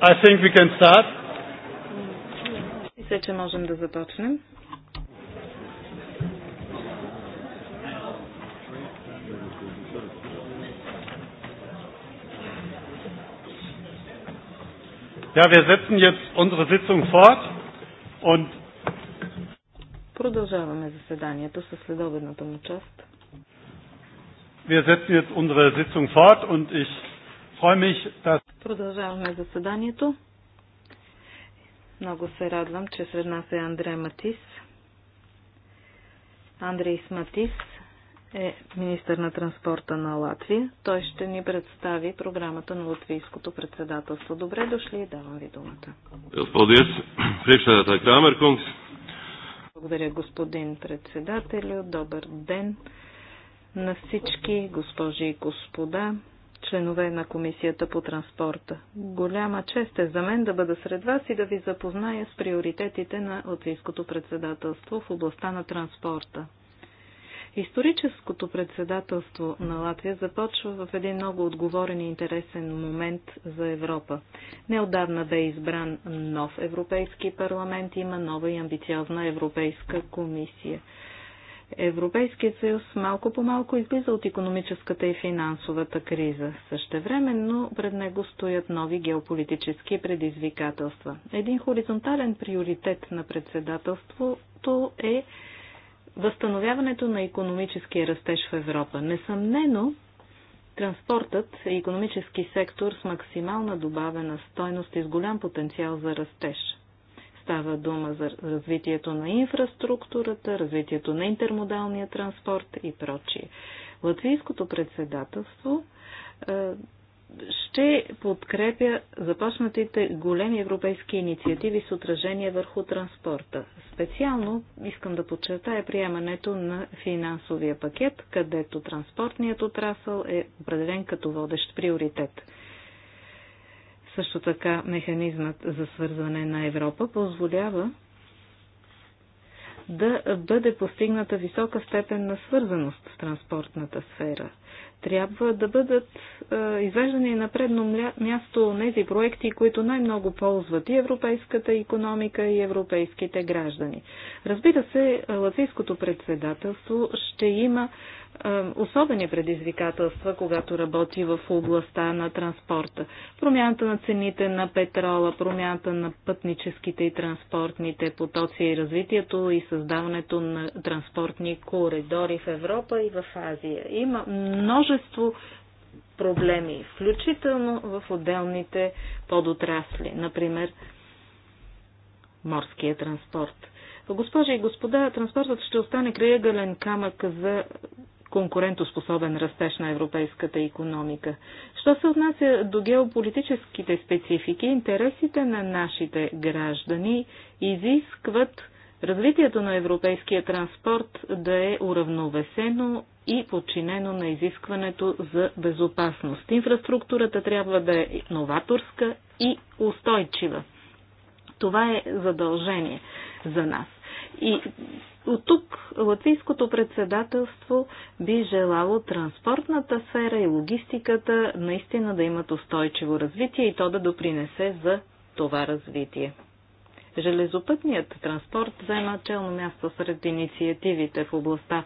I think we can start. Мисля, че можем да започнем. Ja, wir setzen jetzt unsere Sitzung fort und Продължаваме заседанието със следобедната му част. Wir setzen jetzt unsere Sitzung fort und ich Продължаваме заседанието. Много се радвам, че сред нас е Андре Матис. Андрей Сматис е министър на транспорта на Латвия. Той ще ни представи програмата на латвийското председателство. Добре дошли и давам ви думата. Благодаря, господин председателю. Добър ден на всички, госпожи и господа членове на Комисията по транспорта. Голяма чест е за мен да бъда сред вас и да ви запозная с приоритетите на Латвийското председателство в областта на транспорта. Историческото председателство на Латвия започва в един много отговорен и интересен момент за Европа. Неодавна бе избран нов Европейски парламент, има нова и амбициозна Европейска комисия. Европейският съюз малко по малко излиза от економическата и финансовата криза. Същевременно пред него стоят нови геополитически предизвикателства. Един хоризонтален приоритет на председателството е възстановяването на економическия растеж в Европа. Несъмнено, транспортът е економически сектор с максимална добавена стойност и с голям потенциал за растеж. Става дума за развитието на инфраструктурата, развитието на интермодалния транспорт и прочие. Латвийското председателство е, ще подкрепя започнатите големи европейски инициативи с отражение върху транспорта. Специално искам да подчертая приемането на финансовия пакет, където транспортният отрасъл е определен като водещ приоритет. Също така механизмът за свързване на Европа позволява да бъде постигната висока степен на свързаност в транспортната сфера трябва да бъдат е, извеждани на предно място тези проекти, които най-много ползват и европейската економика, и европейските граждани. Разбира се, латвийското председателство ще има е, особени предизвикателства, когато работи в областта на транспорта. Промяната на цените на петрола, промяната на пътническите и транспортните потоци и развитието и създаването на транспортни коридори в Европа и в Азия. Има множество множество проблеми, включително в отделните подотрасли, например морския транспорт. Госпожи и господа, транспортът ще остане крайъгълен камък за конкурентоспособен растеж на европейската економика. Що се отнася до геополитическите специфики, интересите на нашите граждани изискват развитието на европейския транспорт да е уравновесено и подчинено на изискването за безопасност. Инфраструктурата трябва да е новаторска и устойчива. Това е задължение за нас. И от тук латвийското председателство би желало транспортната сфера и логистиката наистина да имат устойчиво развитие и то да допринесе за това развитие. Железопътният транспорт заема челно място сред инициативите в областта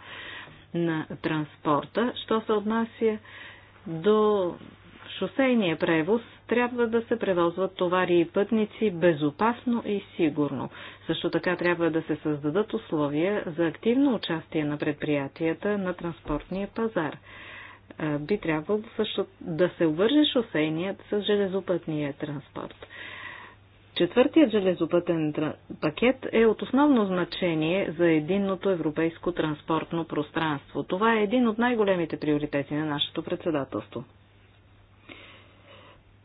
на транспорта. Що се отнася до шосейния превоз, трябва да се превозват товари и пътници безопасно и сигурно. Също така трябва да се създадат условия за активно участие на предприятията на транспортния пазар. Би трябвало също да се обвърже шосейният с железопътния транспорт. Четвъртият железопътен пакет е от основно значение за единното европейско транспортно пространство. Това е един от най-големите приоритети на нашето председателство.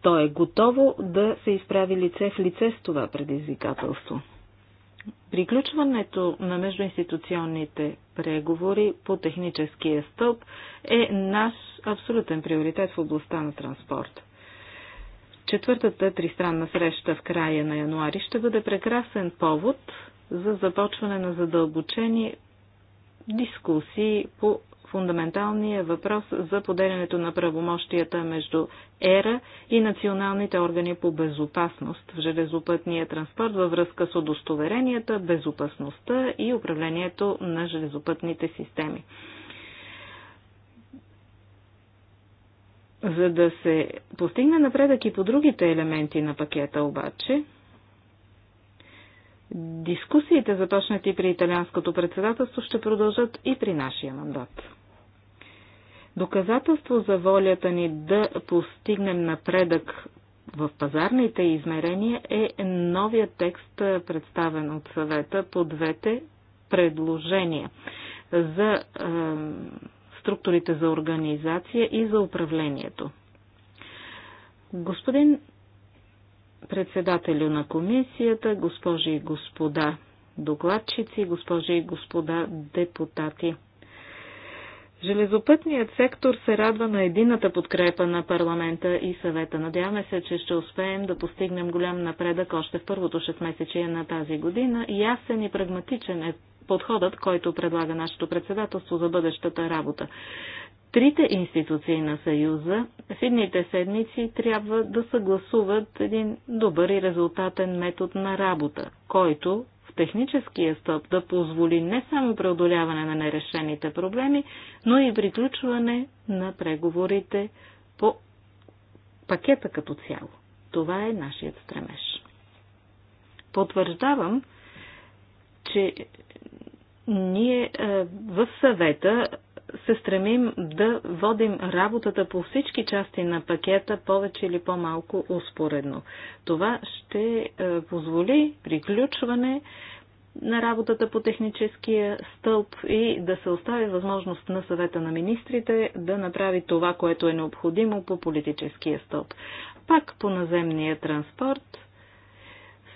То е готово да се изправи лице в лице с това предизвикателство. Приключването на междуинституционните преговори по техническия стълб е наш абсолютен приоритет в областта на транспорта. Четвъртата тристранна среща в края на януари ще бъде прекрасен повод за започване на задълбочени дискусии по фундаменталния въпрос за поделянето на правомощията между ЕРА и националните органи по безопасност в железопътния транспорт във връзка с удостоверенията, безопасността и управлението на железопътните системи. За да се постигне напредък и по другите елементи на пакета обаче, дискусиите, започнати при италианското председателство, ще продължат и при нашия мандат. Доказателство за волята ни да постигнем напредък в пазарните измерения е новия текст, представен от съвета по двете предложения за структурите за организация и за управлението. Господин председателю на комисията, госпожи и господа докладчици, госпожи и господа депутати. Железопътният сектор се радва на едината подкрепа на парламента и съвета. Надяваме се, че ще успеем да постигнем голям напредък още в първото 6 месече на тази година. Ясен и прагматичен е подходът, който предлага нашето председателство за бъдещата работа. Трите институции на Съюза в едните седмици трябва да съгласуват един добър и резултатен метод на работа, който в техническия стъп да позволи не само преодоляване на нерешените проблеми, но и приключване на преговорите по пакета като цяло. Това е нашият стремеж. Потвърждавам, че ние е, в съвета се стремим да водим работата по всички части на пакета повече или по-малко успоредно. Това ще е, позволи приключване на работата по техническия стълб и да се остави възможност на съвета на министрите да направи това, което е необходимо по политическия стълб. Пак по наземния транспорт,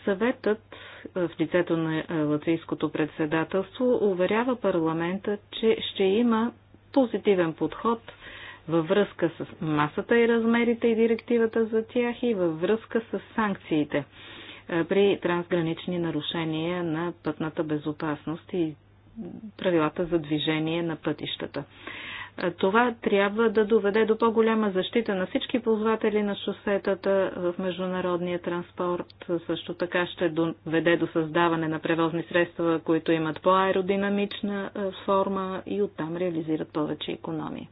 съветът в лицето на е, латвийското председателство уверява парламента, че ще има позитивен подход във връзка с масата и размерите и директивата за тях и във връзка с санкциите е, при трансгранични нарушения на пътната безопасност и правилата за движение на пътищата. Това трябва да доведе до по-голяма защита на всички ползватели на шосетата в международния транспорт. Също така ще доведе до създаване на превозни средства, които имат по-аеродинамична форма и оттам реализират повече економии.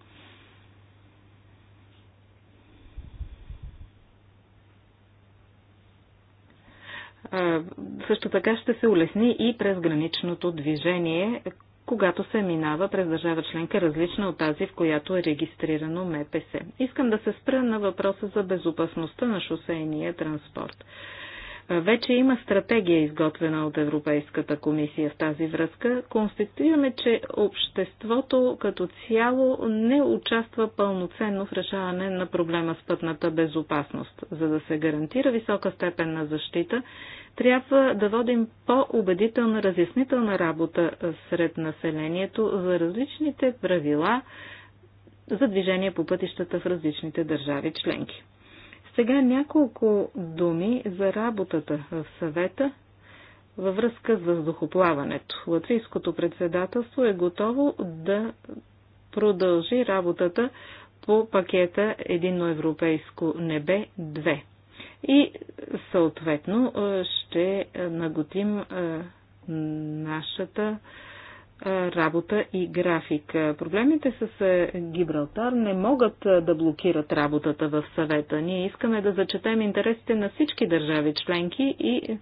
също така ще се улесни и през граничното движение, когато се минава през държава членка различна от тази, в която е регистрирано МПС. Искам да се спра на въпроса за безопасността на шосейния транспорт. Вече има стратегия, изготвена от Европейската комисия в тази връзка. Констатираме, че обществото като цяло не участва пълноценно в решаване на проблема с пътната безопасност. За да се гарантира висока степен на защита, трябва да водим по-убедителна разяснителна работа сред населението за различните правила за движение по пътищата в различните държави членки. Сега няколко думи за работата в съвета във връзка с въздухоплаването. Латвийското председателство е готово да продължи работата по пакета Единно европейско небе 2. И съответно ще наготим нашата работа и график. Проблемите с Гибралтар не могат да блокират работата в съвета. Ние искаме да зачетем интересите на всички държави членки и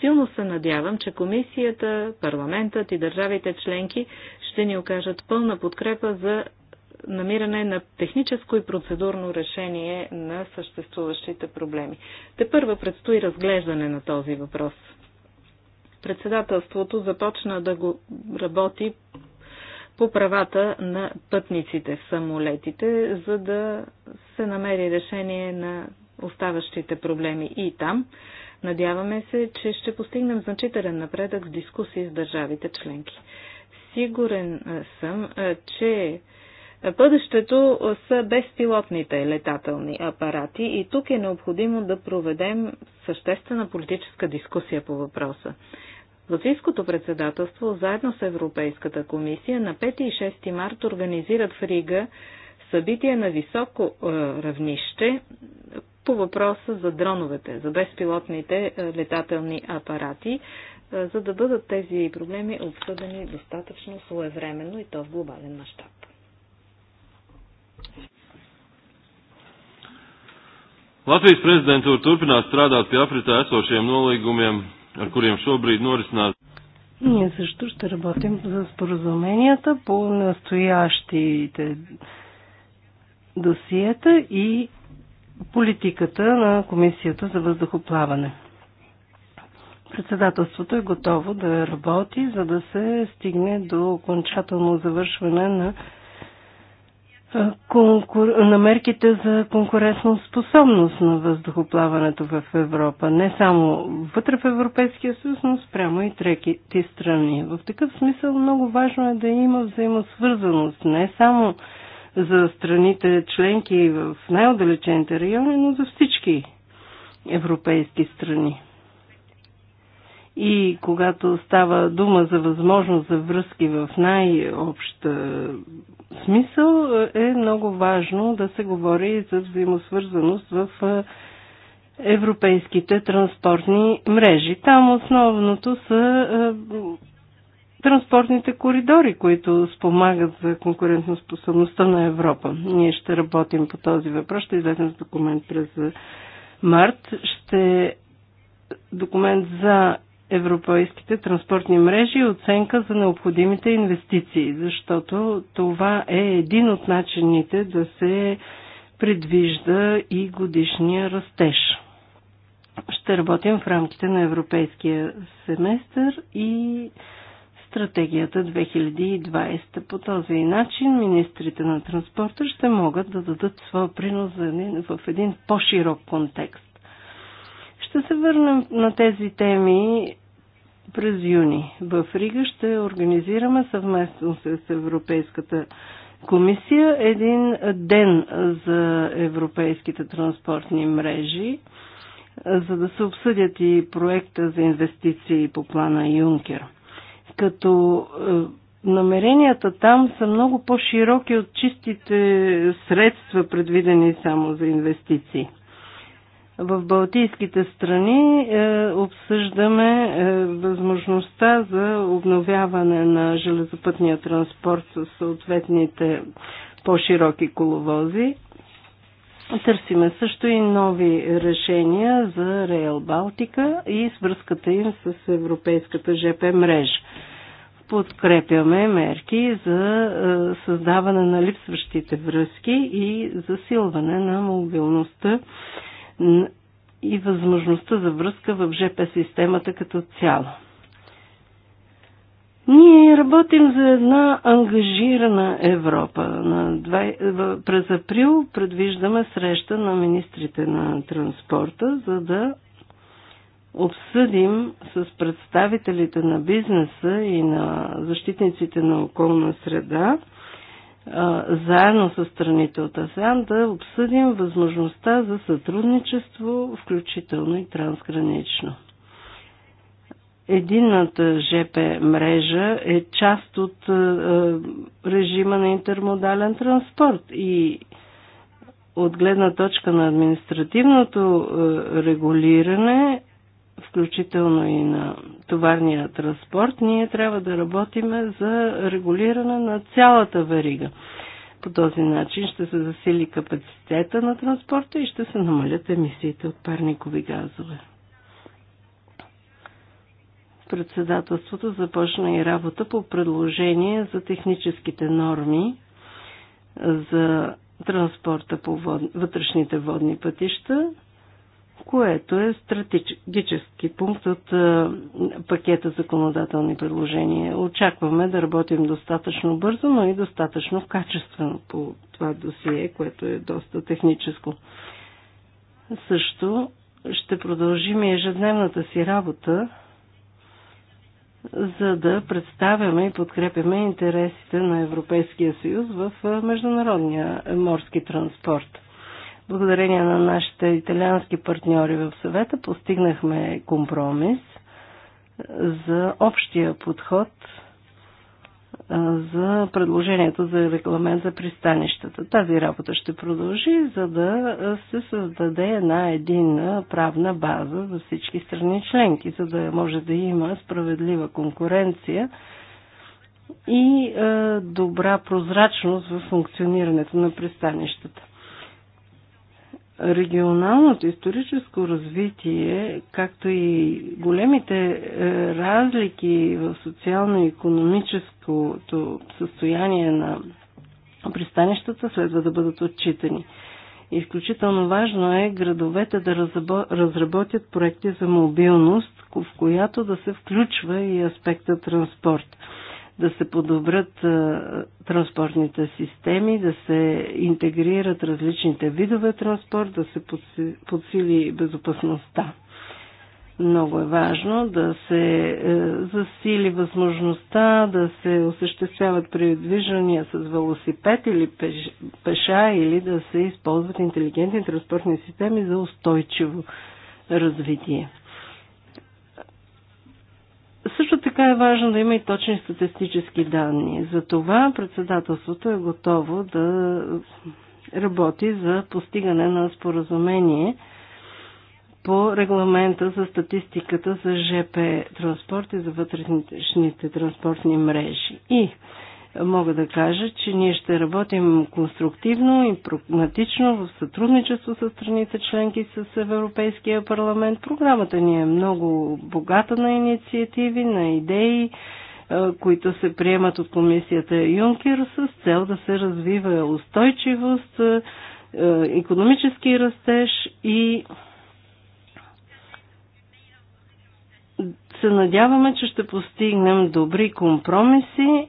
силно се надявам, че комисията, парламентът и държавите членки ще ни окажат пълна подкрепа за намиране на техническо и процедурно решение на съществуващите проблеми. Те първа предстои разглеждане на този въпрос председателството започна да го работи по правата на пътниците в самолетите, за да се намери решение на оставащите проблеми и там. Надяваме се, че ще постигнем значителен напредък в дискусии с държавите членки. Сигурен съм, че бъдещето са безпилотните летателни апарати и тук е необходимо да проведем съществена политическа дискусия по въпроса. Латвийското председателство заедно с Европейската комисия на 5 и 6 март организират в Рига събитие на високо е, равнище по въпроса за дроновете, за безпилотните е, летателни апарати, е, за да бъдат тези проблеми обсъдени достатъчно своевременно и то в глобален мащаб. Latvijas prezidentūra turpinās strādāt pie Afrikā esošiem nolīgumiem ar kuriem šobrīd norisinās. Ние също ще работим за споразуменията по настоящите досиета и политиката на Комисията за въздухоплаване. Председателството е готово да работи, за да се стигне до окончателно завършване на конкур... на мерките за конкурентна способност на въздухоплаването в Европа. Не само вътре в Европейския съюз, но спрямо и трети страни. В такъв смисъл много важно е да има взаимосвързаност. Не само за страните членки в най-отдалечените райони, но за всички европейски страни. И когато става дума за възможност за връзки в най-общ е, смисъл, е много важно да се говори за взаимосвързаност в е, европейските транспортни мрежи. Там основното са е, транспортните коридори, които спомагат за конкурентоспособността на Европа. Ние ще работим по този въпрос, ще излезем с документ през март, ще документ за европейските транспортни мрежи и оценка за необходимите инвестиции, защото това е един от начините да се предвижда и годишния растеж. Ще работим в рамките на европейския семестър и стратегията 2020. По този начин министрите на транспорта ще могат да дадат своя принос в един по-широк контекст. Ще се върнем на тези теми през юни. В Рига ще организираме съвместно с Европейската комисия един ден за европейските транспортни мрежи, за да се обсъдят и проекта за инвестиции по плана Юнкер. Като е, намеренията там са много по-широки от чистите средства, предвидени само за инвестиции. В Балтийските страни е, обсъждаме е, възможността за обновяване на железопътния транспорт с съответните по-широки коловози. Търсиме също и нови решения за Рейл Балтика и свръзката им с европейската ЖП мрежа. Подкрепяме мерки за е, създаване на липсващите връзки и засилване на мобилността и възможността за връзка в ЖП системата като цяло. Ние работим за една ангажирана Европа. На през април предвиждаме среща на министрите на транспорта, за да обсъдим с представителите на бизнеса и на защитниците на околна среда заедно с страните от АСЕАН да обсъдим възможността за сътрудничество, включително и трансгранично. Единната ЖП мрежа е част от режима на интермодален транспорт и от гледна точка на административното регулиране включително и на товарния транспорт, ние трябва да работиме за регулиране на цялата варига. По този начин ще се засили капацитета на транспорта и ще се намалят емисиите от парникови газове. Председателството започна и работа по предложение за техническите норми за транспорта по вътрешните водни пътища което е стратегически пункт от е, пакета законодателни предложения. Очакваме да работим достатъчно бързо, но и достатъчно качествено по това досие, което е доста техническо. Също ще продължим и ежедневната си работа, за да представяме и подкрепяме интересите на Европейския съюз в е, международния морски транспорт. Благодарение на нашите италиански партньори в съвета постигнахме компромис за общия подход за предложението за регламент за пристанищата. Тази работа ще продължи, за да се създаде една единна правна база за всички страни членки, за да може да има справедлива конкуренция и добра прозрачност в функционирането на пристанищата регионалното историческо развитие, както и големите е, разлики в социално-економическото състояние на пристанищата следва да бъдат отчитани. Изключително важно е градовете да разработят проекти за мобилност, в която да се включва и аспекта транспорт да се подобрят а, транспортните системи, да се интегрират различните видове транспорт, да се подсили безопасността. Много е важно да се е, засили възможността да се осъществяват предвижвания с велосипед или пеш, пеша или да се използват интелигентни транспортни системи за устойчиво развитие. Също така е важно да има и точни статистически данни. За това председателството е готово да работи за постигане на споразумение по регламента за статистиката за ЖП транспорт и за вътрешните транспортни мрежи. И мога да кажа, че ние ще работим конструктивно и прагматично в сътрудничество с страните членки с Европейския парламент. Програмата ни е много богата на инициативи, на идеи, е, които се приемат от комисията Юнкер с цел да се развива устойчивост, е, економически растеж и се надяваме, че ще постигнем добри компромиси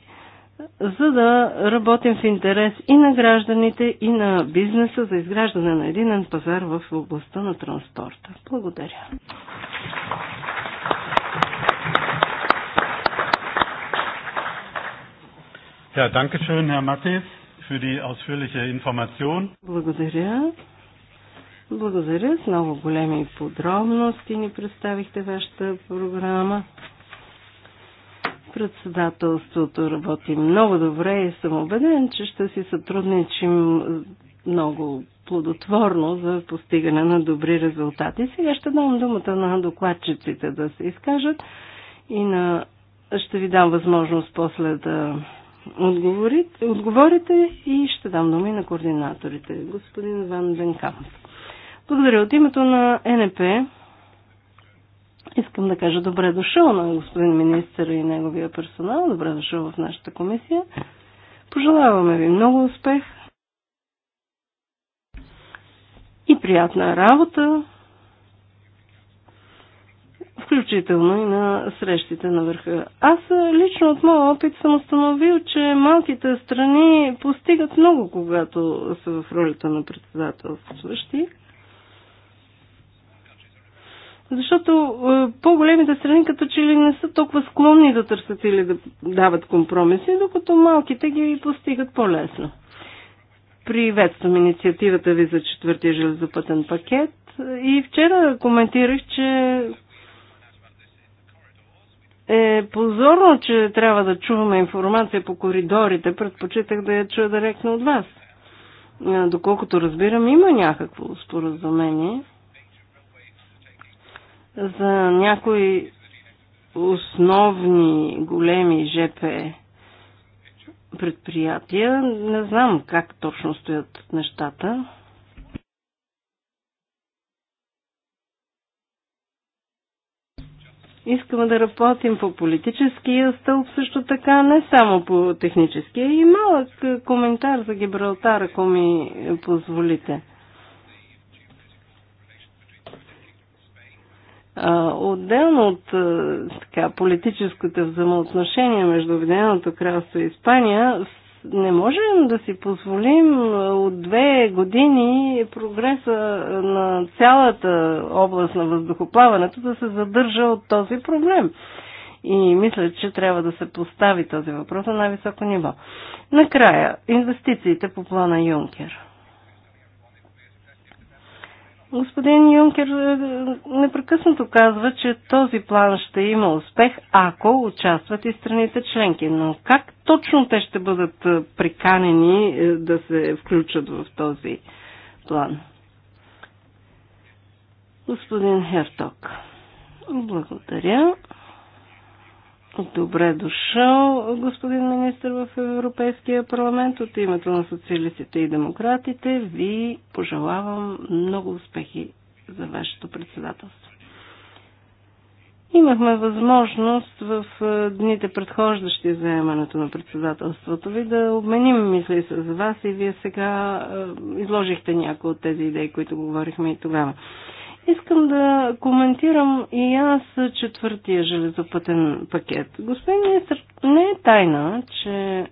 за да работим в интерес и на гражданите, и на бизнеса за изграждане на единен пазар в областта на транспорта. Благодаря. Ja, danke schön, Herr für die ausführliche Information. Благодаря. Благодаря. С много големи подробности ни представихте вашата програма. Председателството работи много добре и съм убеден, че ще си сътрудничим много плодотворно за постигане на добри резултати. Сега ще дам думата на докладчиците да се изкажат и на... ще ви дам възможност после да отговорите, отговорите и ще дам думи на координаторите. Господин Ван Денкамп. Благодаря. От името на НП Искам да кажа добре дошъл на господин министър и неговия персонал. Добре дошъл в нашата комисия. Пожелаваме ви много успех и приятна работа, включително и на срещите на върха. Аз лично от моя опит съм установил, че малките страни постигат много, когато са в ролята на председателстващи. Защото е, по-големите страни като че ли не са толкова склонни да търсят или да дават компромиси, докато малките ги постигат по-лесно. Приветствам инициативата ви за четвъртия железопътен пакет и вчера коментирах, че е позорно, че трябва да чуваме информация по коридорите. Предпочитах да я чуя директно от вас. Е, доколкото разбирам, има някакво споразумение – за някои основни големи ЖП предприятия. Не знам как точно стоят нещата. Искаме да работим по политическия стълб също така, не само по техническия. И малък коментар за Гибралтар, ако ми позволите. Отделно от така, политическото взаимоотношение между Обединеното кралство и Испания, не можем да си позволим от две години прогреса на цялата област на въздухоплаването да се задържа от този проблем. И мисля, че трябва да се постави този въпрос на най-високо ниво. Накрая, инвестициите по плана Юнкер. Господин Юнкер е, непрекъснато казва, че този план ще има успех, ако участват и страните членки. Но как точно те ще бъдат е, приканени е, да се включат в този план? Господин Херток, благодаря. Добре дошъл, господин министр в Европейския парламент. От името на социалистите и демократите ви пожелавам много успехи за вашето председателство. Имахме възможност в дните предхождащи заемането на председателството ви да обменим мисли с вас и вие сега изложихте някои от тези идеи, които говорихме и тогава. Искам да коментирам и аз четвъртия железопътен пакет. Господин министр, не е тайна, че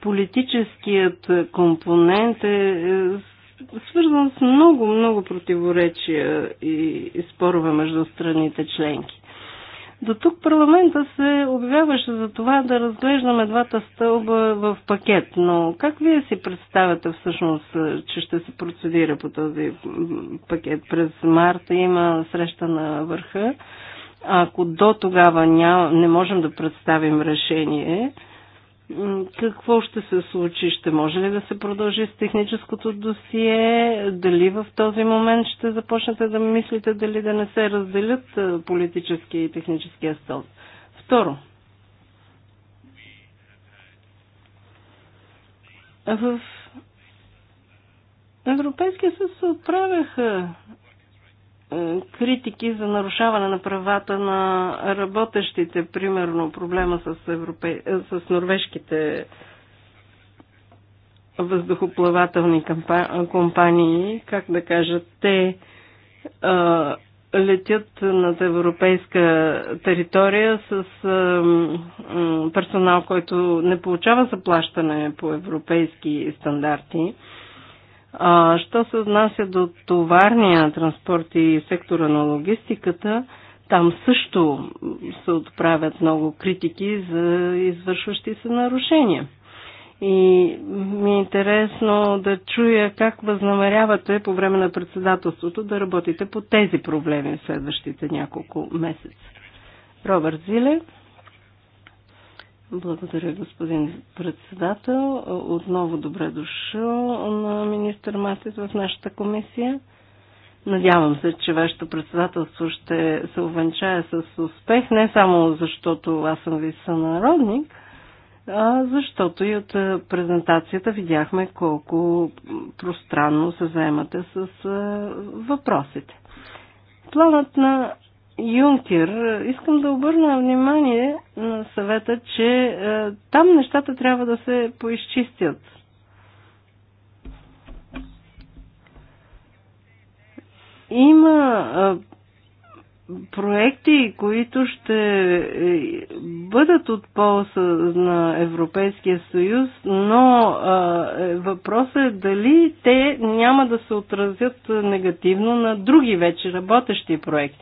политическият компонент е, е свързан с много, много противоречия и спорове между страните членки. До тук парламента се обявяваше за това да разглеждаме двата стълба в пакет, но как вие си представяте всъщност, е, че ще се процедира по този пакет? През марта има среща на върха. Ако до тогава няма, не можем да представим решение, какво ще се случи? Ще може ли да се продължи с техническото досие? Дали в този момент ще започнете да мислите дали да не се разделят политически и техническия стол? Второ. В Европейския съюз се отправяха критики за нарушаване на правата на работещите, примерно проблема с, европей... Е, с норвежките въздухоплавателни компании, как да кажат, те а, летят над европейска територия с а, персонал, който не получава заплащане по европейски стандарти. А, що се отнася до товарния транспорт и сектора на логистиката, там също се отправят много критики за извършващи се нарушения. И ми е интересно да чуя как възнамерявате по време на председателството да работите по тези проблеми в следващите няколко месеца. Робърт Зиле. Благодаря, господин председател. Отново добре дошъл на министър Матис в нашата комисия. Надявам се, че вашето председателство ще се увенчае с успех, не само защото аз съм ви сънародник, а защото и от презентацията видяхме колко пространно се заемате с въпросите. Планът на Юнкер, искам да обърна внимание на съвета, че е, там нещата трябва да се поизчистят. Има е, проекти, които ще е, бъдат от полза на Европейския съюз, но е, въпросът е дали те няма да се отразят негативно на други вече работещи проекти.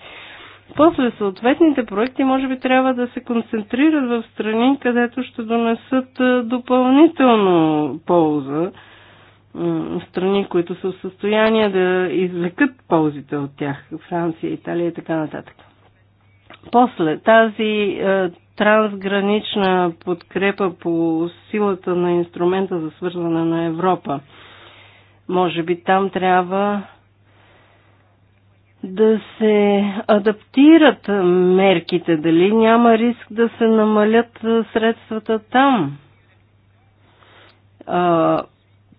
После съответните проекти може би трябва да се концентрират в страни, където ще донесат е, допълнително полза. Страни, които са в състояние да извлекат ползите от тях. Франция, Италия и така нататък. После тази е, трансгранична подкрепа по силата на инструмента за свързване на Европа. Може би там трябва да се адаптират мерките, дали няма риск да се намалят средствата там. А,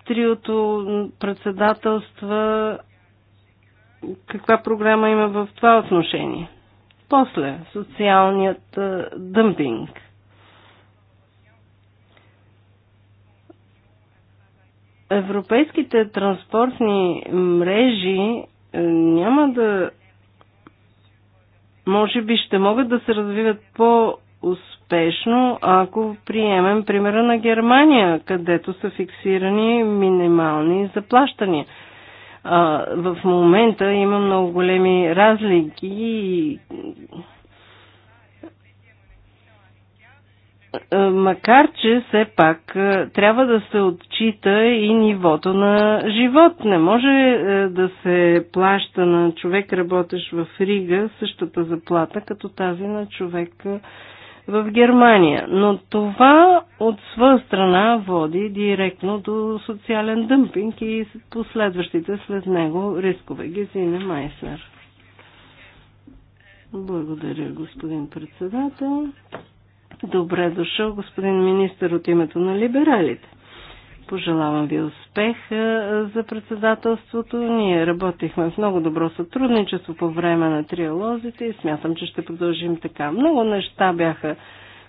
триото председателства, каква програма има в това отношение? После, социалният дъмпинг – европейските транспортни мрежи е, няма да. Може би ще могат да се развиват по-успешно, ако приемем примера на Германия, където са фиксирани минимални заплащания. А, в момента има много големи разлики и Е, макар че все пак е, трябва да се отчита и нивото на живот. Не може е, да се плаща на човек, работещ в Рига, същата заплата, като тази на човек в Германия. Но това от своя страна води директно до социален дъмпинг и последващите след него рискове. Гезина Майснер. Благодаря, господин председател. Добре дошъл, господин министр, от името на либералите. Пожелавам ви успех е, за председателството. Ние работихме в много добро сътрудничество по време на триалозите и смятам, че ще продължим така. Много неща бяха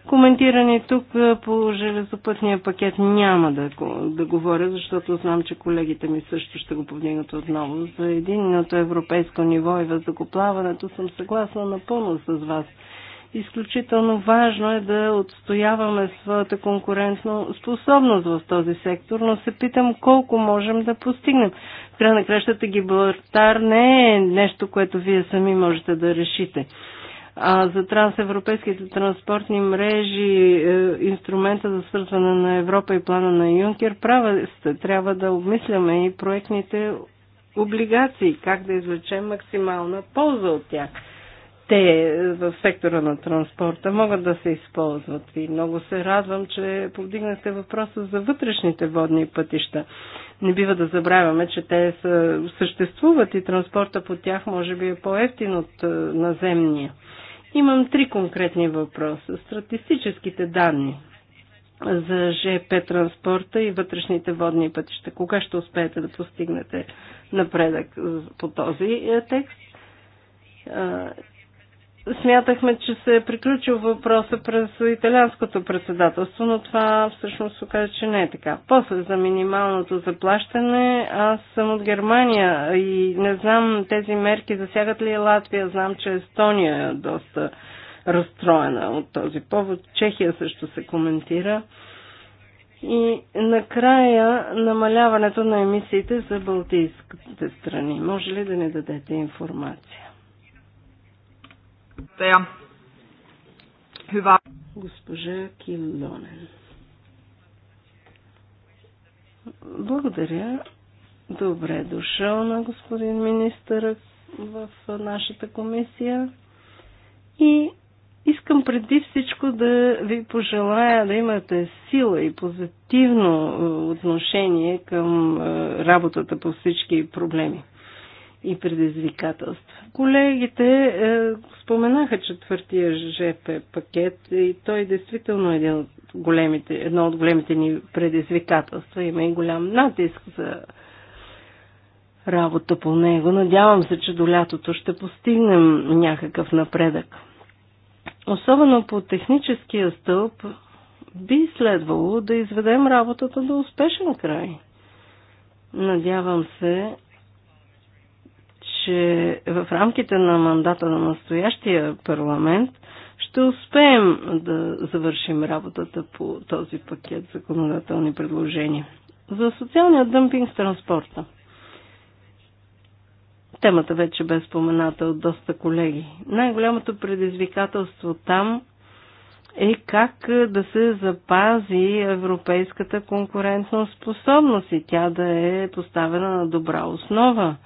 коментирани тук е, по железопътния пакет. Няма да, да говоря, защото знам, че колегите ми също ще го повдигнат отново. За единното европейско ниво и въздухоплаването съм съгласна напълно с вас – Изключително важно е да отстояваме своята конкурентна способност в този сектор, но се питам колко можем да постигнем. В края на кращата Гибралтар не е нещо, което вие сами можете да решите. А за трансевропейските транспортни мрежи, е, инструмента за свързване на Европа и плана на Юнкер, права сте, трябва да обмисляме и проектните облигации, как да извлечем максимална полза от тях те в сектора на транспорта могат да се използват. И много се радвам, че повдигнахте въпроса за вътрешните водни пътища. Не бива да забравяме, че те са, съществуват и транспорта по тях може би е по-ефтин от е, наземния. Имам три конкретни въпроса. Статистическите данни за ЖП транспорта и вътрешните водни пътища. Кога ще успеете да постигнете напредък по този е, текст? Е, смятахме, че се е приключил въпроса през италианското председателство, но това всъщност оказа, че не е така. После за минималното заплащане, аз съм от Германия и не знам тези мерки засягат ли Латвия, знам, че Естония е доста разстроена от този повод. Чехия също се коментира. И накрая намаляването на емисиите за балтийските страни. Може ли да ни дадете информация? Тая. Hyvä. Госпожа Килонен. Благодаря. Добре дошъл на господин министър в нашата комисия. И искам преди всичко да ви пожелая да имате сила и позитивно отношение към е, работата по всички проблеми и предизвикателства. Колегите е, споменаха четвъртия ЖП пакет и той действително е един от големите, едно от големите ни предизвикателства. Има и голям натиск за работа по него. Надявам се, че до лятото ще постигнем някакъв напредък. Особено по техническия стълб би следвало да изведем работата до успешен край. Надявам се, че в рамките на мандата на настоящия парламент ще успеем да завършим работата по този пакет законодателни предложения. За социалния дъмпинг с транспорта. Темата вече бе спомената от доста колеги. Най-голямото предизвикателство там е как да се запази европейската конкурентна способност и тя да е поставена на добра основа –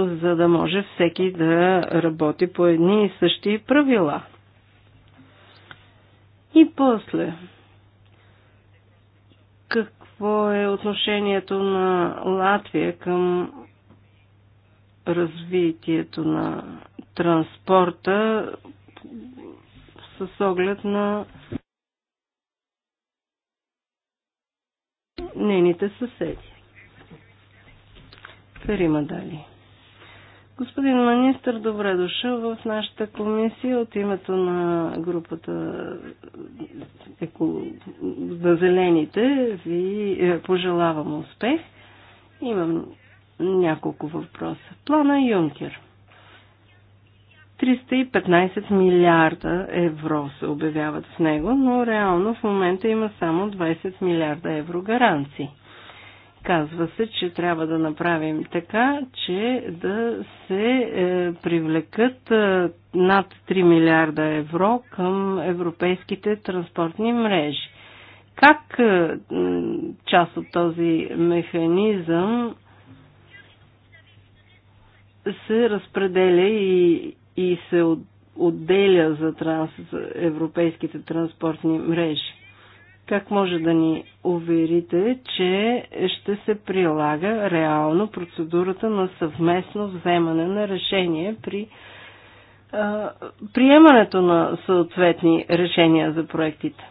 за да може всеки да работи по едни и същи правила. И после, какво е отношението на Латвия към развитието на транспорта с оглед на нейните съседи. Перима Дали. Господин министр, добре дошъл в нашата комисия от името на групата за на зелените. Ви е, пожелавам успех. Имам няколко въпроса. Плана Юнкер. 315 милиарда евро се обявяват в него, но реално в момента има само 20 милиарда евро гаранции. Казва се, че трябва да направим така, че да се е, привлекат е, над 3 милиарда евро към европейските транспортни мрежи. Как е, част от този механизъм се разпределя и, и се от, отделя за транс, за европейските транспортни мрежи? Как може да ни уверите, че ще се прилага реално процедурата на съвместно вземане на решение при а, приемането на съответни решения за проектите?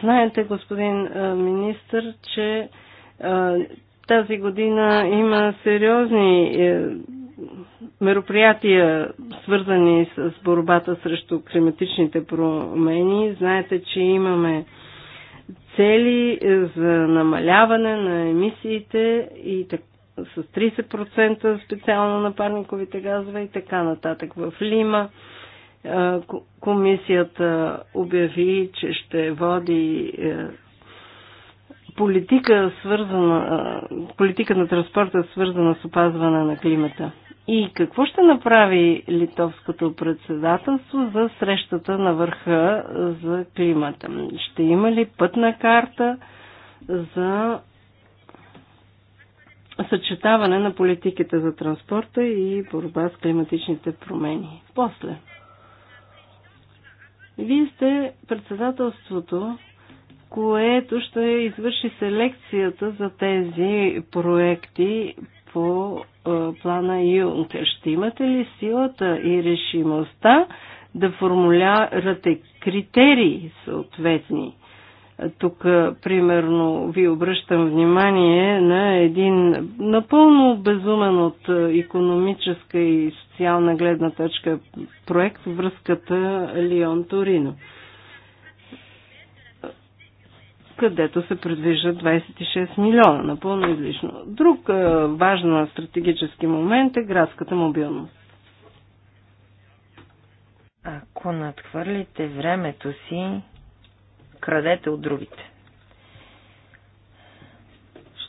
Знаете, господин министр, че а, тази година има сериозни е, мероприятия, свързани с борбата срещу климатичните промени. Знаете, че имаме цели е, за намаляване на емисиите и так, с 30% специално на парниковите газове и така нататък. В Лима е, комисията обяви, че ще води е, политика, свързана, политика на транспорта, свързана с опазване на климата. И какво ще направи литовското председателство за срещата на върха за климата? Ще има ли пътна карта за съчетаване на политиките за транспорта и борба с климатичните промени? После. Вие сте председателството, което ще извърши селекцията за тези проекти по плана Юнкер. Ще имате ли силата и решимостта да формулярате критерии съответни? Тук, примерно, ви обръщам внимание на един напълно безумен от економическа и социална гледна точка проект връзката Лион-Торино където се предвижда 26 милиона, напълно излишно. Друг е, важен стратегически момент е градската мобилност. Ако надхвърлите времето си, крадете от другите.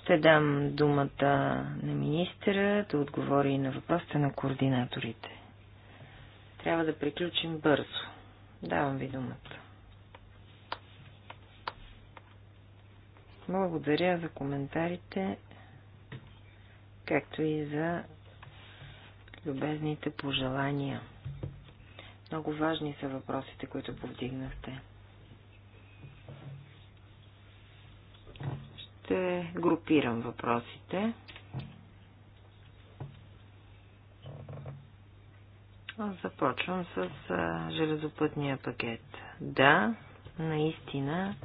Ще дам думата на министъра да отговори на въпросите на координаторите. Трябва да приключим бързо. Давам ви думата. Благодаря за коментарите, както и за любезните пожелания. Много важни са въпросите, които повдигнахте. Ще групирам въпросите. Започвам с железопътния пакет. Да, наистина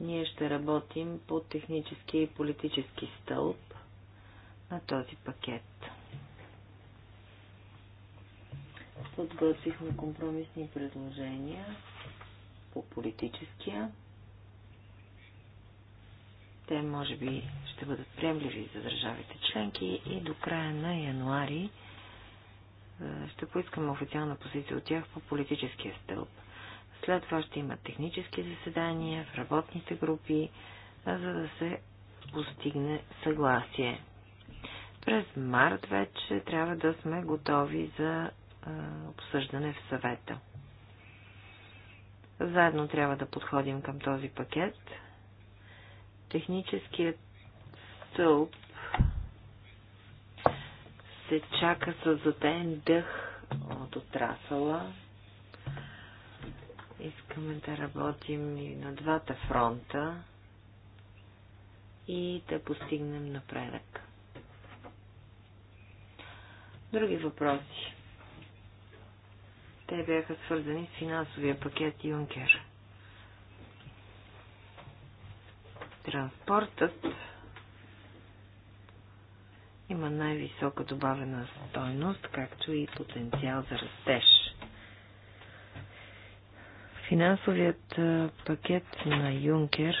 ние ще работим по технически и политически стълб на този пакет. Подготвихме компромисни предложения по политическия. Те може би ще бъдат приемливи за държавите членки и до края на януари е, ще поискаме официална позиция от тях по политическия стълб. След това ще има технически заседания в работните групи, за да се постигне съгласие. През март вече трябва да сме готови за обсъждане в съвета. Заедно трябва да подходим към този пакет. Техническият стълб се чака с затен дъх от отрасъла. Искаме да работим и на двата фронта и да постигнем напредък. Други въпроси. Те бяха свързани с финансовия пакет Юнкер. Транспортът има най-висока добавена стойност, както и потенциал за растеж. Финансовият пакет на Юнкер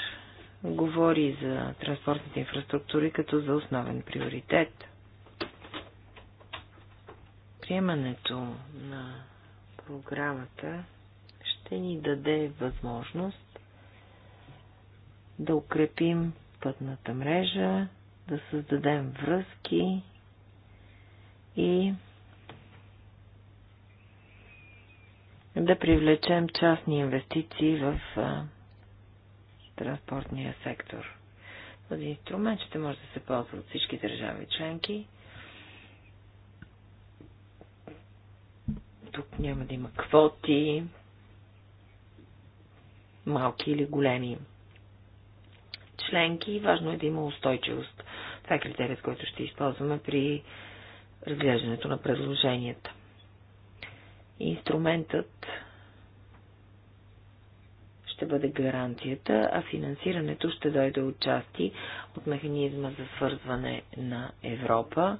говори за транспортните инфраструктури като за основен приоритет. Приемането на програмата ще ни даде възможност да укрепим пътната мрежа, да създадем връзки и да привлечем частни инвестиции в а, транспортния сектор. Този инструмент ще може да се ползва от всички държави членки. Тук няма да има квоти, малки или големи членки. Важно е да има устойчивост. Това е критерият, който ще използваме при разглеждането на предложенията. Инструментът ще бъде гаранцията, а финансирането ще дойде от части от механизма за свързване на Европа.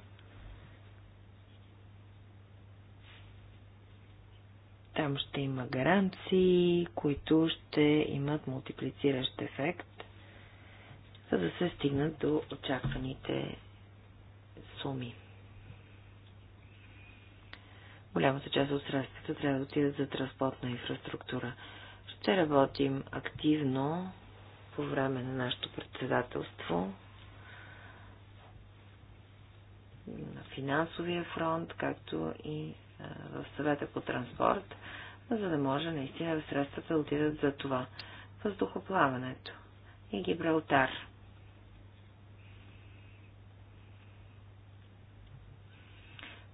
Там ще има гаранции, които ще имат мултиплициращ ефект, за да се стигнат до очакваните суми. Голямата част от средствата трябва да отидат за транспортна инфраструктура. Ще работим активно по време на нашето председателство на финансовия фронт, както и в съвета по транспорт, за да може наистина средствата да отидат за това. Въздухоплаването и Гибралтар.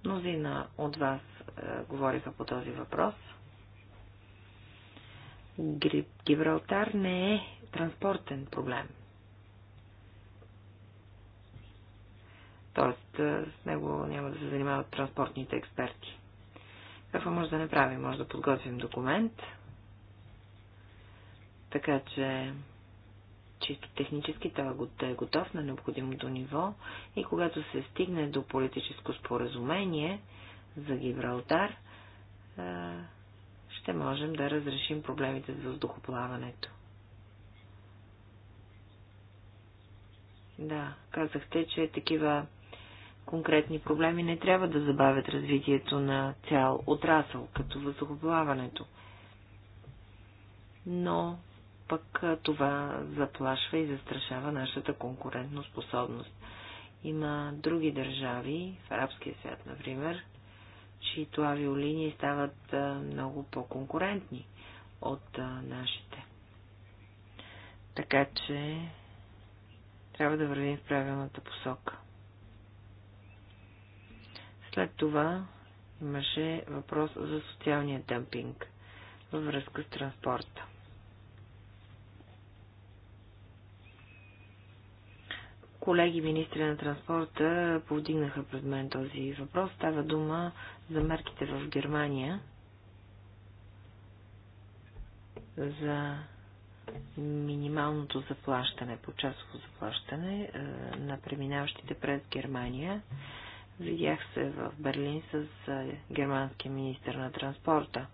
Мнозина от вас е, говориха по този въпрос. Гибралтар не е транспортен проблем. Тоест, е, с него няма да се занимават транспортните експерти. Какво може да направим? Може да подготвим документ, така че чисто технически той е, е готов на необходимото ниво и когато се стигне до политическо споразумение, за Гибралтар, ще можем да разрешим проблемите с въздухоплаването. Да, казахте, че такива конкретни проблеми не трябва да забавят развитието на цял отрасъл, като въздухоплаването. Но пък това заплашва и застрашава нашата конкурентно способност. Има други държави, в арабския свят, например, чието авиолинии стават много по-конкурентни от нашите. Така че трябва да вървим в правилната посока. След това имаше въпрос за социалния дъмпинг във връзка с транспорта. колеги министри на транспорта повдигнаха пред мен този въпрос. Става дума за мерките в Германия за минималното заплащане, по часово заплащане е, на преминаващите през Германия. Видях се в Берлин с е, германския министр на транспорта.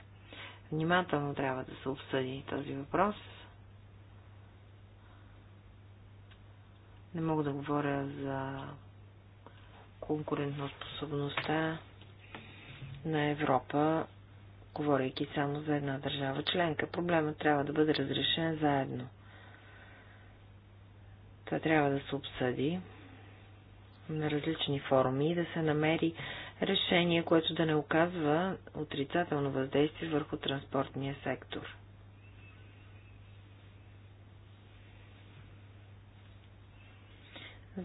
Внимателно трябва да се обсъди този въпрос – Не мога да говоря за конкурентоспособността на Европа, говорейки само за една държава членка. Проблемът трябва да бъде разрешен заедно. Това трябва да се обсъди на различни форуми и да се намери решение, което да не оказва отрицателно въздействие върху транспортния сектор.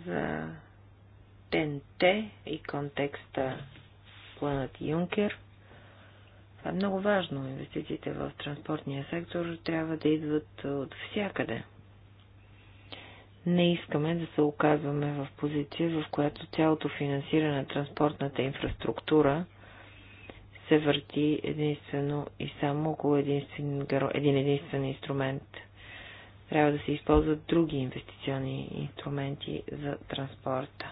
за ТНТ и контекста планът Юнкер. Това е много важно. Инвестициите в транспортния сектор трябва да идват от всякъде. Не искаме да се оказваме в позиция, в която цялото финансиране на транспортната инфраструктура се върти единствено и само около един единствен инструмент – трябва да се използват други инвестиционни инструменти за транспорта.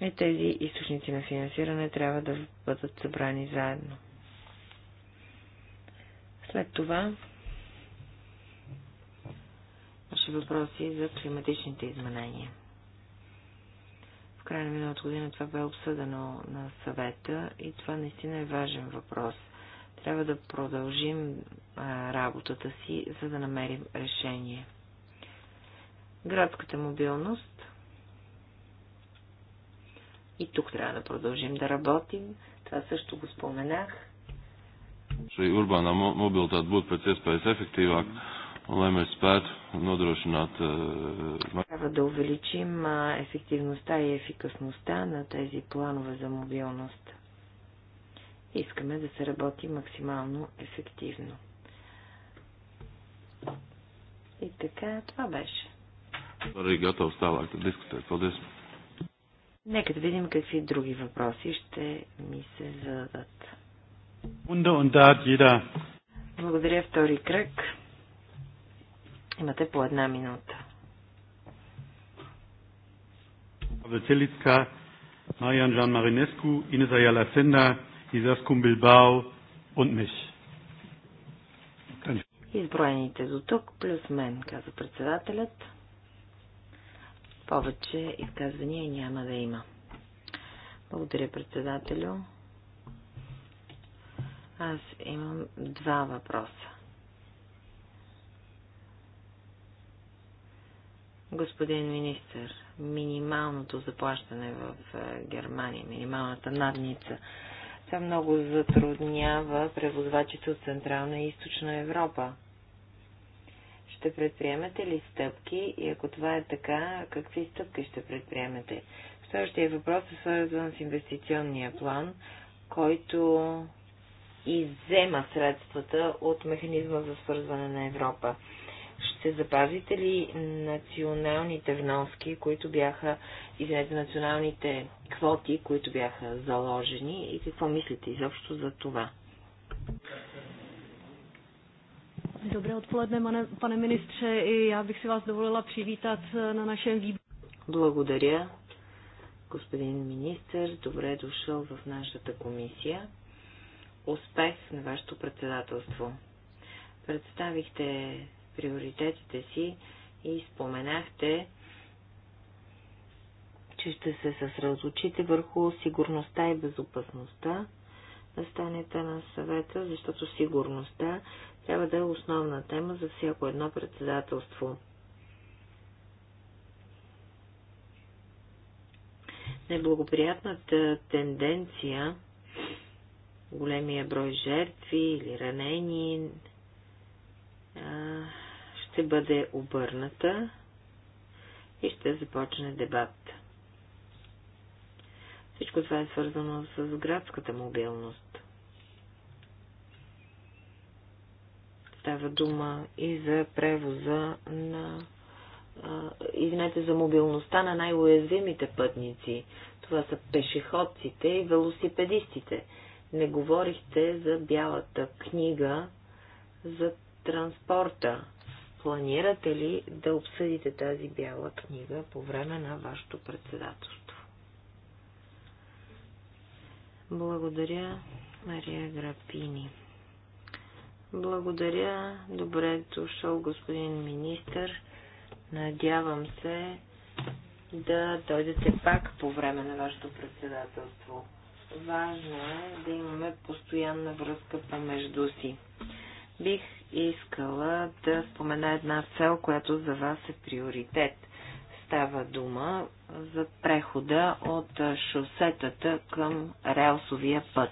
И тези източници на финансиране трябва да бъдат събрани заедно. След това имаше въпроси за климатичните изменения. В края на миналата година това бе обсъдено на съвета и това наистина е важен въпрос – трябва да продължим а, работата си, за да намерим решение. Градската мобилност. И тук трябва да продължим да работим. Това също го споменах. Šī urbānā mobilitāte būtu pēc iespējas efektīvāk, lai e, Трябва да увеличим ефективността и ефикасността на тези планове за мобилност. Искаме да се работи максимално ефективно. И така, това беше. Регата остава, ако е по-десно. Нека да видим какви други въпроси ще ми се зададат. Благодаря, втори кръг. Имате по една минута. Павел Целицка, Мариан Жан Маринеску, Инес Аяла Изаско Билбао от Миш. Изброените до тук, плюс мен, каза председателят. Повече изказвания няма да има. Благодаря, председателю. Аз имам два въпроса. Господин министр, минималното заплащане в е, Германия, минималната надница, това много затруднява превозвачите от Централна и Източна Европа. Ще предприемете ли стъпки и ако това е така, какви стъпки ще предприемете? Следващия въпрос е свързан с инвестиционния план, който иззема средствата от механизма за свързване на Европа. Ще запазите ли националните вноски, които бяха, извинете, националните квоти, които бяха заложени и какво мислите изобщо за това? Добре отполедне, пане министре, и аз бих си вас доволила привитат на нашия výboru. Благодаря, господин министр. Добре е дошъл в нашата комисия. Успех на вашето председателство. Представихте приоритетите си и споменахте, че ще се съсредоточите върху сигурността и безопасността на станете на съвета, защото сигурността трябва да е основна тема за всяко едно председателство. Неблагоприятната тенденция, големия брой жертви или ранени, ще бъде обърната и ще започне дебат. Всичко това е свързано с градската мобилност. Става дума и за превоза на извинете, за мобилността на най-уязвимите пътници. Това са пешеходците и велосипедистите. Не говорихте за бялата книга за транспорта. Планирате ли да обсъдите тази бяла книга по време на вашето председателство? Благодаря, Мария Грапини. Благодаря. Добре дошъл, господин министър. Надявам се да дойдете пак по време на вашето председателство. Важно е да имаме постоянна връзка помежду си. Бих искала да спомена една цел, която за вас е приоритет. Става дума за прехода от шосетата към релсовия път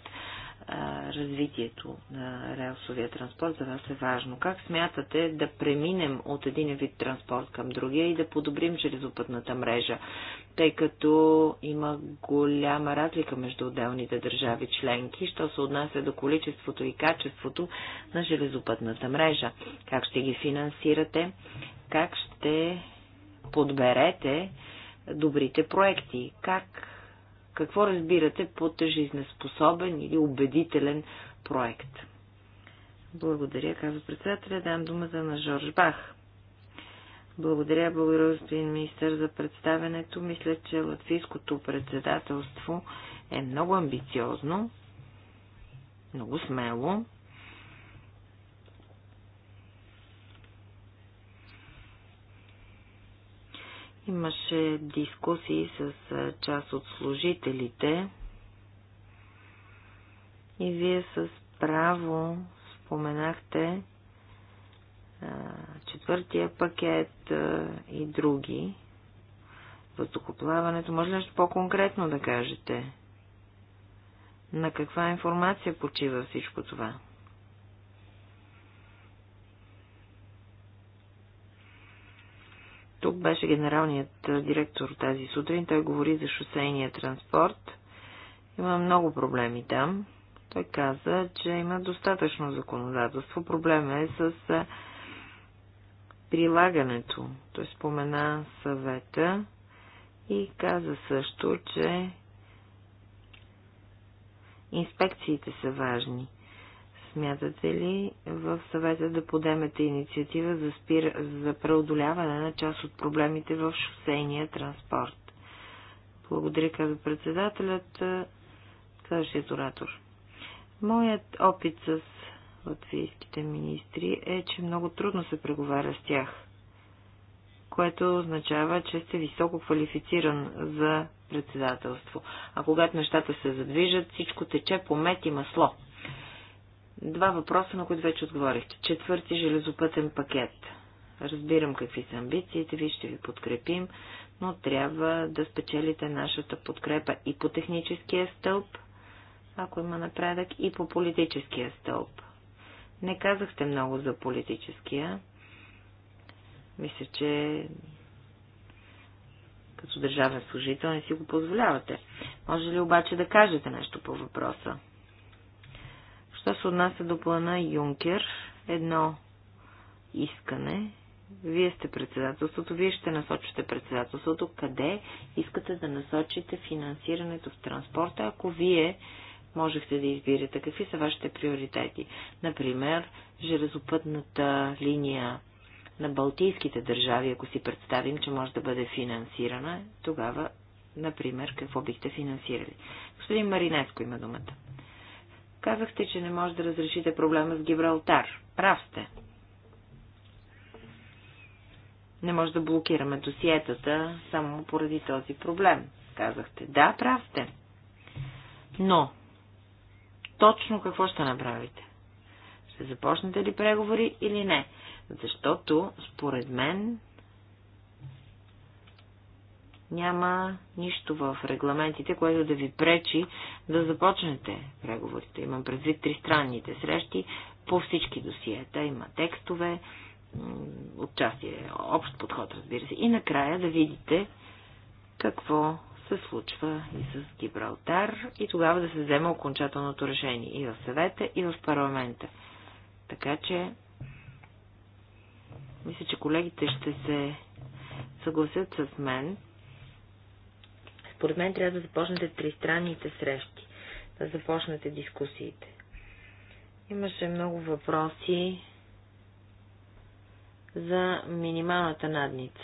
развитието на релсовия транспорт за вас е важно. Как смятате да преминем от един вид транспорт към другия и да подобрим железопътната мрежа, тъй като има голяма разлика между отделните държави членки, що се отнася до количеството и качеството на железопътната мрежа? Как ще ги финансирате? Как ще подберете добрите проекти? Как какво разбирате под жизнеспособен или убедителен проект? Благодаря, казва председателя. Дам думата на Жорж Бах. Благодаря, благодаря, господин министър, за представенето. Мисля, че латвийското председателство е много амбициозно, много смело Имаше дискусии с част от служителите и вие с право споменахте четвъртия пакет и други. Въздухоплаването. Може ли нещо по-конкретно да кажете? На каква информация почива всичко това? Тук беше генералният директор тази сутрин. Той говори за шосейния транспорт. Има много проблеми там. Той каза, че има достатъчно законодателство. Проблема е с прилагането. Той спомена съвета и каза също, че инспекциите са важни. Смятате ли в съвета да подемете инициатива за, спир... за преодоляване на част от проблемите в шосейния транспорт? Благодаря, каза председателят, следващият оратор. Моят опит с латвийските министри е, че много трудно се преговаря с тях, което означава, че сте високо квалифициран за председателство. А когато нещата се задвижат, всичко тече по мет и масло. Два въпроса, на които вече отговорихте. Четвърти железопътен пакет. Разбирам какви са амбициите ви, ще ви подкрепим, но трябва да спечелите нашата подкрепа и по техническия стълб, ако има напредък, и по политическия стълб. Не казахте много за политическия. Мисля, че като държавен служител не си го позволявате. Може ли обаче да кажете нещо по въпроса? Що се отнася до плана Юнкер, едно искане. Вие сте председателството, вие ще насочите председателството, къде искате да насочите финансирането в транспорта, ако вие можехте да избирате какви са вашите приоритети. Например, железопътната линия на Балтийските държави, ако си представим, че може да бъде финансирана, тогава, например, какво бихте финансирали? Господин Маринеско има думата. Казахте, че не може да разрешите проблема с Гибралтар. Прав сте. Не може да блокираме досиетата само поради този проблем. Казахте, да, прав сте. Но, точно какво ще направите? Ще започнете ли преговори или не? Защото, според мен, няма нищо в регламентите, което да ви пречи да започнете преговорите. Имам предвид тристранните срещи по всички досиета. Има текстове, отчасти е общ подход, разбира се. И накрая да видите какво се случва и с Гибралтар и тогава да се вземе окончателното решение и в съвета, и в парламента. Така че, мисля, че колегите ще се съгласят с мен, според мен трябва да започнете тристранните срещи, да започнете дискусиите. Имаше много въпроси за минималната надница.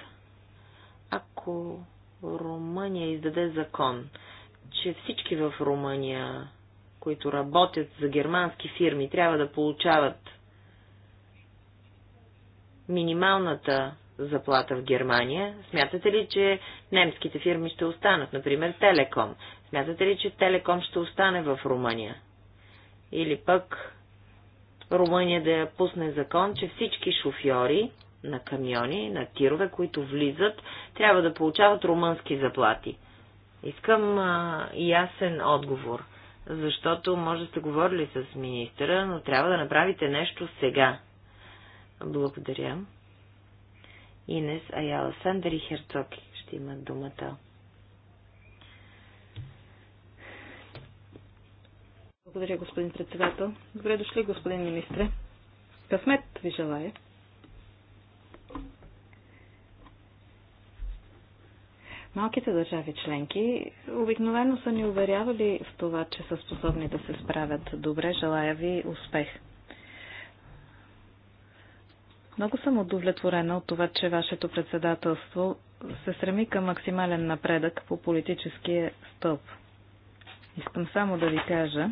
Ако Румъния издаде закон, че всички в Румъния, които работят за германски фирми, трябва да получават минималната заплата в Германия? Смятате ли, че немските фирми ще останат, например Телеком? Смятате ли, че Телеком ще остане в Румъния? Или пък Румъния да я пусне закон, че всички шофьори на камиони, на тирове, които влизат, трябва да получават румънски заплати. Искам а, ясен отговор, защото може да сте говорили с министъра, но трябва да направите нещо сега. Благодаря. Инес Аяла Сандър и Херцог ще имат думата. Благодаря, господин председател. Добре дошли, господин министре. Късмет ви желая. Малките държави членки обикновено са ни уверявали в това, че са способни да се справят добре. Желая ви успех. Много съм удовлетворена от това, че вашето председателство се стреми към максимален напредък по политическия стълб. Искам само да ви кажа,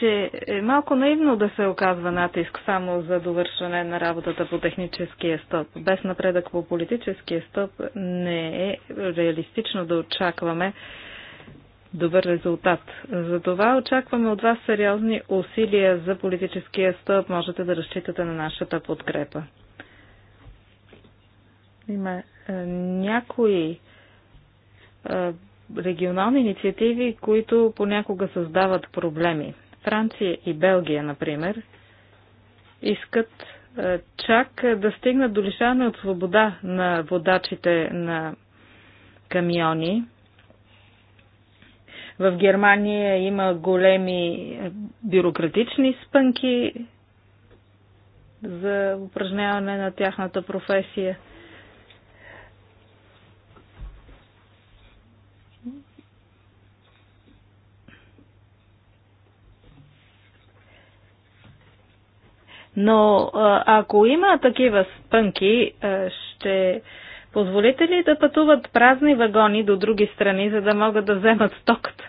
че е малко наивно да се оказва натиск само за довършване на работата по техническия стълб. Без напредък по политическия стълб не е реалистично да очакваме добър резултат. Затова очакваме от вас сериозни усилия за политическия стълб. Можете да разчитате на нашата подкрепа. Има е, някои е, регионални инициативи, които понякога създават проблеми. Франция и Белгия, например, искат е, чак е, да стигнат до лишаване от свобода на водачите на камиони, в Германия има големи бюрократични спънки за упражняване на тяхната професия. Но ако има такива спънки, ще Позволите ли да пътуват празни вагони до други страни, за да могат да вземат стоката?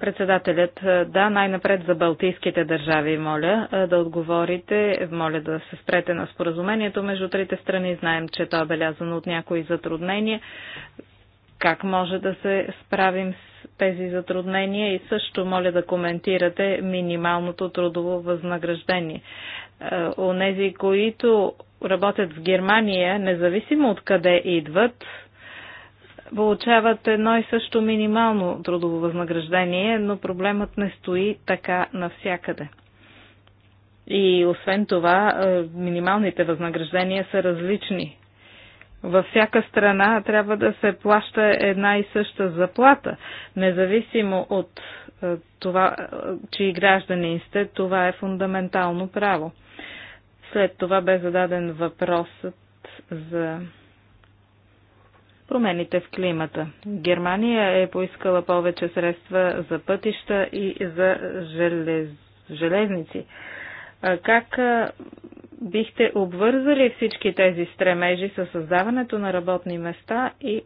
Председателят, е, да, най-напред за Балтийските държави, моля е, да отговорите, моля да се спрете на споразумението между трите страни. Знаем, че то е белязано от някои затруднения. Как може да се справим с тези затруднения и също моля да коментирате минималното трудово възнаграждение. Е, онези, които работят в Германия, независимо от къде идват, получават едно и също минимално трудово възнаграждение, но проблемът не стои така навсякъде. И освен това, е, минималните възнаграждения са различни. Във всяка страна трябва да се плаща една и съща заплата, независимо от е, това, е, чии граждани сте, това е фундаментално право. След това бе зададен въпросът за промените в климата. Германия е поискала повече средства за пътища и за желез... железници. Как бихте обвързали всички тези стремежи с създаването на работни места и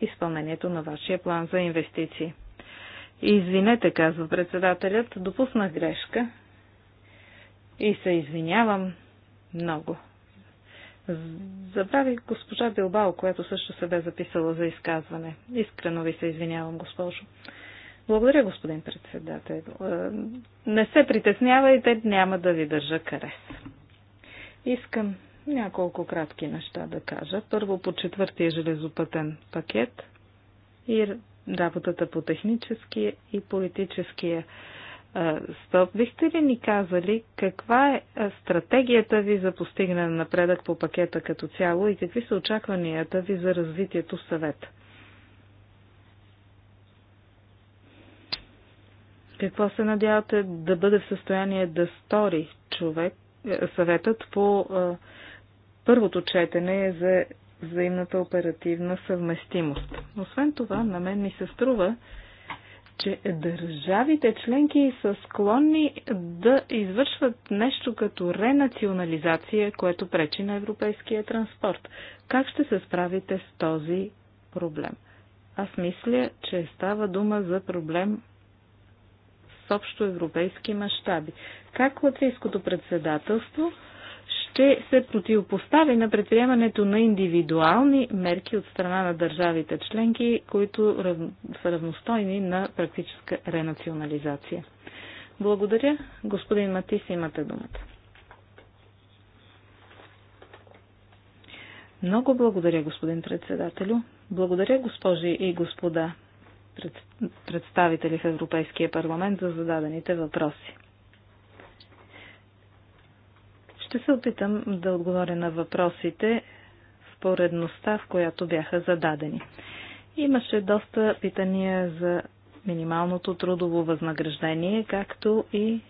изпълнението на вашия план за инвестиции? Извинете, казва председателят, допуснах грешка и се извинявам много. Забравих госпожа Билбао, която също се бе записала за изказване. Искрено ви се извинявам, госпожо. Благодаря, господин председател. Е, не се притеснявайте, няма да ви държа карес. Искам няколко кратки неща да кажа. Първо по четвъртия железопътен пакет и работата по техническия и политическия е, стоп. Бихте ли ни казали каква е, е стратегията ви за постигане на напредък по пакета като цяло и какви са очакванията ви за развитието в съвета? Какво се надявате да бъде в състояние да стори човек, е, съветът по а, първото четене за взаимната оперативна съвместимост? Освен това, на мен ми се струва, че държавите членки са склонни да извършват нещо като ренационализация, което пречи на европейския транспорт. Как ще се справите с този проблем? Аз мисля, че става дума за проблем с общо европейски мащаби. Как латвийското председателство ще се противопостави на предприемането на индивидуални мерки от страна на държавите членки, които рав... са равностойни на практическа ренационализация. Благодаря. Господин Матис, имате думата. Много благодаря, господин председателю. Благодаря, госпожи и господа представители в Европейския парламент за зададените въпроси. Ще се опитам да отговоря на въпросите в поредността, в която бяха зададени. Имаше доста питания за минималното трудово възнаграждение, както и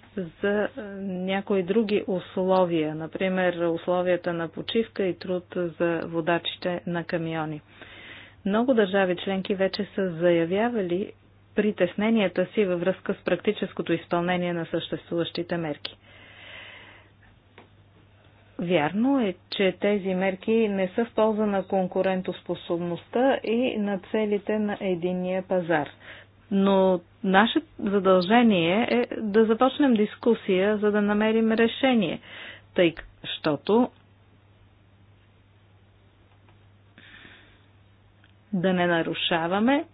за е, някои други условия, например условията на почивка и труд за водачите на камиони. Много държави членки вече са заявявали притесненията си във връзка с практическото изпълнение на съществуващите мерки. Вярно е, че тези мерки не са в полза на конкурентоспособността и на целите на единия пазар. Но наше задължение е да започнем дискусия, за да намерим решение, тъй щото да не нарушаваме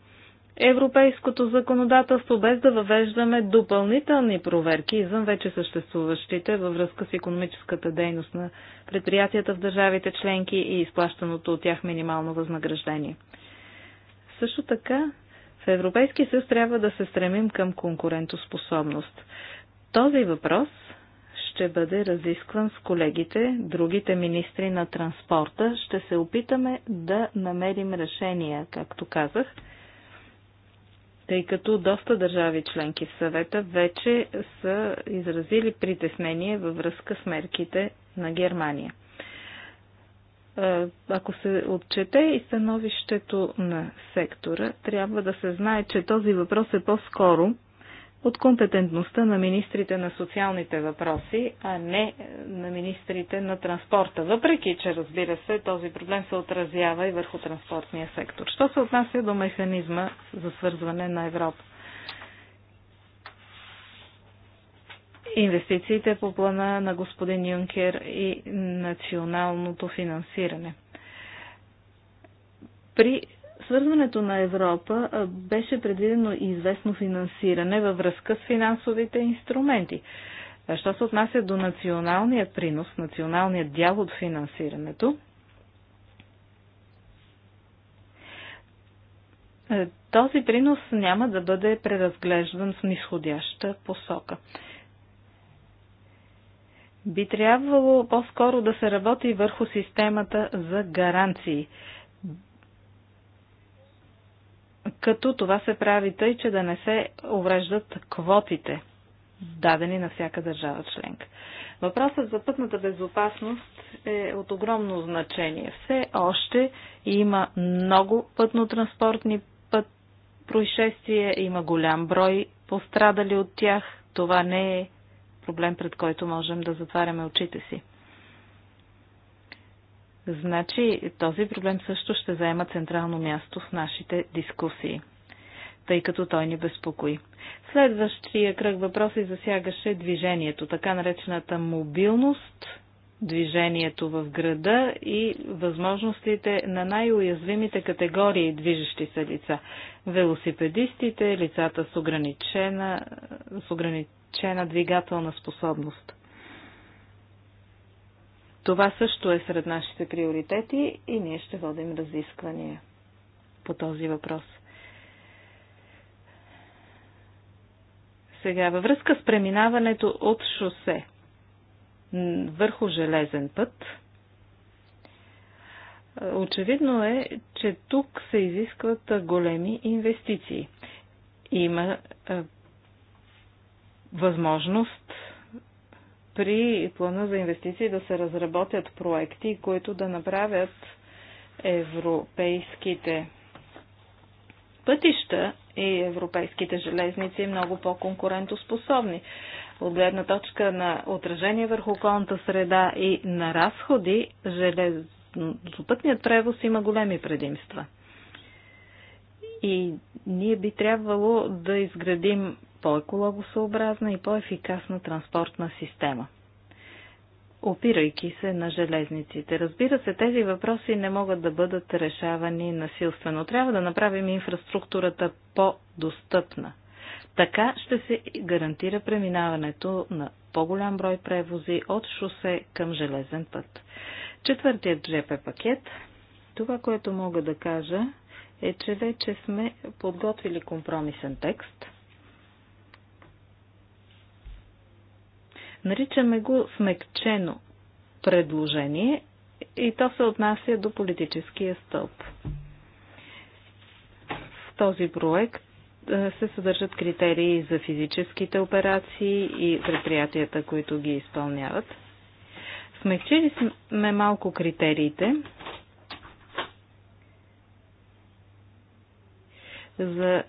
европейското законодателство, без да въвеждаме допълнителни проверки извън вече съществуващите във връзка с економическата дейност на предприятията в държавите членки и изплащаното от тях минимално възнаграждение. Също така, в Европейски съюз трябва да се стремим към конкурентоспособност. Този въпрос ще бъде разискван с колегите, другите министри на транспорта. Ще се опитаме да намерим решения, както казах тъй като доста държави членки в съвета вече са изразили притеснение във връзка с мерките на Германия. Ако се отчете и становището на сектора, трябва да се знае, че този въпрос е по-скоро от компетентността на министрите на социалните въпроси, а не на министрите на транспорта. Въпреки, че разбира се, този проблем се отразява и върху транспортния сектор. Що се отнася до механизма за свързване на Европа? Инвестициите по плана на господин Юнкер и националното финансиране. При свързването на Европа беше предвидено и известно финансиране във връзка с финансовите инструменти. Що се отнася до националния принос, националния дял от финансирането, този принос няма да бъде преразглеждан в нисходяща посока. Би трябвало по-скоро да се работи върху системата за гаранции – като това се прави тъй, че да не се увреждат квотите, дадени на всяка държава членка. Въпросът за пътната безопасност е от огромно значение. Все още има много пътно-транспортни път, происшествия, има голям брой пострадали от тях. Това не е проблем, пред който можем да затваряме очите си. Значи този проблем също ще заема централно място в нашите дискусии, тъй като той ни безпокои. Следващия кръг въпроси засягаше движението, така наречената мобилност, движението в града и възможностите на най-уязвимите категории движещи се лица. Велосипедистите, лицата с ограничена, с ограничена двигателна способност. Това също е сред нашите приоритети и ние ще водим разисквания по този въпрос. Сега, във връзка с преминаването от шосе върху железен път, очевидно е, че тук се изискват големи инвестиции. Има възможност при плана за инвестиции да се разработят проекти, които да направят европейските пътища и европейските железници много по-конкурентоспособни. От гледна точка на отражение върху околната среда и на разходи, железопътният превоз има големи предимства. И ние би трябвало да изградим по-екологосъобразна и по-ефикасна транспортна система опирайки се на железниците. Разбира се, тези въпроси не могат да бъдат решавани насилствено. Трябва да направим инфраструктурата по-достъпна. Така ще се гарантира преминаването на по-голям брой превози от шосе към железен път. Четвъртият ЖП е пакет. Това, което мога да кажа, е, че вече сме подготвили компромисен текст – Наричаме го смекчено предложение и то се отнася до политическия стълб. В този проект е, се съдържат критерии за физическите операции и предприятията, които ги изпълняват. Смекчили сме малко критериите за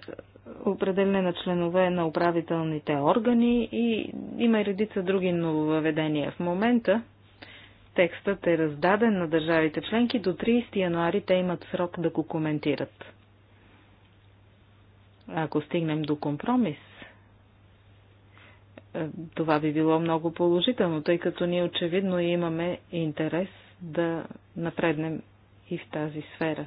определене на членове на управителните органи и има и редица други нововведения. В момента текстът е раздаден на държавите членки. До 30 януари те имат срок да го коментират. Ако стигнем до компромис, е, това би било много положително, тъй като ние очевидно имаме интерес да напреднем и в тази сфера.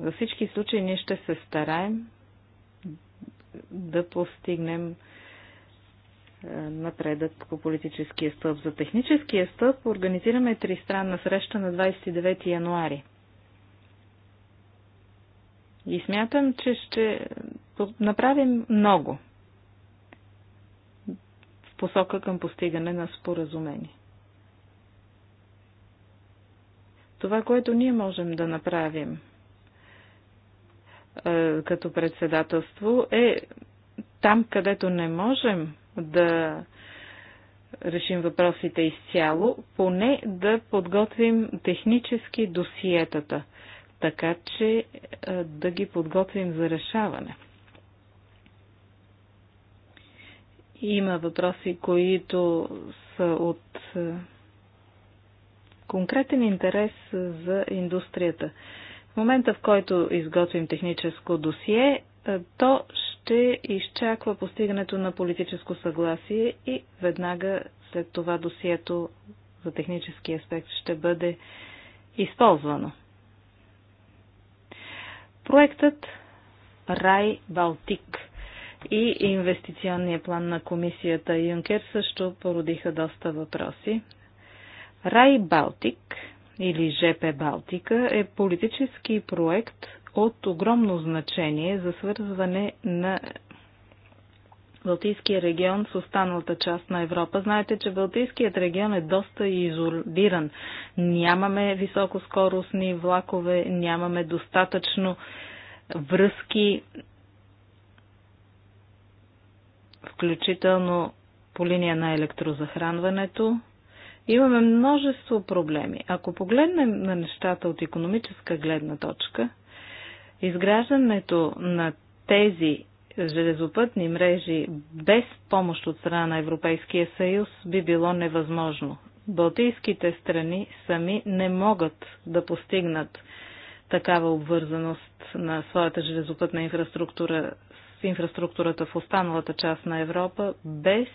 Във всички случаи ние ще се стараем да постигнем е, напредък по политическия стълб. За техническия стълб организираме тристранна среща на 29 януари. И смятам, че ще направим много в посока към постигане на споразумение. Това, което ние можем да направим – е, като председателство е там, където не можем да решим въпросите изцяло, поне да подготвим технически досиетата, така че е, да ги подготвим за решаване. Има въпроси, които са от е, конкретен интерес за индустрията. В момента, в който изготвим техническо досие, е, то ще изчаква постигането на политическо съгласие и веднага след това досието за технически аспект ще бъде използвано. Проектът Рай Балтик и инвестиционния план на комисията Юнкер също породиха доста въпроси. Рай Балтик – или ЖП Балтика е политически проект от огромно значение за свързване на Балтийския регион с останалата част на Европа. Знаете, че Балтийският регион е доста изолиран. Нямаме високоскоростни влакове, нямаме достатъчно връзки, включително по линия на електрозахранването. Имаме множество проблеми. Ако погледнем на нещата от економическа гледна точка, изграждането на тези железопътни мрежи без помощ от страна на Европейския съюз би било невъзможно. Балтийските страни сами не могат да постигнат такава обвързаност на своята железопътна инфраструктура с инфраструктурата в останалата част на Европа без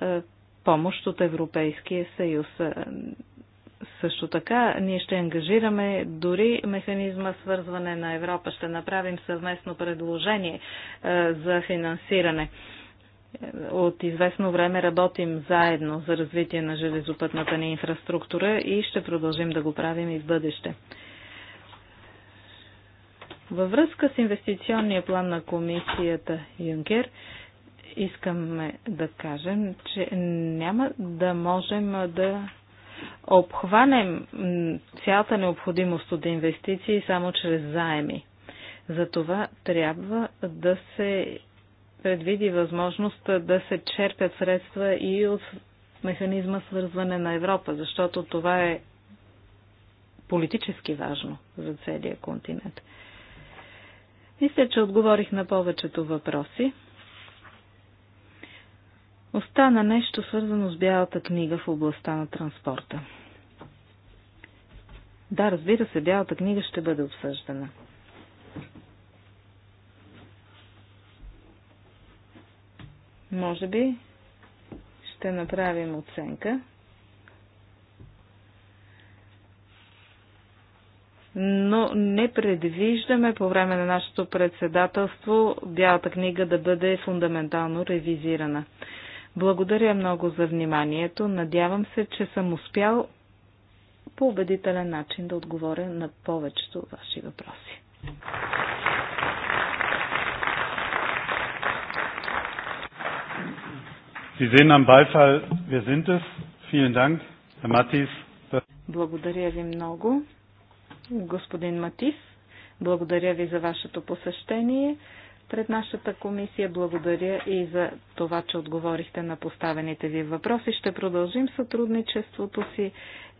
е, помощ от Европейския съюз. Е, също така, ние ще ангажираме дори механизма свързване на Европа. Ще направим съвместно предложение е, за финансиране. Е, от известно време работим заедно за развитие на железопътната ни инфраструктура и ще продължим да го правим и в бъдеще. Във връзка с инвестиционния план на комисията Юнкер, искаме да кажем, че няма да можем да обхванем цялата необходимост от инвестиции само чрез заеми. Затова трябва да се предвиди възможност да се черпят средства и от механизма свързване на Европа, защото това е политически важно за целия континент. Мисля, че отговорих на повечето въпроси. Остана нещо свързано с Бялата книга в областта на транспорта. Да, разбира се, Бялата книга ще бъде обсъждана. Може би ще направим оценка. но не предвиждаме по време на нашето председателство Бялата книга да бъде фундаментално ревизирана. Благодаря много за вниманието. Надявам се, че съм успял по убедителен начин да отговоря на повечето ваши въпроси. Sie sehen am Beifall, wir sind es. Vielen Dank, Herr Благодаря ви много, господин Матис. Благодаря ви за вашето посещение пред нашата комисия. Благодаря и за това, че отговорихте на поставените ви въпроси. Ще продължим сътрудничеството си.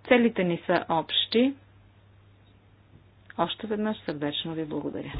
Целите ни са общи. Още веднъж сърдечно ви благодаря.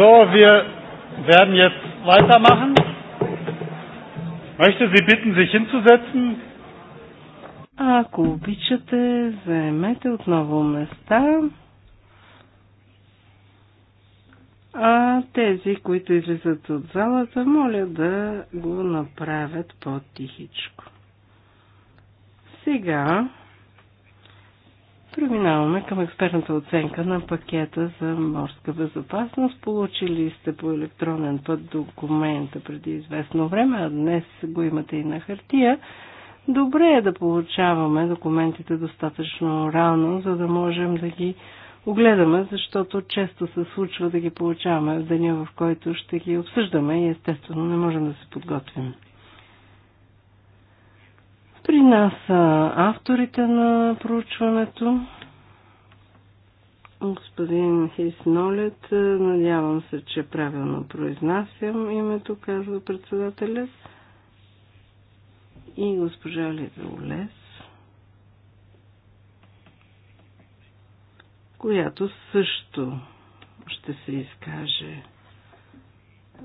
So, wir werden jetzt weitermachen. Ich Möchte Sie bitten, sich hinzusetzen. Ако обичате, заемете отново места. А тези, които излизат от залата, моля да го направят по-тихичко. Сега Преминаваме към експертната оценка на пакета за морска безопасност. Получили сте по електронен път документа преди известно време, а днес го имате и на хартия. Добре е да получаваме документите достатъчно рано, за да можем да ги огледаме, защото често се случва да ги получаваме в деня, в който ще ги обсъждаме и естествено не можем да се подготвим. При нас са авторите на проучването. Господин Хиснолет, надявам се, че правилно произнасям името, казва председателят. И госпожа Лиза Олес, която също ще се изкаже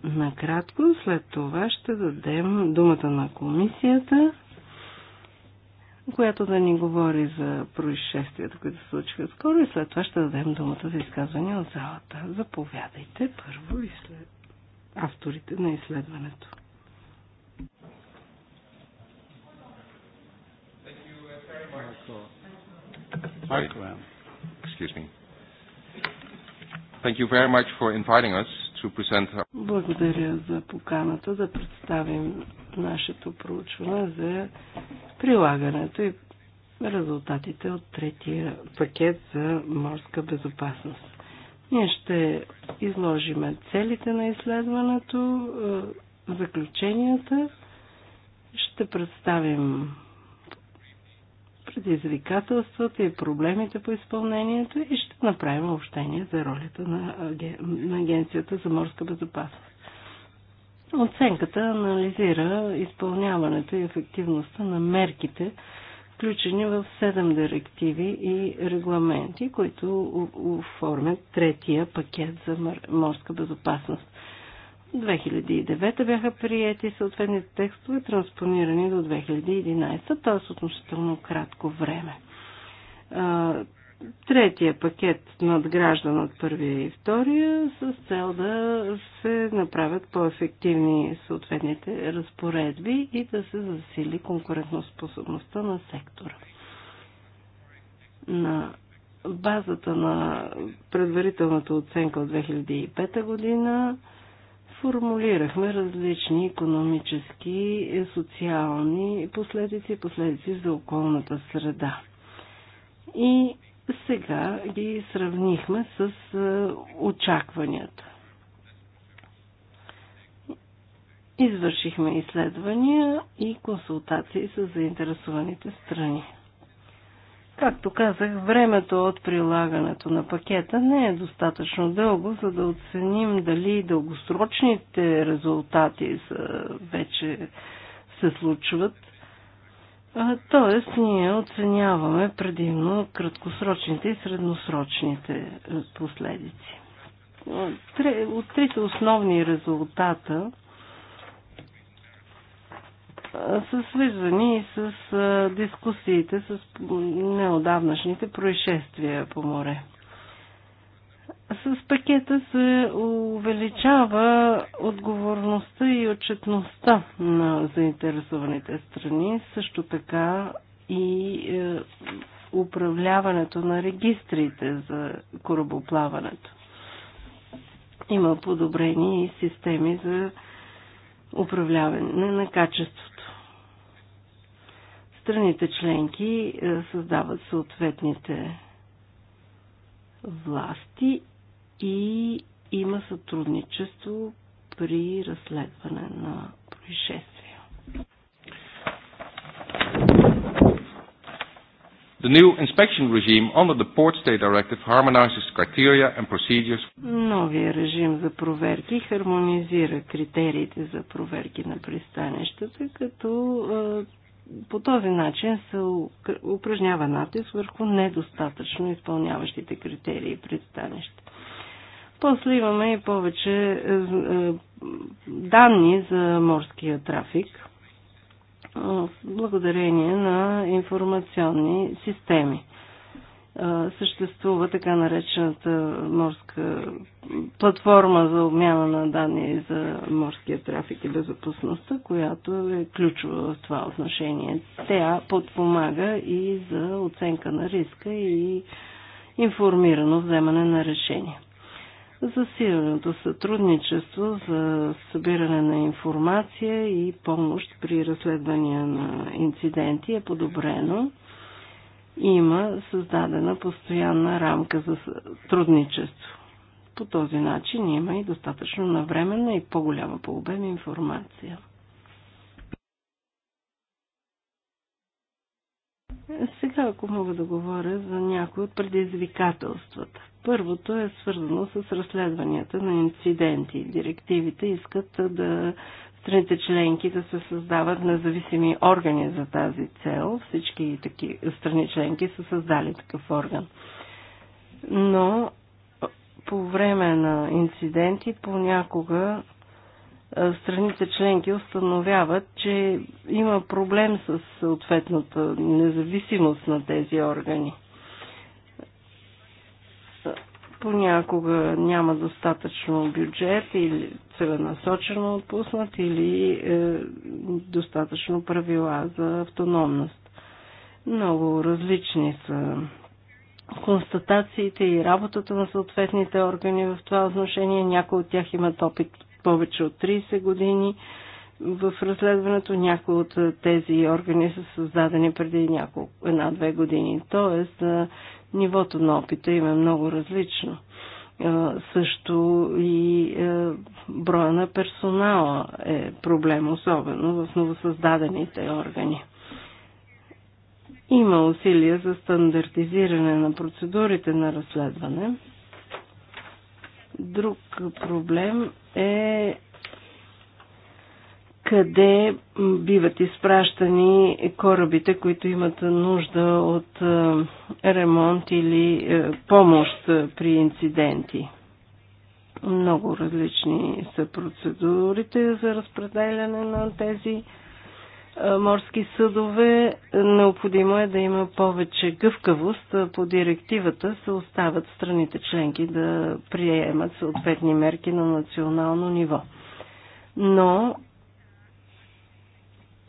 накратко. След това ще дадем думата на комисията която да ни говори за происшествията, които се случиха скоро и след това ще дадем думата за изказване от залата. Заповядайте първо и след авторите на изследването. Thank you very much for inviting us. Благодаря за поканата да представим нашето проучване за прилагането и резултатите от третия пакет за морска безопасност. Ние ще изложим целите на изследването, е, заключенията, ще представим предизвикателствата и проблемите по изпълнението и ще направим общение за ролята на, на Агенцията за морска безопасност. Оценката анализира изпълняването и ефективността на мерките, включени в 7 директиви и регламенти, които оформят третия пакет за морска безопасност. 2009 бяха приети съответните текстове, транспонирани до 2011, т.е. относително кратко време. Третия пакет надграждан от първия и втория с цел да се направят по-ефективни съответните разпоредби и да се засили конкурентоспособността на сектора. На базата на предварителната оценка от 2005 година формулирахме различни економически, е, социални последици, последици за околната среда. И сега ги сравнихме с е, очакванията. Извършихме изследвания и консултации с заинтересованите страни. Както казах, времето от прилагането на пакета не е достатъчно дълго, за да оценим дали дългосрочните резултати са, вече се случват. Тоест, ние оценяваме предимно краткосрочните и средносрочните е, последици. От трите основни резултата са свързани и с дискусиите с неодавнашните происшествия по море. С пакета се увеличава отговорността и отчетността на заинтересованите страни, също така и е, управляването на регистрите за корабоплаването. Има подобрени системи за управляване на качеството страните членки е, създават съответните власти и има сътрудничество при разследване на происшествия. The new inspection regime under the Port State Directive harmonizes criteria and procedures. Новия режим за проверки хармонизира критериите за проверки на пристанищата, като е, по този начин се упражнява натиск върху недостатъчно изпълняващите критерии пристанища. После имаме и повече е, е, данни за морския трафик е, благодарение на информационни системи съществува така наречената морска платформа за обмяна на данни за морския трафик и безопасността, която е ключова в това отношение. Тя подпомага и за оценка на риска и информирано вземане на решения. Засиленото сътрудничество за събиране на информация и помощ при разследвания на инциденти е подобрено има създадена постоянна рамка за трудничество. По този начин има и достатъчно навременна и по-голяма по обем информация. Сега, ако мога да говоря за някои от предизвикателствата. Първото е свързано с разследванията на инциденти. Директивите искат да Страните членки да се създават независими органи за тази цел. Всички таки, страни членки са създали такъв орган. Но по време на инциденти понякога страните членки установяват, че има проблем с съответната независимост на тези органи понякога няма достатъчно бюджет или целенасочено отпуснат или е, достатъчно правила за автономност. Много различни са констатациите и работата на съответните органи в това отношение. Някои от тях имат опит повече от 30 години в разследването. Някои от тези органи са създадени преди няколко, една-две години. Тоест, е, нивото на опита им е много различно. Също и броя на персонала е проблем, особено в новосъздадените органи. Има усилия за стандартизиране на процедурите на разследване. Друг проблем е къде биват изпращани корабите, които имат нужда от е, ремонт или е, помощ при инциденти. Много различни са процедурите за разпределяне на тези е, морски съдове. Необходимо е да има повече гъвкавост. По директивата се остават страните членки да приемат съответни мерки на национално ниво. Но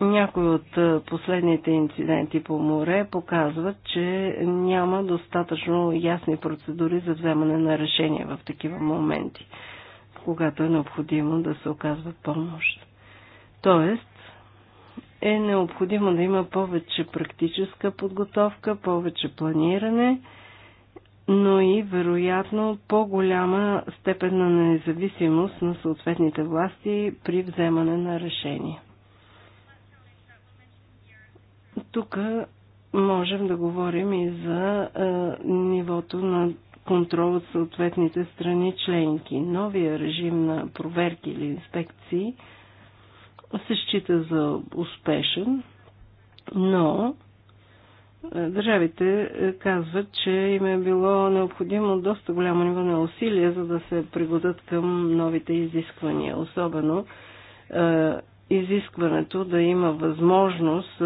някои от последните инциденти по море показват, че няма достатъчно ясни процедури за вземане на решения в такива моменти, когато е необходимо да се оказва помощ. Тоест, е необходимо да има повече практическа подготовка, повече планиране, но и вероятно по-голяма степен на независимост на съответните власти при вземане на решения. Тук можем да говорим и за а, нивото на контрол от съответните страни членки. Новия режим на проверки или инспекции се счита за успешен, но държавите казват, че им е било необходимо доста голямо ниво на усилие, за да се пригодат към новите изисквания, особено изискването да има възможност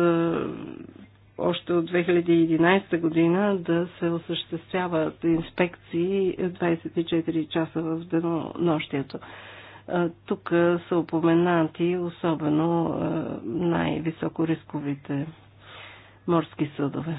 още от 2011 година да се осъществяват инспекции 24 часа в денонощието. Тук са упоменати особено най високорисковите морски съдове.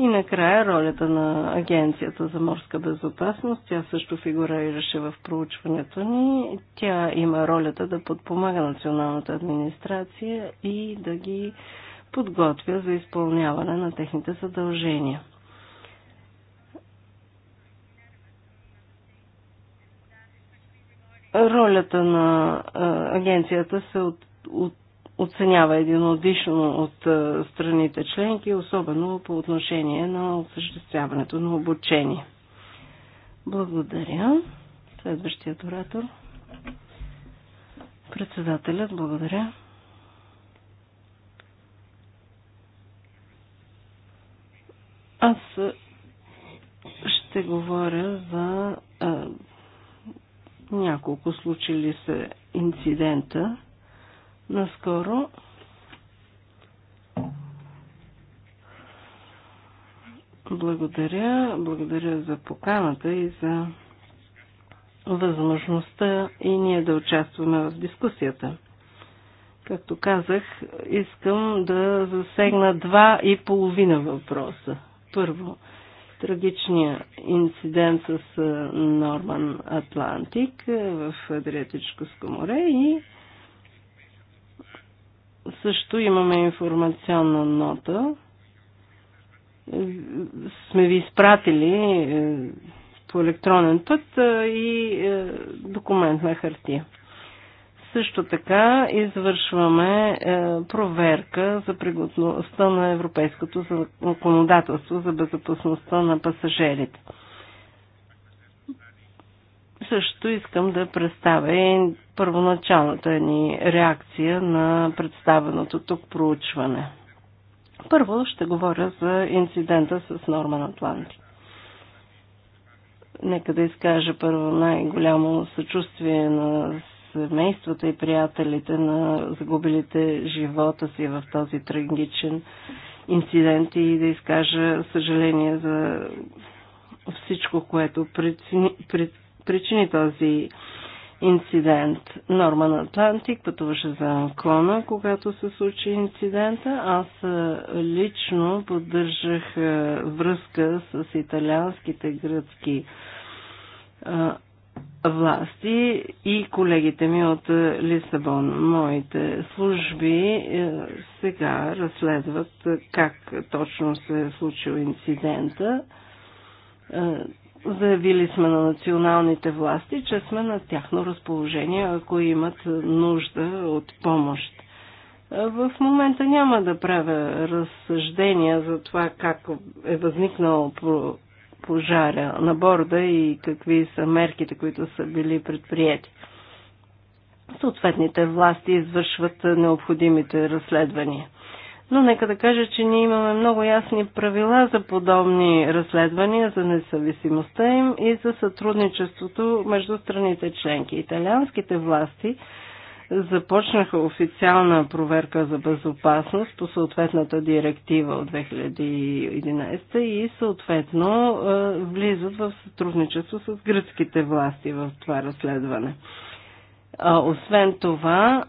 И накрая ролята на Агенцията за морска безопасност, тя също фигурираше в проучването ни. Тя има ролята да подпомага националната администрация и да ги подготвя за изпълняване на техните задължения. Ролята на агенцията се от, от оценява единодишно от е, страните членки, особено по отношение на осъществяването на обучение. Благодаря. Следващият оратор. Председателят, благодаря. Аз е, ще говоря за а, е, няколко случили се инцидента наскоро. Благодаря. Благодаря за поканата и за възможността и ние да участваме в дискусията. Както казах, искам да засегна два и половина въпроса. Първо, трагичния инцидент с Норман Атлантик в Адриатическо море и също имаме информационна нота. Сме ви изпратили е, по електронен път е, и е, документ на хартия. Също така извършваме проверка за пригодността на европейското законодателство за безопасността на пасажирите също искам да представя и първоначалната ни реакция на представеното тук проучване. Първо ще говоря за инцидента с Норман Атланти. Нека да изкажа първо най-голямо съчувствие на семействата и приятелите на загубилите живота си в този трагичен инцидент и да изкажа съжаление за всичко, което причини, причини този инцидент. Норман Атлантик пътуваше за Анкона, когато се случи инцидента. Аз лично поддържах връзка с италианските гръцки власти и колегите ми от Лисабон. Моите служби сега разследват как точно се е случил инцидента. Заявили сме на националните власти, че сме на тяхно разположение, ако имат нужда от помощ. В момента няма да правя разсъждения за това как е възникнал пожаря на борда и какви са мерките, които са били предприяти. Съответните власти извършват необходимите разследвания. Но нека да кажа, че ние имаме много ясни правила за подобни разследвания, за независимостта им и за сътрудничеството между страните членки. Италианските власти започнаха официална проверка за безопасност по съответната директива от 2011 и съответно е, влизат в сътрудничество с гръцките власти в това разследване. Освен това,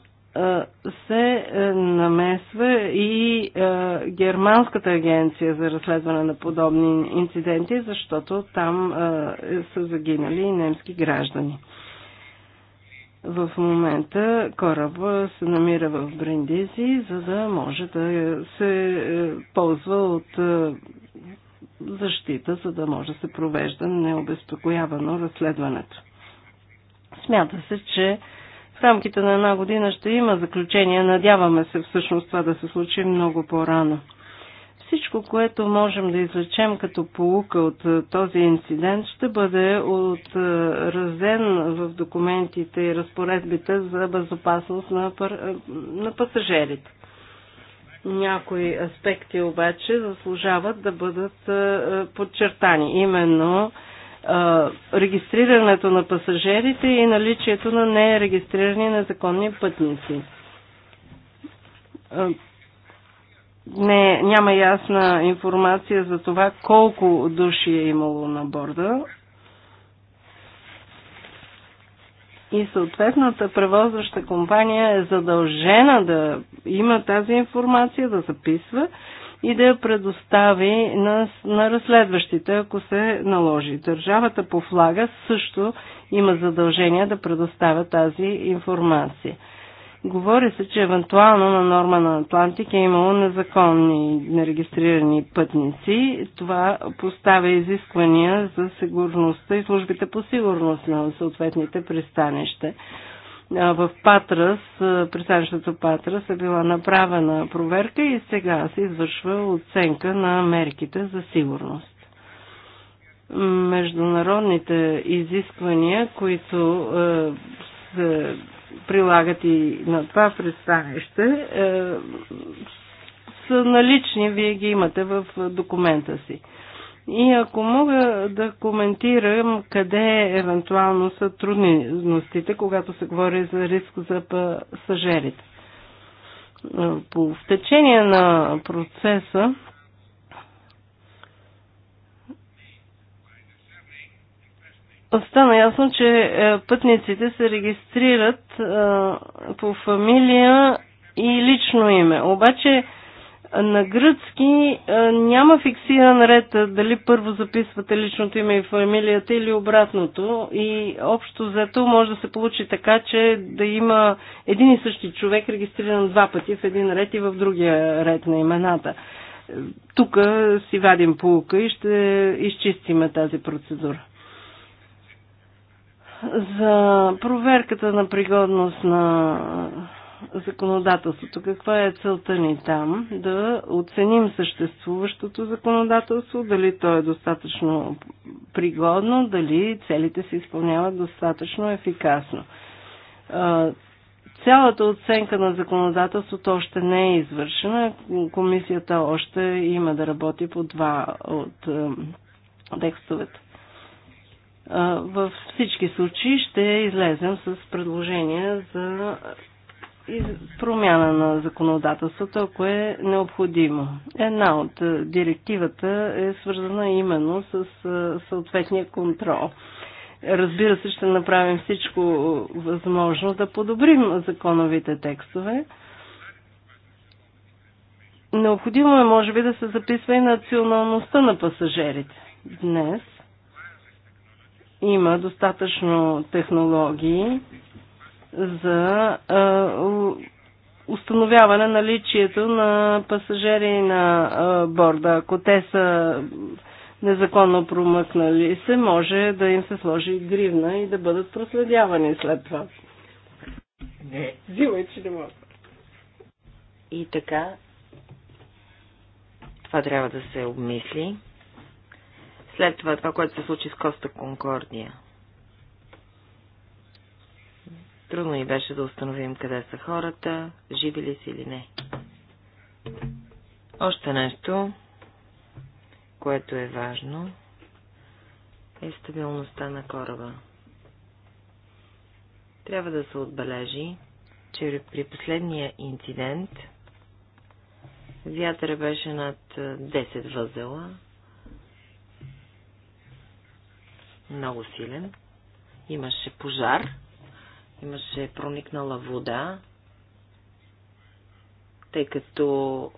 се е, намесва и е, Германската агенция за разследване на подобни инциденти, защото там е, са загинали и немски граждани. В момента кораба се намира в Брендизи, за да може да се ползва от защита, за да може да се провежда необезпокоявано разследването. Смята се, че в рамките на една година ще има заключение. Надяваме се всъщност това да се случи много по-рано. Всичко, което можем да излечем като полука от е, този инцидент, ще бъде отразен в документите и разпоредбите за безопасност на, пар... Е, на пасажирите. Някои аспекти обаче заслужават да бъдат е, подчертани. Именно регистрирането на пасажирите и наличието на нерегистрирани незаконни пътници. Не, няма ясна информация за това колко души е имало на борда. И съответната превозваща компания е задължена да има тази информация, да записва и да предостави на, на разследващите, ако се наложи. Държавата по флага също има задължение да предоставя тази информация. Говори се, че евентуално на норма на Атлантик е имало незаконни нерегистрирани пътници. Това поставя изисквания за сигурността и службите по сигурност на съответните пристанища в Патрас, пристанището Патрас е била направена проверка и сега се извършва оценка на мерките за сигурност. Международните изисквания, които е, се прилагат и на това пристанище, е, са налични, вие ги имате в документа си. И ако мога да коментирам къде евентуално са трудностите, когато се говори за риск за пасажерите. По втечение на процеса, Стана ясно, че е, пътниците се регистрират е, по фамилия и лично име. Обаче на гръцки няма фиксиран ред дали първо записвате личното име и фамилията или обратното. И общо взето може да се получи така, че да има един и същи човек регистриран два пъти в един ред и в другия ред на имената. Тук си вадим полука и ще изчистиме тази процедура за проверката на пригодност на законодателството. Каква е целта ни там? Да оценим съществуващото законодателство, дали то е достатъчно пригодно, дали целите се изпълняват достатъчно ефикасно. Цялата оценка на законодателството още не е извършена. Комисията още има да работи по два от текстовете във всички случаи ще излезем с предложения за и промяна на законодателството, ако е необходимо. Една от е, директивата е свързана именно с е, съответния контрол. Разбира се, ще направим всичко възможно да подобрим законовите текстове. Необходимо е, може би, да се записва и националността на пасажирите. Днес има достатъчно технологии, за установяване наличието на пасажери на борда. Ако те са незаконно промъкнали се, може да им се сложи гривна и да бъдат проследявани след това. Не, взимай, че не мога. И така, това трябва да се обмисли. След това, това, което се случи с Коста Конкордия – Трудно ни беше да установим къде са хората, живи ли си или не. Още нещо, което е важно, е стабилността на кораба. Трябва да се отбележи, че при последния инцидент вятъра беше над 10 възела, много силен, имаше пожар, Имаше проникнала вода, тъй като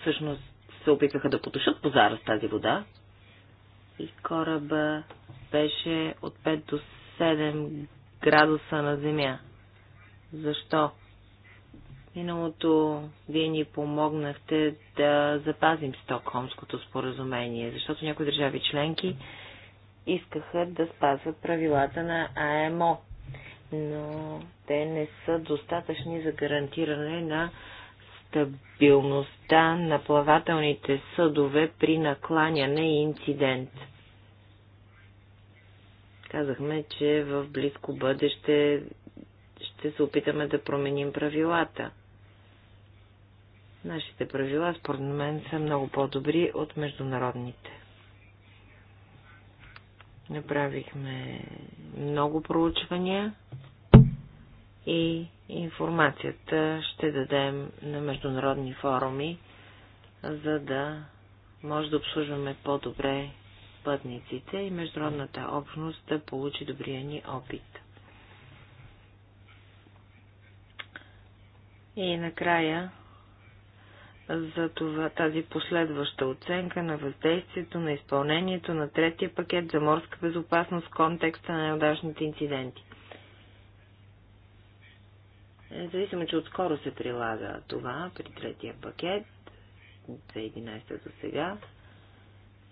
всъщност се опитваха да потушат пожара с тази вода. И кораба беше от 5 до 7 градуса на земя. Защо? Миналото вие ни помогнахте да запазим Стокхолмското споразумение, защото някои държави членки искаха да спазват правилата на АМО но те не са достатъчни за гарантиране на стабилността на плавателните съдове при накланяне и инцидент. Казахме, че в близко бъдеще ще се опитаме да променим правилата. Нашите правила, според мен, са много по-добри от международните. Направихме много проучвания и информацията ще дадем на международни форуми, за да може да обслужваме по-добре пътниците и международната общност да получи добрия ни опит. И накрая за това, тази последваща оценка на въздействието на изпълнението на третия пакет за морска безопасност в контекста на неудачните инциденти. Независимо, че отскоро се прилага това при третия пакет, 2011 до сега,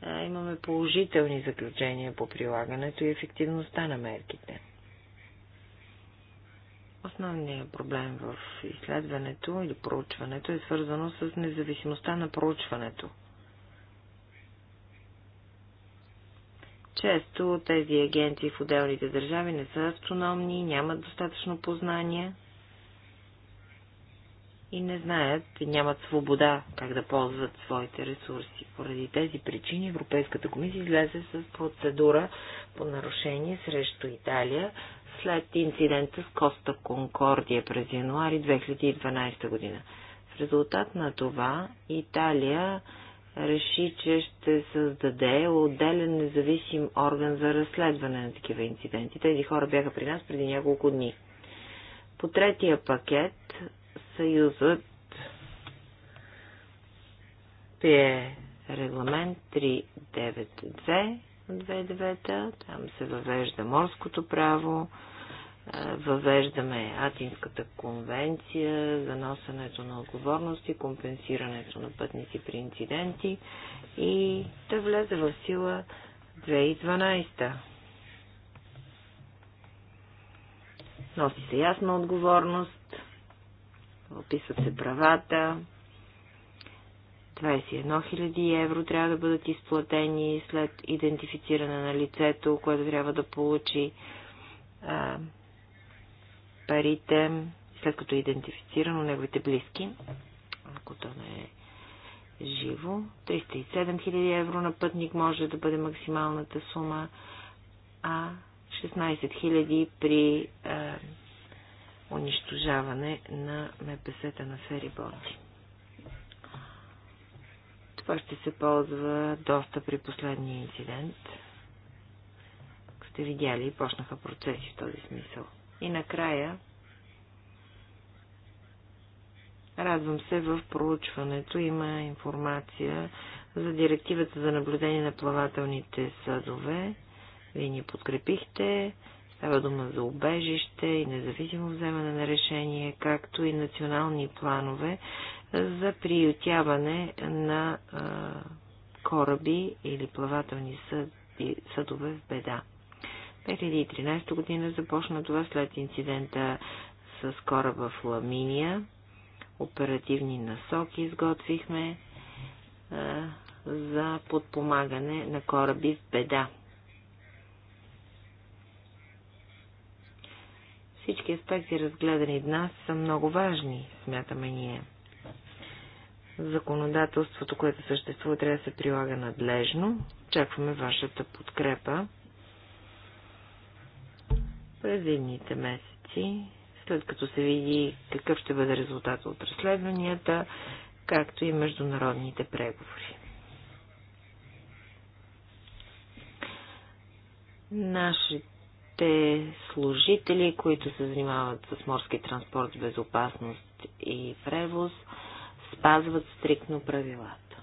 е, имаме положителни заключения по прилагането и ефективността на мерките. Основният проблем в изследването или проучването е свързано с независимостта на проучването. Често тези агенции в отделните държави не са автономни, нямат достатъчно познания и не знаят и нямат свобода как да ползват своите ресурси. Поради тези причини Европейската комисия излезе с процедура по нарушение срещу Италия след инцидента с Коста Конкордия през януари 2012 година. В резултат на това Италия реши, че ще създаде отделен независим орган за разследване на такива инциденти. Тези хора бяха при нас преди няколко дни. По третия пакет Съюзът прие регламент 392 2009. Там се въвежда морското право, въвеждаме Атинската конвенция за носенето на отговорности, компенсирането на пътници при инциденти и да влезе в сила 2012. Носи се ясна отговорност, описват се правата, 21 000 евро трябва да бъдат изплатени след идентифициране на лицето, което трябва да получи а, парите, след като е идентифицирано неговите близки, ако то не е живо. 307 000 евро на пътник може да бъде максималната сума, а 16 000 при а, унищожаване на МПС-та на фериботи. Това ще се ползва доста при последния инцидент. Ако сте видяли, почнаха процеси в този смисъл. И накрая, радвам се, в проучването има информация за директивата за наблюдение на плавателните съдове. Вие ни подкрепихте. Става дума за убежище и независимо вземане на решение, както и национални планове за приютяване на а, кораби или плавателни съди, съдове в беда. 2013 година започна това след инцидента с кораба в Ламиния. Оперативни насоки изготвихме а, за подпомагане на кораби в беда. Всички аспекти, разгледани днес, са много важни, смятаме ние. Законодателството, което съществува, трябва да се прилага надлежно. Очакваме вашата подкрепа през едните месеци, след като се види какъв ще бъде резултат от разследванията, както и международните преговори. Нашите служители, които се занимават с морски транспорт, безопасност и превоз, спазват стриктно правилата.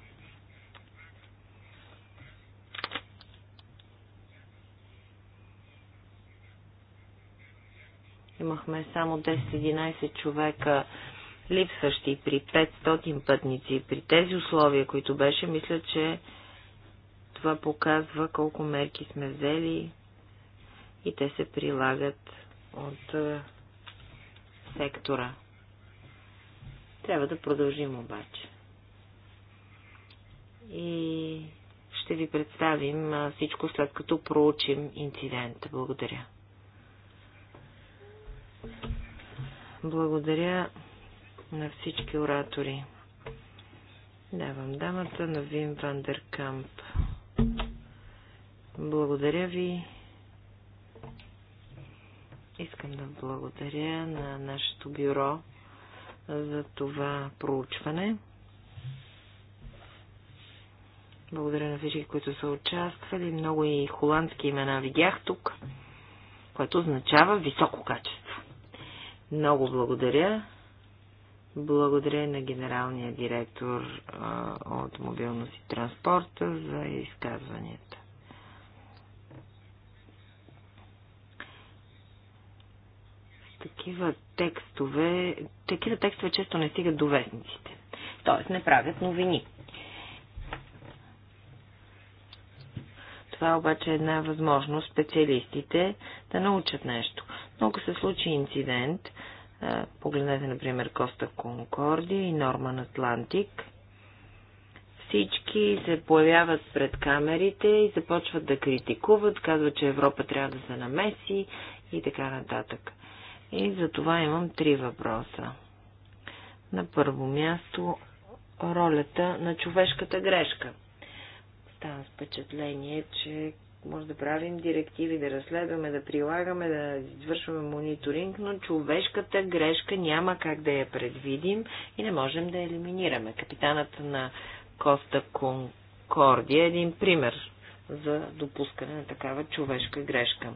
Имахме само 10-11 човека липсващи при 500 пътници. При тези условия, които беше, мисля, че това показва колко мерки сме взели и те се прилагат от е, сектора. Трябва да продължим обаче. И ще ви представим всичко след като проучим инцидента. Благодаря. Благодаря на всички оратори. Давам дамата на Вим Вандеркамп. Благодаря ви. Искам да благодаря на нашето бюро за това проучване. Благодаря на всички, които са участвали. Много и холандски имена видях тук, което означава високо качество. Много благодаря. Благодаря на генералния директор а, от мобилност и транспорта за изказванията. такива текстове, такива текстове често не стигат до вестниците. Тоест не правят новини. Това обаче е една възможност специалистите да научат нещо. Много се случи инцидент, погледнете, например, Коста Конкордия и Норман Атлантик, всички се появяват пред камерите и започват да критикуват, казват, че Европа трябва да се намеси и така нататък. И за това имам три въпроса. На първо място ролята на човешката грешка. Става впечатление, че може да правим директиви, да разследваме, да прилагаме, да извършваме мониторинг, но човешката грешка няма как да я предвидим и не можем да елиминираме. Капитанът на Коста Конкордия е един пример за допускане на такава човешка грешка.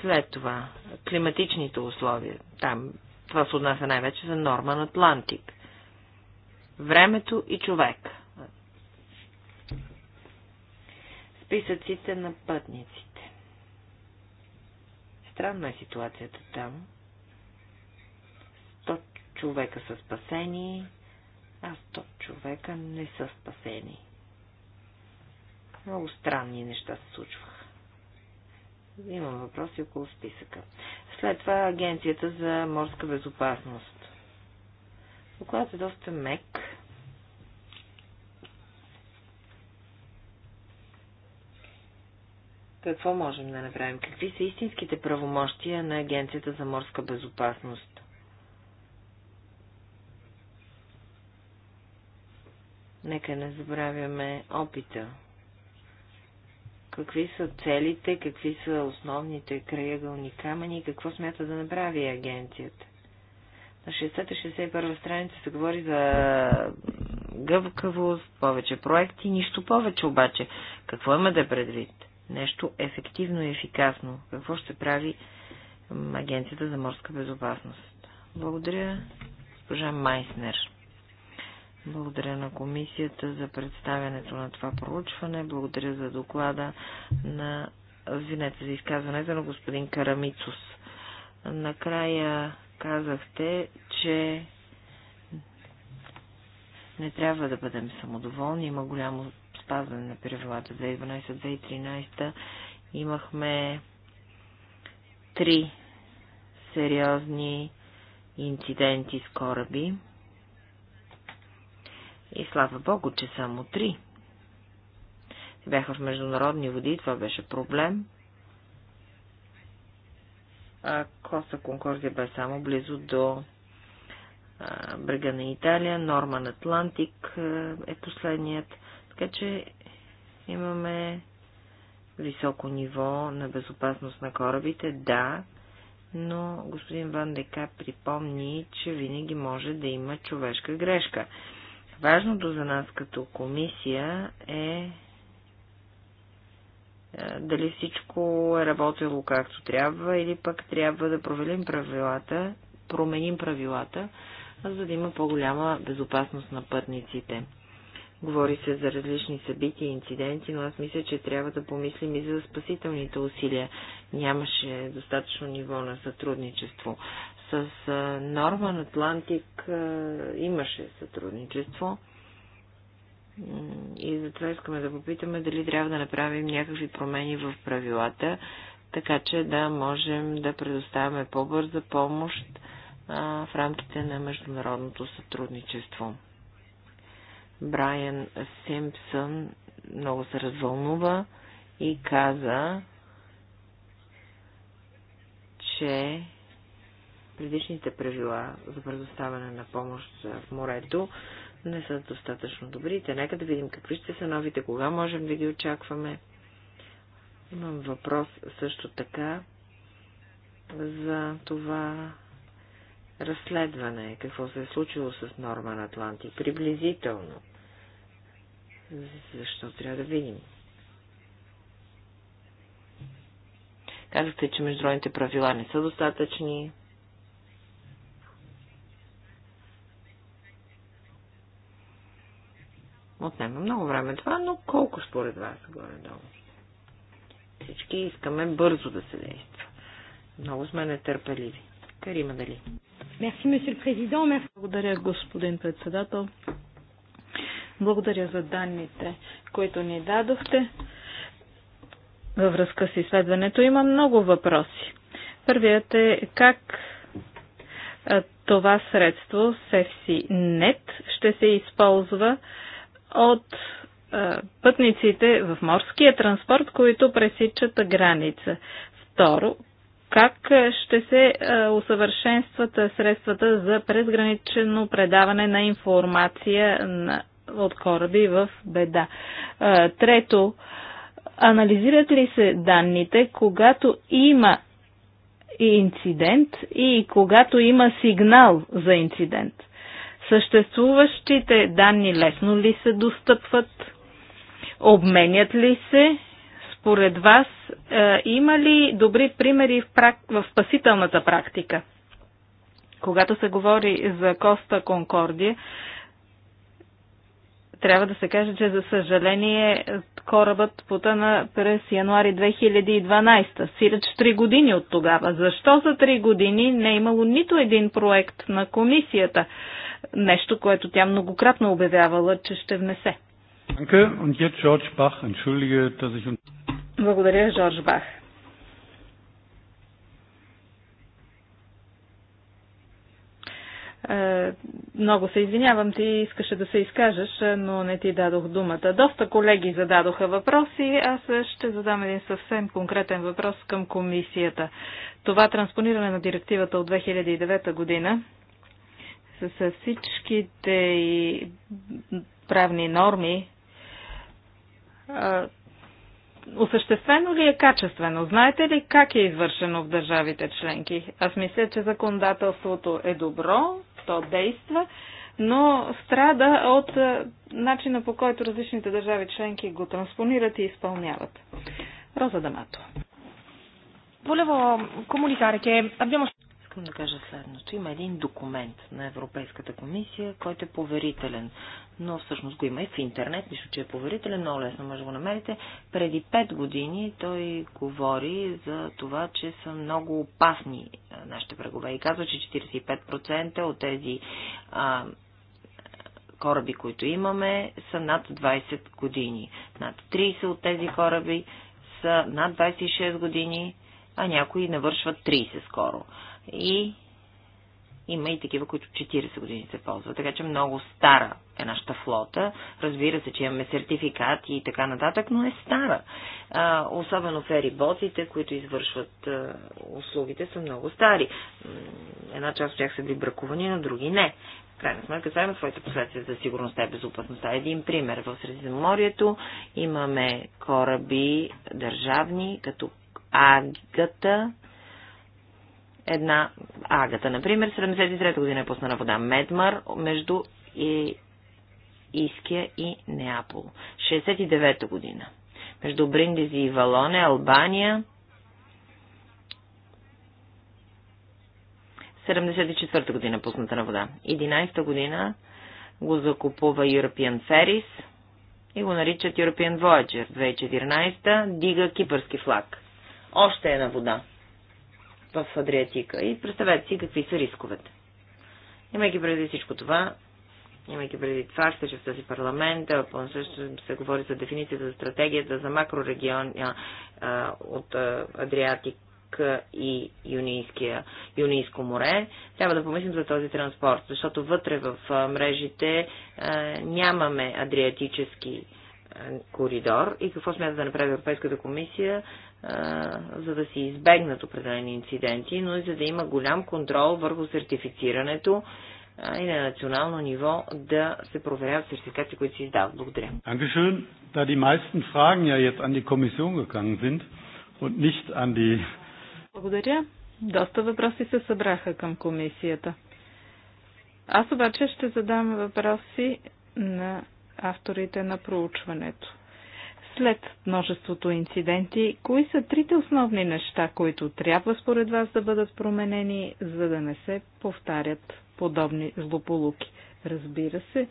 След това, климатичните условия. Там това се отнася най-вече за Норман Атлантик. Времето и човек. Списъците на пътниците. Странна е ситуацията там. Сто човека са спасени, а сто човека не са спасени. Много странни неща се случваха. Имам въпроси около списъка. След това Агенцията за морска безопасност. Докладът е доста мек. Какво можем да направим? Какви са истинските правомощия на Агенцията за морска безопасност? Нека не забравяме опита какви са целите, какви са основните краягълни камъни и какво смята да направи агенцията. На 60-61 страница се говори за гъвкавост, повече проекти, нищо повече обаче. Какво има да предвид? Нещо ефективно и ефикасно. Какво ще прави Агенцията за морска безопасност? Благодаря, госпожа Майснер. Благодаря на комисията за представянето на това проучване. Благодаря за доклада на Извинете за изказването на господин Карамицус. Накрая казахте, че не трябва да бъдем самодоволни. Има голямо спазване на правилата 2012-2013. Имахме три сериозни инциденти с кораби. И слава Богу, че само три. Бяха в международни води, това беше проблем. А Коста Конкордия бе само близо до а, брега на Италия, Норман Атлантик е последният. Така че имаме високо ниво на безопасност на корабите, да, но господин Ван Дека припомни, че винаги може да има човешка грешка. Важното за нас като комисия е, е дали всичко е работило както трябва или пък трябва да провелим правилата, променим правилата, за да има по-голяма безопасност на пътниците. Говори се за различни събития и инциденти, но аз мисля, че трябва да помислим и за спасителните усилия. Нямаше достатъчно ниво на сътрудничество. С Норман Атлантик имаше сътрудничество и затова искаме да попитаме дали трябва да направим някакви промени в правилата, така че да можем да предоставяме по-бърза помощ а, в рамките на международното сътрудничество. Брайан Симпсън много се развълнува и каза, че Предишните правила за предоставяне на помощ в морето не са достатъчно добри. Те нека да видим какви ще са новите, кога можем да ги очакваме. Имам въпрос също така за това разследване, какво се е случило с Норман Атланти, приблизително. Защо трябва да видим? Казахте, че международните правила не са достатъчни. Отнема много време това, но колко според вас е горе-долу? Всички искаме бързо да се действа. Много сме нетърпеливи. Карима Дали. Мерси, месье президент. Благодаря, господин председател. Благодаря за данните, които ни дадохте. Във връзка с изследването има много въпроси. Първият е как това средство sefsi ще се използва от е, пътниците в морския транспорт, които пресичат граница. Второ, как е, ще се е, усъвършенстват средствата за презгранично предаване на информация от кораби в беда? Трето, анализират ли се данните, когато има и инцидент и когато има сигнал за инцидент? Съществуващите данни лесно ли се достъпват? Обменят ли се? Според вас е, има ли добри примери в, прак... в спасителната практика? Когато се говори за Коста Конкордия, трябва да се каже, че за съжаление корабът потъна през януари 2012. Сиреч 3 години от тогава. Защо за 3 години не е имало нито един проект на комисията? нещо, което тя многократно обявявала, че ще внесе. Благодаря, Жорж Бах. Е, много се извинявам, ти искаше да се изкажеш, но не ти дадох думата. Доста колеги зададоха въпроси, аз ще задам един съвсем конкретен въпрос към комисията. Това транспониране на директивата от 2009 година с всичките и правни норми, осъществено ли е качествено? Знаете ли как е извършено в държавите членки? Аз мисля, че законодателството е добро, то действа, но страда от начина по който различните държави членки го транспонират и изпълняват. Роза Дамато. Volevo comunicare che abbiamo искам да кажа следното. Има един документ на Европейската комисия, който е поверителен, но всъщност го има и в интернет, нищо, че е поверителен, много лесно може да го намерите. Преди 5 години той говори за това, че са много опасни нашите врагове и казва, че 45% от тези а, кораби, които имаме, са над 20 години. Над 30 от тези кораби са над 26 години, а някои навършват 30 скоро и има и такива, които 40 години се ползват. Така че много стара е нашата флота. Разбира се, че имаме сертификати и така нататък, но е стара. А, особено фериботите, които извършват а, услугите, са много стари. Една част от тях са били бракувани, но други не. В крайна сметка, това има своите последствия за сигурността и безопасността. Един пример. В Средиземноморието имаме кораби държавни, като Агата, една агата. Например, 73-та година е пусна на вода Медмар между и... Иския и Неапол. 69-та година. Между Бриндизи и Валоне, Албания. 74-та година е пусната на вода. 11-та година го закупува European Ferries и го наричат European Voyager. 2014 та дига кипърски флаг. Още една вода в Адриатика. И представете си какви са рисковете. Имайки преди всичко това, имайки преди факта, че в този парламент също се говори за дефиницията за стратегията за макрорегион а, от а, Адриатик и Юнийския, Юнийско море, трябва да помислим за този транспорт, защото вътре в мрежите а, нямаме адриатически коридор и какво смята да направи Европейската комисия, за да се избегнат определени инциденти, но и за да има голям контрол върху сертифицирането и на национално ниво да се проверяват сертификати, които се издават. Благодаря. Dankeschön. Da die meisten Fragen ja jetzt an die Kommission gegangen sind und nicht an die... Благодаря. Доста въпроси се събраха към комисията. Аз обаче ще задам въпроси на авторите на проучването след множеството инциденти, кои са трите основни неща, които трябва според вас да бъдат променени, за да не се повтарят подобни злополуки? Разбира се,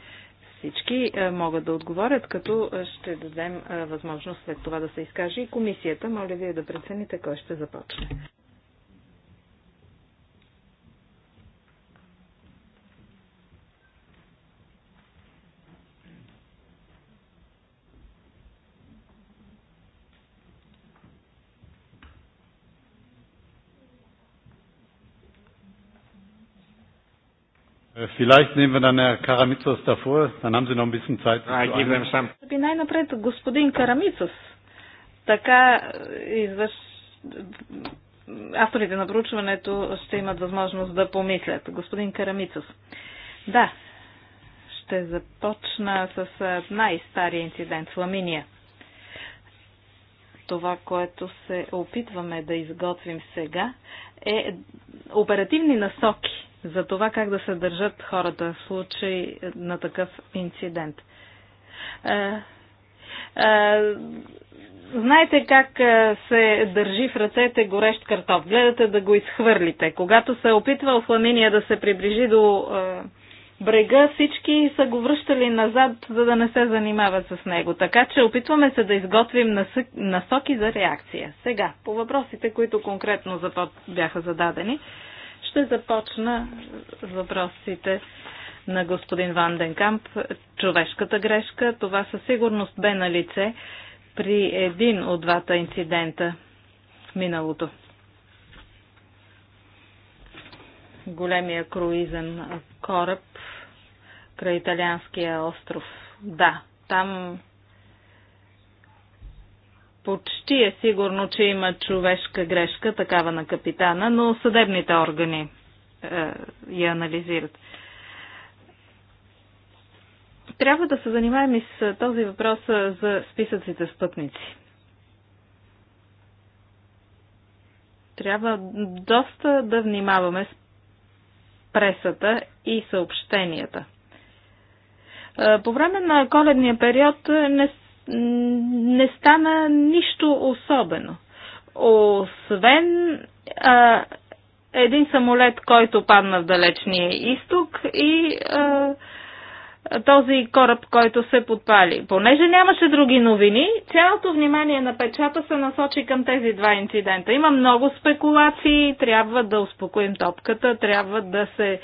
всички е, могат да отговорят, като е, ще дадем е, възможност след това да се изкаже и комисията. Моля вие да прецените кой ще започне. Äh, vielleicht nehmen wir dann Herr Karamitsos davor, dann haben Sie noch ein bisschen Zeit. Би ами най-напред господин Карамицов. Така е, извърш... авторите на проучването ще имат възможност да помислят. Господин Карамицов. Да, ще започна с е, най-стария инцидент в Ламиния. Това, което се опитваме да изготвим сега, е оперативни насоки за това как да се държат хората в случай на такъв инцидент. Е, е, знаете как е, се държи в ръцете горещ картоф. Гледате да го изхвърлите. Когато се опитва Фламиния да се приближи до брега, всички са го връщали назад, за да не се занимават с него. Така че опитваме се да изготвим насоки за реакция. Сега, по въпросите, които конкретно бяха зададени. Ще започна с въпросите на господин Ван Денкамп. Човешката грешка, това със сигурност бе на лице при един от двата инцидента в миналото. Големия круизен кораб край италианския остров. Да, там почти е сигурно, че има човешка грешка, такава на капитана, но съдебните органи е, я анализират. Трябва да се занимаем и с този въпрос е, за списъците с пътници. Трябва доста да внимаваме с пресата и съобщенията. Е, по време на коледния период не не стана нищо особено. Освен а, един самолет, който падна в далечния изток и а, този кораб, който се подпали. Понеже нямаше други новини, цялото внимание на печата се насочи към тези два инцидента. Има много спекулации, трябва да успокоим топката, трябва да се а,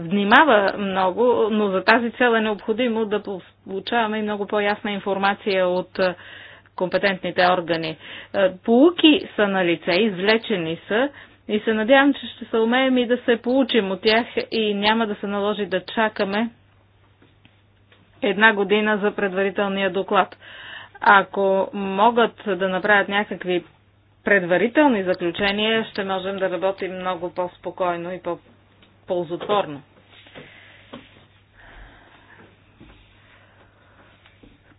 внимава много, но за тази цел е необходимо да получаваме и много по-ясна информация от компетентните органи. Полуки са на лице, извлечени са и се надявам, че ще се умеем и да се получим от тях и няма да се наложи да чакаме една година за предварителния доклад. Ако могат да направят някакви предварителни заключения, ще можем да работим много по-спокойно и по-ползотворно.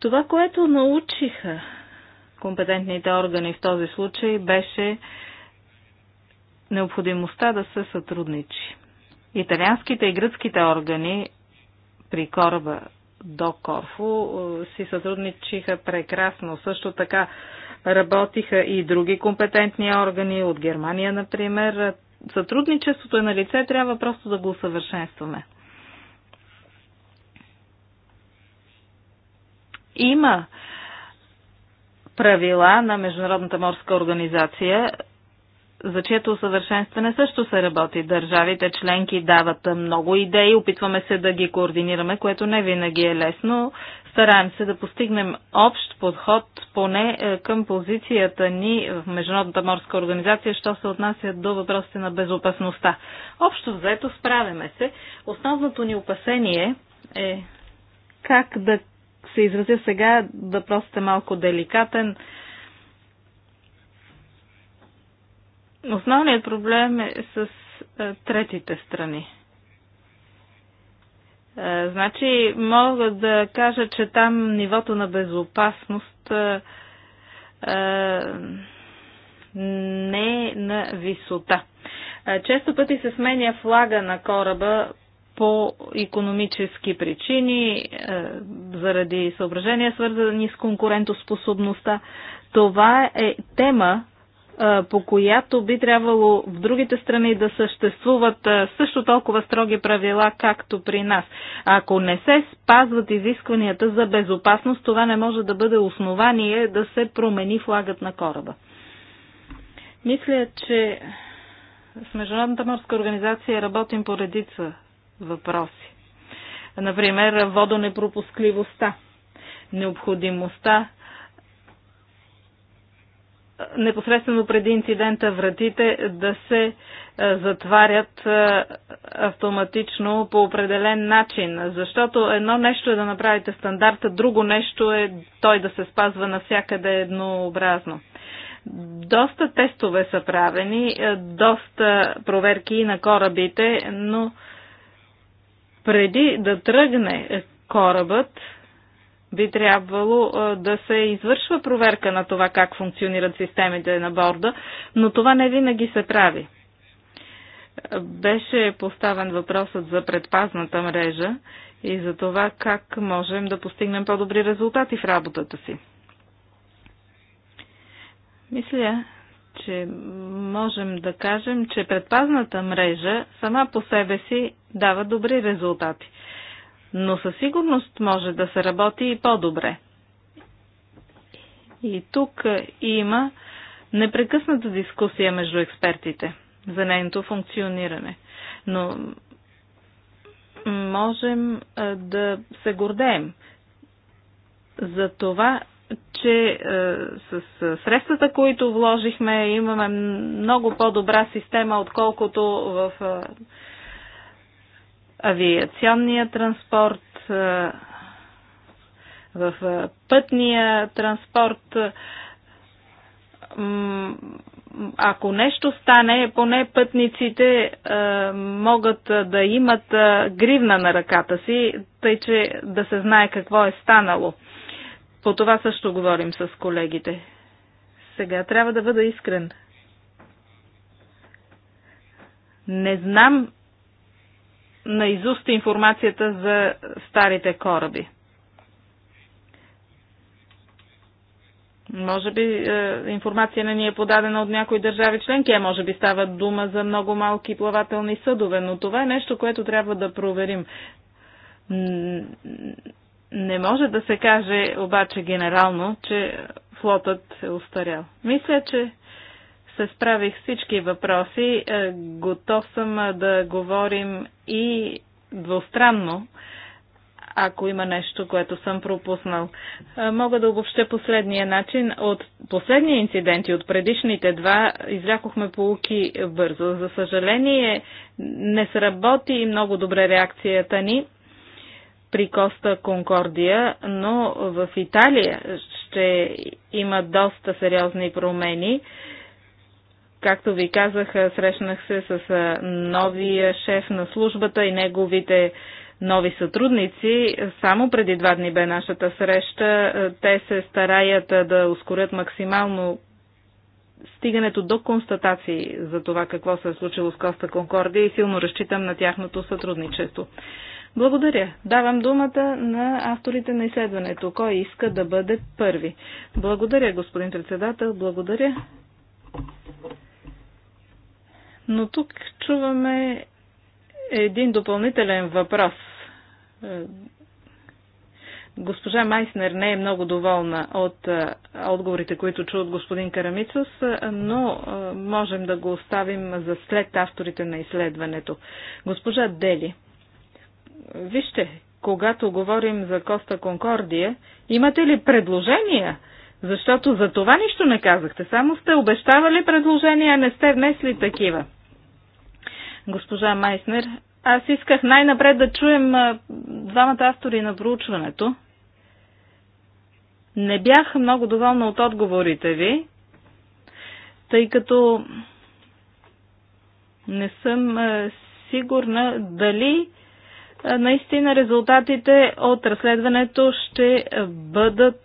Това, което научиха компетентните органи в този случай, беше необходимостта да се сътрудничи. Италианските и гръцките органи при кораба до Корфу е, си сътрудничиха прекрасно. Също така работиха и други компетентни органи от Германия, например. Сътрудничеството е на лице, трябва просто да го усъвършенстваме. Има правила на Международната морска организация, за чието усъвършенстване също се работи. Държавите членки дават много идеи, опитваме се да ги координираме, което не винаги е лесно. Стараем се да постигнем общ подход поне е, към позицията ни в Международната морска организация, що се отнася до въпросите на безопасността. Общо взето справяме се. Основното ни опасение е как да се изразя сега, въпросът е малко деликатен. Основният проблем е с е, третите страни. Е, значи, мога да кажа, че там нивото на безопасност е, не е на висота. Често пъти се сменя флага на кораба по економически причини, е, заради съображения, свързани с конкурентоспособността. Това е тема, е, по която би трябвало в другите страни да съществуват е, също толкова строги правила, както при нас. Ако не се спазват изискванията за безопасност, това не може да бъде основание да се промени флагът на кораба. Мисля, че с Международната морска организация работим по редица въпроси. Например, водонепропускливостта, необходимостта непосредствено преди инцидента вратите да се затварят автоматично по определен начин. Защото едно нещо е да направите стандарта, друго нещо е той да се спазва навсякъде еднообразно. Доста тестове са правени, доста проверки на корабите, но преди да тръгне корабът, би трябвало да се извършва проверка на това как функционират системите на борда, но това не винаги се прави. Беше поставен въпросът за предпазната мрежа и за това как можем да постигнем по-добри резултати в работата си. Мисля, че можем да кажем, че предпазната мрежа сама по себе си дава добри резултати. Но със сигурност може да се работи и по-добре. И тук има непрекъсната дискусия между експертите за нейното функциониране. Но можем да се гордеем за това, че с средствата, които вложихме, имаме много по-добра система, отколкото в авиационния транспорт, в пътния транспорт. Ако нещо стане, поне пътниците могат да имат гривна на ръката си, тъй че да се знае какво е станало. По това също говорим с колегите. Сега трябва да бъда искрен. Не знам на изуст информацията за старите кораби. Може би е, информация не ни е подадена от някои държави членки, а може би става дума за много малки плавателни съдове, но това е нещо, което трябва да проверим. Не може да се каже обаче генерално, че флотът е устарял. Мисля, че се справих всички въпроси. Е, готов съм да говорим и двустранно, ако има нещо, което съм пропуснал. Е, мога да обобща последния начин. От последния инцидент и от предишните два излякохме полуки бързо. За съжаление, не сработи много добре реакцията ни при Коста Конкордия, но в Италия ще има доста сериозни промени. Както ви казах, срещнах се с новия шеф на службата и неговите нови сътрудници. Само преди два дни бе нашата среща. Те се стараят да ускорят максимално стигането до констатации за това какво се е случило с Коста Конкордия и силно разчитам на тяхното сътрудничество. Благодаря. Давам думата на авторите на изследването. Кой иска да бъде първи? Благодаря, господин председател. Благодаря но тук чуваме един допълнителен въпрос. Е, госпожа Майснер не е много доволна от е, отговорите, които чу от господин Карамицус, е, но можем да го оставим за след авторите на изследването. Госпожа Дели, вижте, когато говорим за Коста Конкордия, имате ли предложения? Защото за това нищо не казахте, само сте обещавали предложения, а не сте внесли такива госпожа Майснер. Аз исках най-напред да чуем двамата автори на проучването. Не бях много доволна от отговорите ви, тъй като не съм сигурна дали наистина резултатите от разследването ще бъдат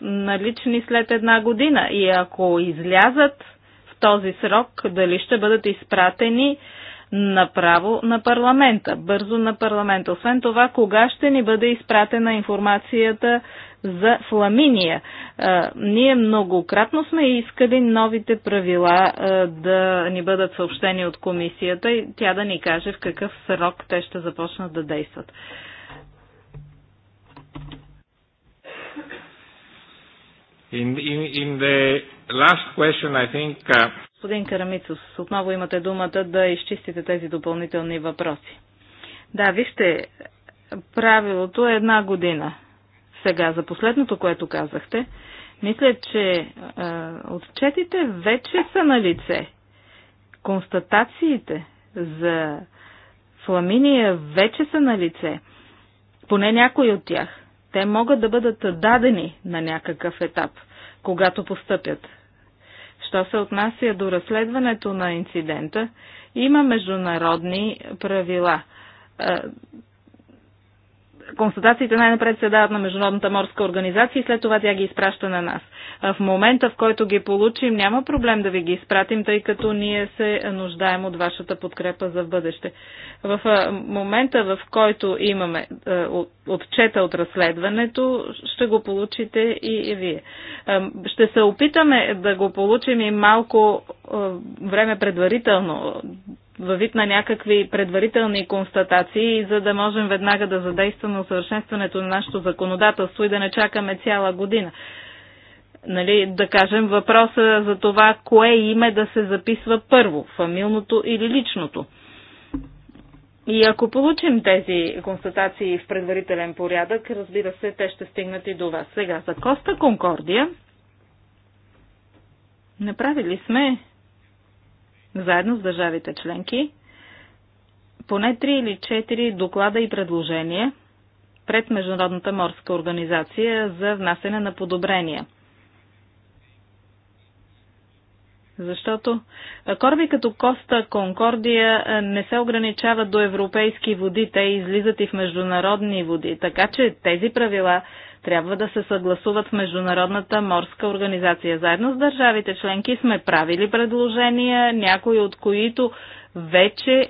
налични след една година. И ако излязат в този срок, дали ще бъдат изпратени направо на парламента, бързо на парламента. Освен това, кога ще ни бъде изпратена информацията за Фламиния? Ние многократно сме искали новите правила да ни бъдат съобщени от комисията и тя да ни каже в какъв срок те ще започнат да действат. In, in, in the last question, I think, uh... Господин Карамицус, отново имате думата да изчистите тези допълнителни въпроси. Да, вижте, правилото е една година. Сега, за последното, което казахте, мисля, че е, отчетите вече са на лице. Констатациите за Фламиния вече са на лице. Поне някои от тях. Те могат да бъдат дадени на някакъв етап, когато постъпят. Що се отнася до разследването на инцидента, има международни правила. Е, констатациите най-напред се дават на Международната морска организация и след това тя ги изпраща на нас. В момента, в който ги получим, няма проблем да ви ги изпратим, тъй като ние се нуждаем от вашата подкрепа за бъдеще. В момента, в който имаме отчета от разследването, ще го получите и вие. Ще се опитаме да го получим и малко време предварително във вид на някакви предварителни констатации, за да можем веднага да задействаме усъвършенстването на нашето законодателство и да не чакаме цяла година. Нали, да кажем въпроса за това, кое име да се записва първо, фамилното или личното. И ако получим тези констатации в предварителен порядък, разбира се, те ще стигнат и до вас. Сега, за Коста Конкордия направили сме заедно с държавите членки, поне 3 или 4 доклада и предложения пред Международната морска организация за внасене на подобрения. Защото кораби като Коста, Конкордия не се ограничават до европейски води, те излизат и в международни води. Така че тези правила трябва да се съгласуват в Международната морска организация. Заедно с държавите членки сме правили предложения, някои от които вече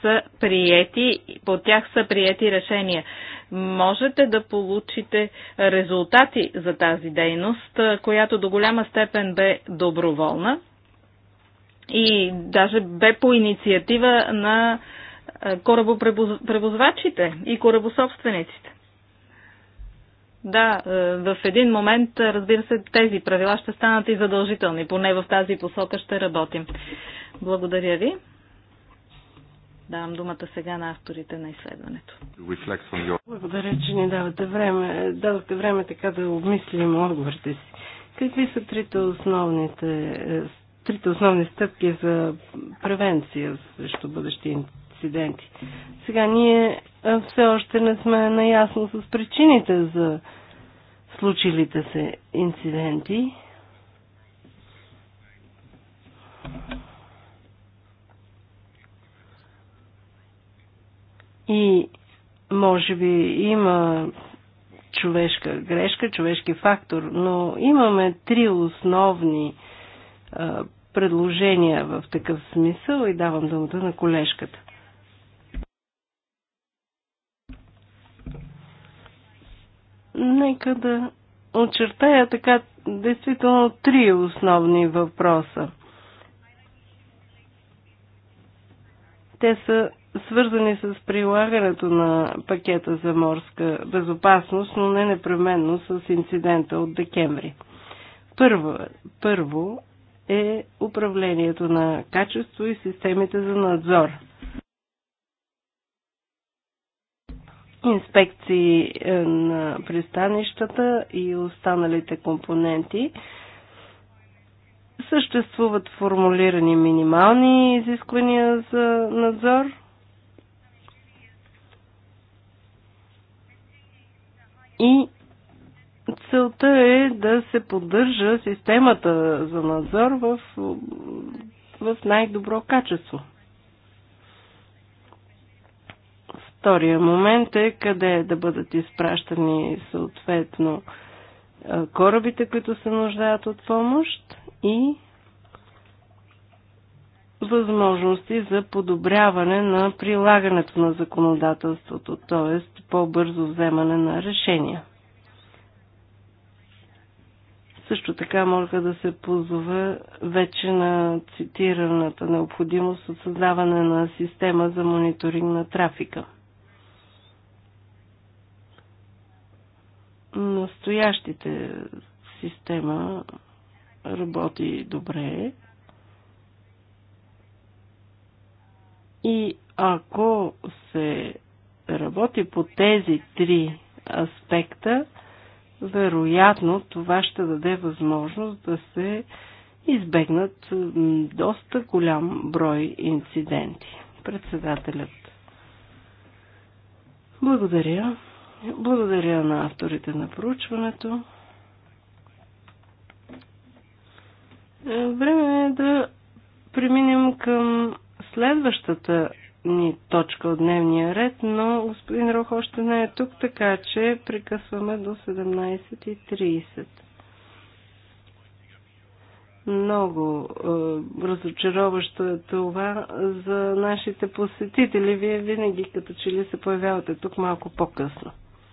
са приети, по тях са приети решения. Можете да получите резултати за тази дейност, която до голяма степен бе доброволна и даже бе по инициатива на корабопревозвачите и корабособствениците. Да, е, в един момент, разбира се, тези правила ще станат и задължителни. Поне в тази посока ще работим. Благодаря ви. Давам думата сега на авторите на изследването. Благодаря, че ни давате време. Дадохте време така да обмислим отговорите си. Какви са трите, основните, е, трите основни стъпки за превенция срещу бъдещи инциденти? Сега ние е, все още не сме наясно с причините за случилите се инциденти. И може би има човешка грешка, човешки фактор, но имаме три основни а, предложения в такъв смисъл и давам думата на колежката. Нека да очертая така действително три основни въпроса. Те са свързани с прилагането на пакета за морска безопасност, но не непременно с инцидента от декември. Първо, първо е управлението на качество и системите за надзор – инспекции е, на пристанищата и останалите компоненти. Съществуват формулирани минимални изисквания за надзор. И целта е да се поддържа системата за надзор в, в най-добро качество. Втория момент е къде да бъдат изпращани съответно корабите, които се нуждаят от помощ и възможности за подобряване на прилагането на законодателството, т.е. по-бързо вземане на решения. Също така мога да се позова вече на цитираната необходимост от създаване на система за мониторинг на трафика – настоящите система работи добре. И ако се работи по тези три аспекта, вероятно това ще даде възможност да се избегнат доста голям брой инциденти. Председателят. Благодаря. Благодаря на авторите на проучването. Е, време е да преминем към следващата ни точка от дневния ред, но господин Рох още не е тук, така че прекъсваме до 17.30. Много е, разочароващо е това за нашите посетители. Вие винаги като че ли се появявате тук малко по-късно.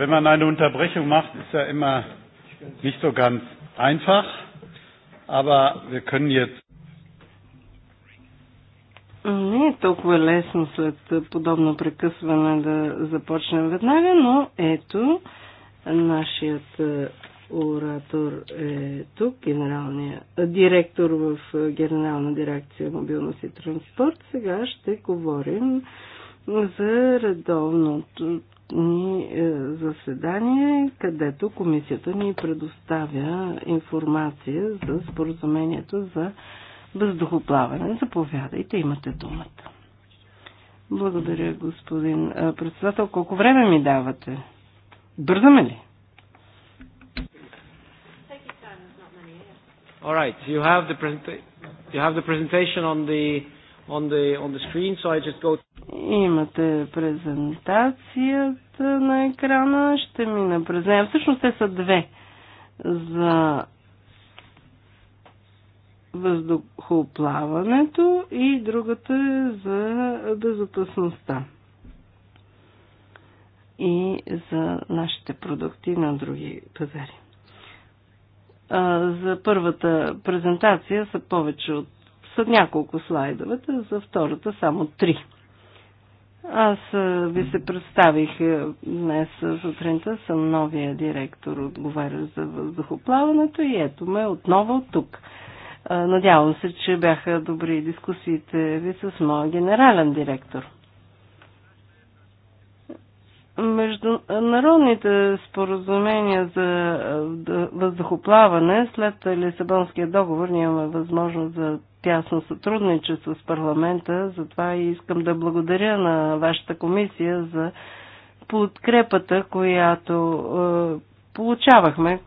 wenn man eine Unterbrechung macht, ist ja immer nicht so ganz einfach. Aber wir können jetzt. Не е толкова лесно след подобно прекъсване да започнем веднага, но ето нашият е, оратор е тук, генералния е, директор в е, Генерална дирекция мобилност и транспорт. Сега ще говорим за редовното ни е, заседание, където комисията ни предоставя информация за споразумението за въздухоплаване. Заповядайте, имате думата. Благодаря, господин е, председател. Колко време ми давате? Бързаме ли? All right, you have the, presenta- you have the presentation on the, on, the, on the screen, so I just go to Имате презентацията на екрана. Ще мина през нея. Всъщност те са две. За въздухоплаването и другата е за безопасността и за нашите продукти на други пазари. За първата презентация са повече от са няколко слайдовете, за втората само три. Аз ви се представих е, днес сутринта, съм новия директор, отговарящ за въздухоплаването и ето ме отново тук. Надявам се, че бяха добри дискусиите ви с моя генерален директор. Международните споразумения за въздухоплаване след Лисабонския договор ние имаме възможност за тясно сътрудничество с парламента, затова и искам да благодаря на вашата комисия за подкрепата, която е, получавахме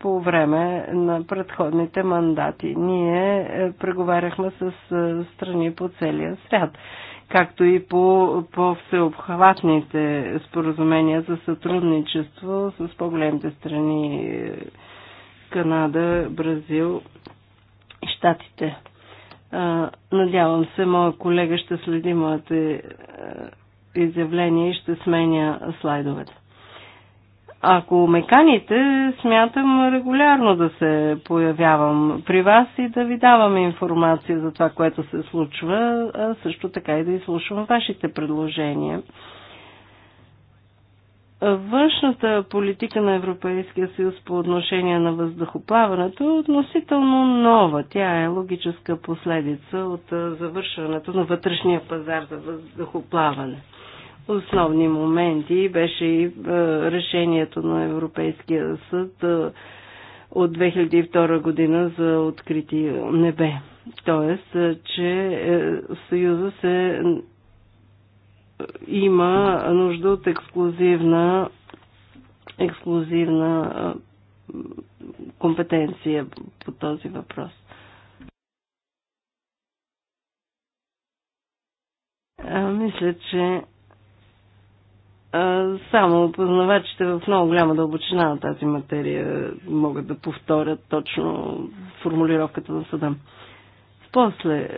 по време на предходните мандати. Ние е, преговаряхме с е, страни по целия свят както и по, по всеобхватните споразумения за сътрудничество с по-големите страни Канада, Бразил и Штатите. Надявам се, моя колега ще следи моите изявления и ще сменя слайдовете. Ако ме каните, смятам регулярно да се появявам при вас и да ви давам информация за това, което се случва, а също така и да изслушвам вашите предложения. Външната политика на Европейския съюз по отношение на въздухоплаването е относително нова. Тя е логическа последица от завършването на вътрешния пазар за въздухоплаване основни моменти беше и е, решението на Европейския съд е, от 2002 година за открити небе. Тоест, е, че Съюза се има нужда от ексклюзивна, ексклюзивна компетенция по този въпрос. Мисля, че само познавачите в много голяма дълбочина на тази материя могат да повторят точно формулировката на съда. После,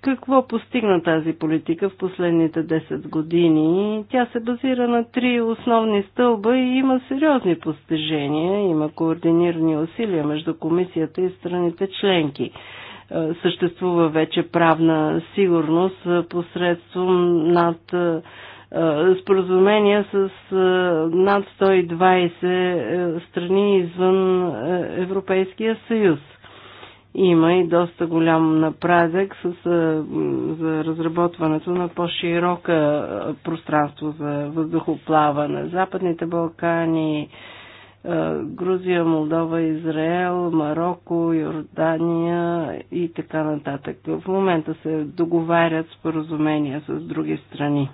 какво постигна тази политика в последните 10 години? Тя се базира на три основни стълба и има сериозни постижения. Има координирани усилия между комисията и страните членки съществува вече правна сигурност посредством над споразумения с над 120 е, страни извън е, Европейския съюз. Има и доста голям напредък с, за разработването на по-широка пространство за въздухоплаване. Западните Балкани, Грузия, Молдова, Израел, Марокко, Йордания и така нататък. В момента се договарят споразумения с други страни.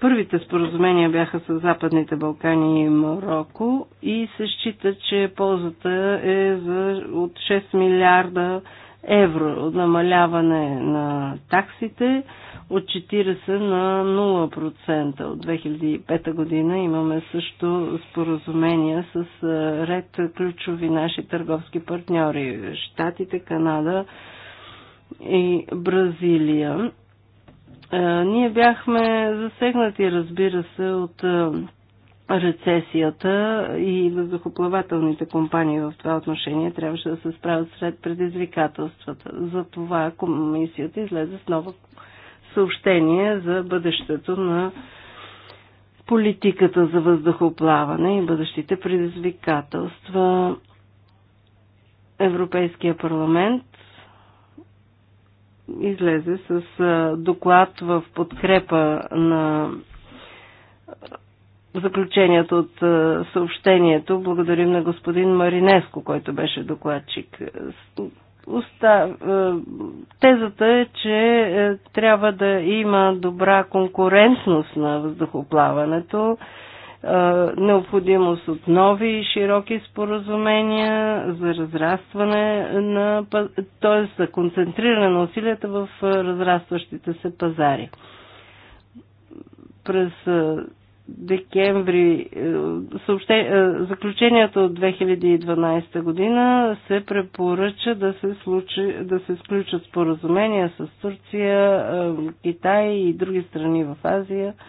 Първите споразумения бяха с Западните Балкани и Марокко и се счита, че ползата е за от 6 милиарда евро от намаляване на таксите от 40 на 0%. От 2005 година имаме също споразумения с ред ключови наши търговски партньори Штатите, Канада и Бразилия. Е, ние бяхме засегнати, разбира се, от е, рецесията и въздухоплавателните компании в това отношение трябваше да се справят сред предизвикателствата. За това, комисията излезе с ново съобщение за бъдещето на политиката за въздухоплаване и бъдещите предизвикателства. Европейския парламент излезе с доклад в подкрепа на заключението от съобщението. Благодарим на господин Маринеско, който беше докладчик. Оста... Тезата е, че трябва да има добра конкурентност на въздухоплаването необходимост от нови и широки споразумения за разрастване на, т.е. за концентриране на усилията в разрастващите се пазари. През декември съобще, заключението от 2012 година се препоръча да се, случи, да се сключат споразумения с Турция, Китай и други страни в Азия –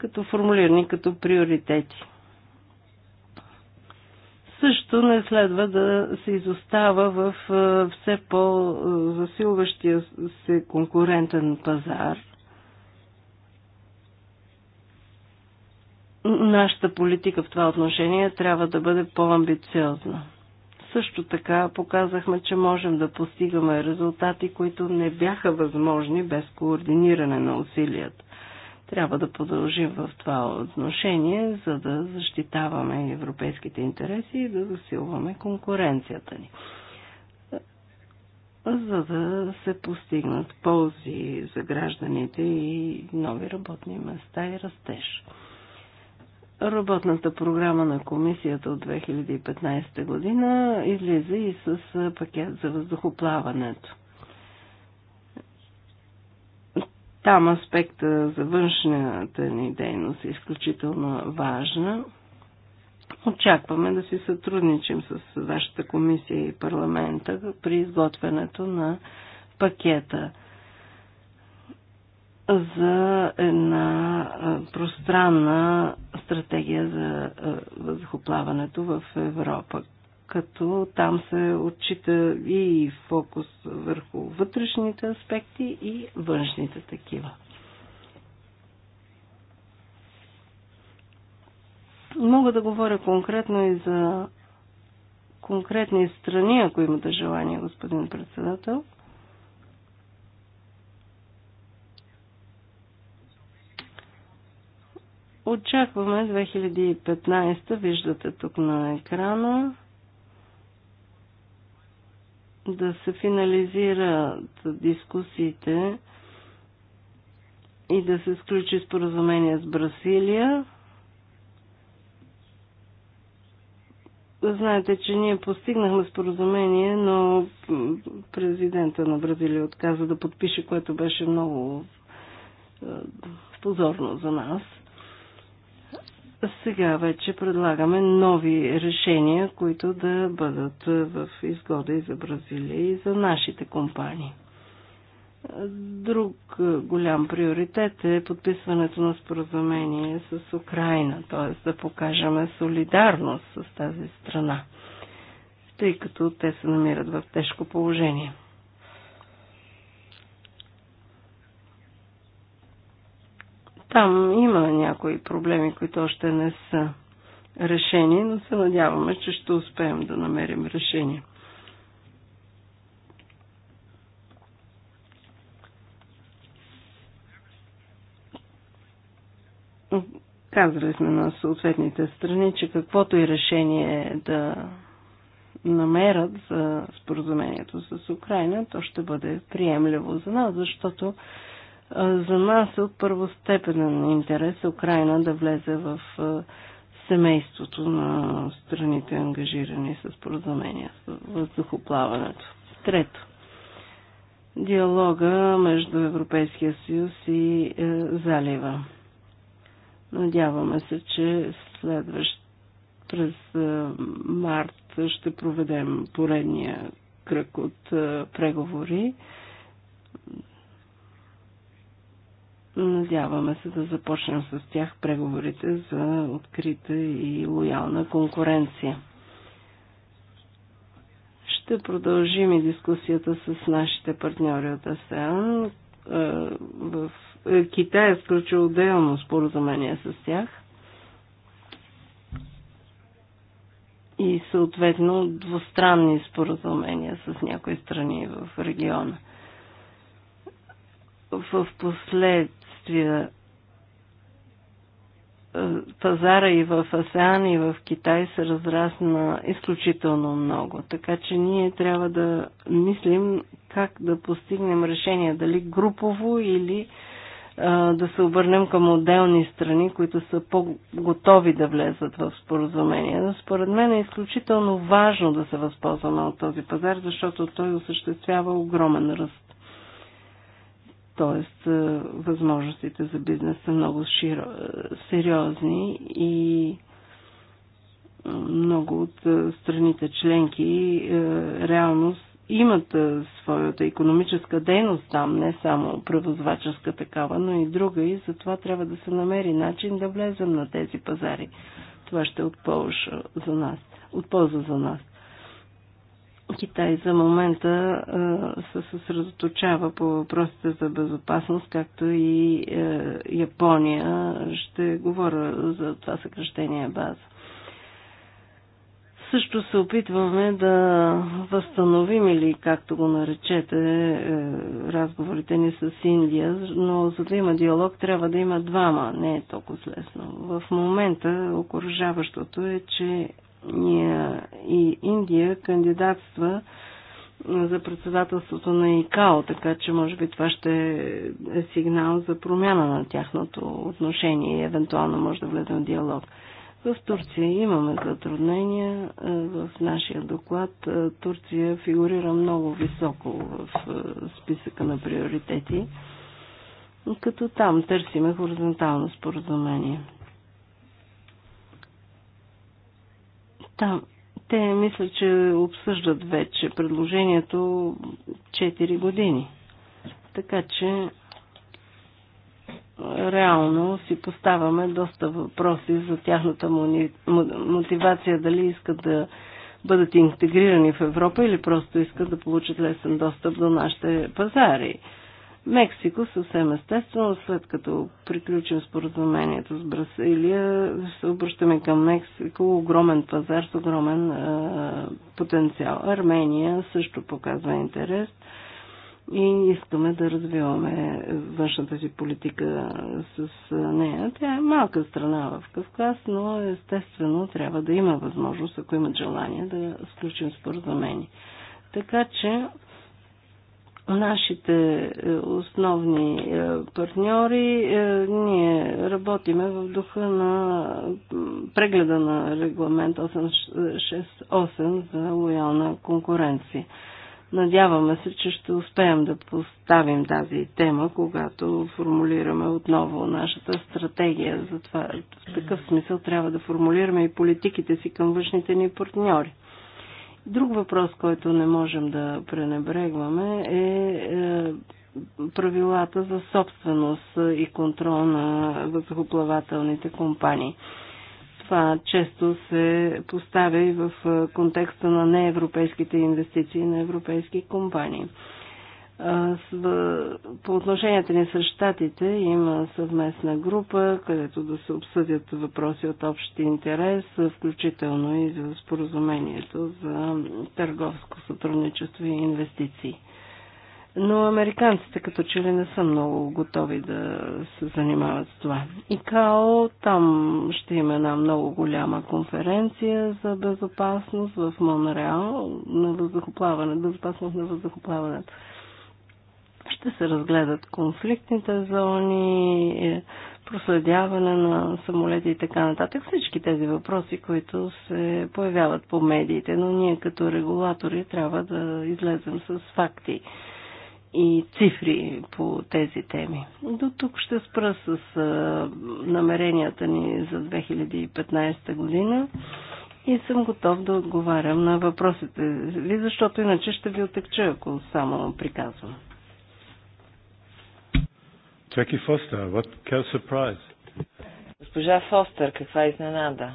като формулирани като приоритети. Също не следва да се изостава в все по-засилващия се конкурентен пазар. Нашата политика в това отношение трябва да бъде по-амбициозна. Също така показахме, че можем да постигаме резултати, които не бяха възможни без координиране на усилията. Трябва да продължим в това отношение, за да защитаваме европейските интереси и да засилваме конкуренцията ни за да се постигнат ползи за гражданите и нови работни места и растеж. Работната програма на комисията от 2015 година излиза и с пакет за въздухоплаването. Там аспекта за външната ни дейност е изключително важна. Очакваме да си сътрудничим с вашата комисия и парламента при изготвянето на пакета за една пространна стратегия за въздухоплаването в Европа като там се отчита и фокус върху вътрешните аспекти и външните такива. Мога да говоря конкретно и за конкретни страни, ако имате желание, господин председател. Очакваме 2015, виждате тук на екрана, да се финализират дискусиите и да се сключи споразумение с Бразилия. Знаете, че ние постигнахме споразумение, но президента на Бразилия отказа да подпише, което беше много е, позорно за нас сега вече предлагаме нови решения, които да бъдат в изгода и за Бразилия и за нашите компании. Друг е, голям приоритет е подписването на споразумение с Украина, т.е. да покажем солидарност с тази страна, тъй като те се намират в тежко положение. Там има някои проблеми, които още не са решени, но се надяваме, че ще успеем да намерим решение. Казали сме на съответните страни, че каквото и решение е да намерят за споразумението с Украина, то ще бъде приемливо за нас, защото за нас е от първостепенен интерес Украина да влезе в семейството на страните ангажирани с поразумения с въздухоплаването. Трето. Диалога между Европейския съюз и е, залива. Надяваме се, че следващ през е, март ще проведем поредния кръг от е, преговори. Надяваме се да започнем с тях преговорите за открита и лоялна конкуренция. Ще продължим и дискусията с нашите партньори от АСЕАН. Е, в е, Китай е сключил отделно споразумение с тях. И съответно двустранни споразумения с някои страни в региона в послед действия е, пазара и в АСЕАН и в Китай се разрасна изключително много. Така че ние трябва да мислим как да постигнем решение, дали групово или а, е, да се обърнем към отделни страни, които са по-готови да влезат в споразумение. Но според мен е изключително важно да се възползваме от този пазар, защото той осъществява огромен ръст. Т.е. възможностите за бизнес са много широ... Е, сериозни и много от е, страните членки е, реално имат своята економическа дейност там, не само превозваческа такава, но и друга и затова трябва да се намери начин да влезем на тези пазари. Това ще е от полза за нас. От полза за нас. Китай за момента се съсредоточава по въпросите за безопасност, както и е, Япония. Ще говоря за това съкръщение база. Също се опитваме да възстановим или както го наречете е, разговорите ни с Индия, но за да има диалог трябва да има двама. Не е толкова лесно. В момента окоръжаващото е, че и Индия кандидатства за председателството на ИКАО, така че може би това ще е сигнал за промяна на тяхното отношение и евентуално може да влезем в диалог. В Турция имаме затруднения. В нашия доклад Турция фигурира много високо в списъка на приоритети, като там търсиме хоризонтално споразумение. Да, те мисля, че обсъждат вече предложението 4 години. Така че реално си поставяме доста въпроси за тяхната мотивация, дали искат да бъдат интегрирани в Европа или просто искат да получат лесен достъп до нашите пазари. Мексико съвсем естествено, след като приключим споразумението с Бразилия, се обръщаме към Мексико, огромен пазар с огромен е, потенциал. Армения също показва интерес и искаме да развиваме външната си политика с нея. Тя е малка страна в Кавказ, но естествено трябва да има възможност, ако имат желание, да сключим споразумение. Така че нашите е, основни е, партньори. Е, ние работиме в духа на прегледа на регламент 868 за лоялна конкуренция. Надяваме се, че ще успеем да поставим тази тема, когато формулираме отново нашата стратегия. Затова в такъв смисъл трябва да формулираме и политиките си към външните ни партньори. Друг въпрос, който не можем да пренебрегваме е, е правилата за собственост и контрол на въздухоплавателните компании. Това често се поставя и в е, контекста на неевропейските инвестиции на европейски компании. По отношенията ни с щатите има съвместна група, където да се обсъдят въпроси от общ интерес, включително и за споразумението за търговско сътрудничество и инвестиции. Но американците като че ли не са много готови да се занимават с това. И КАО, там ще има една много голяма конференция за безопасност в Монреал на безопасност на въздухоплаването. Ще се разгледат конфликтните зони, е, проследяване на самолети и така нататък. Всички тези въпроси, които се появяват по медиите, но ние като регулатори трябва да излезем с факти и цифри по тези теми. До тук ще спра с е, намеренията ни за 2015 година и съм готов да отговарям на въпросите ви, защото иначе ще ви отекча, ако само приказвам. Джеки Фостер, what can surprise? Госпожа Фостер, каква изненада?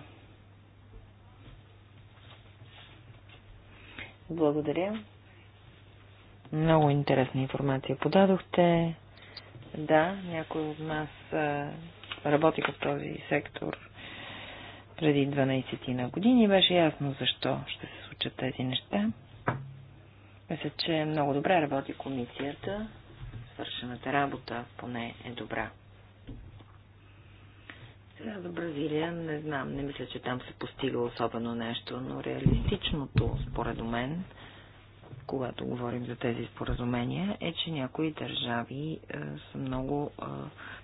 Благодаря. Много интересна информация подадохте. Да, някой от нас работи в този сектор преди 12 на години. Беше ясно защо ще се случат тези неща. Мисля, че много добре работи комисията свършената работа поне е добра. Сега за Бразилия не знам, не мисля, че там се постига особено нещо, но реалистичното, според мен, когато говорим за тези споразумения, е, че някои държави е, са много е,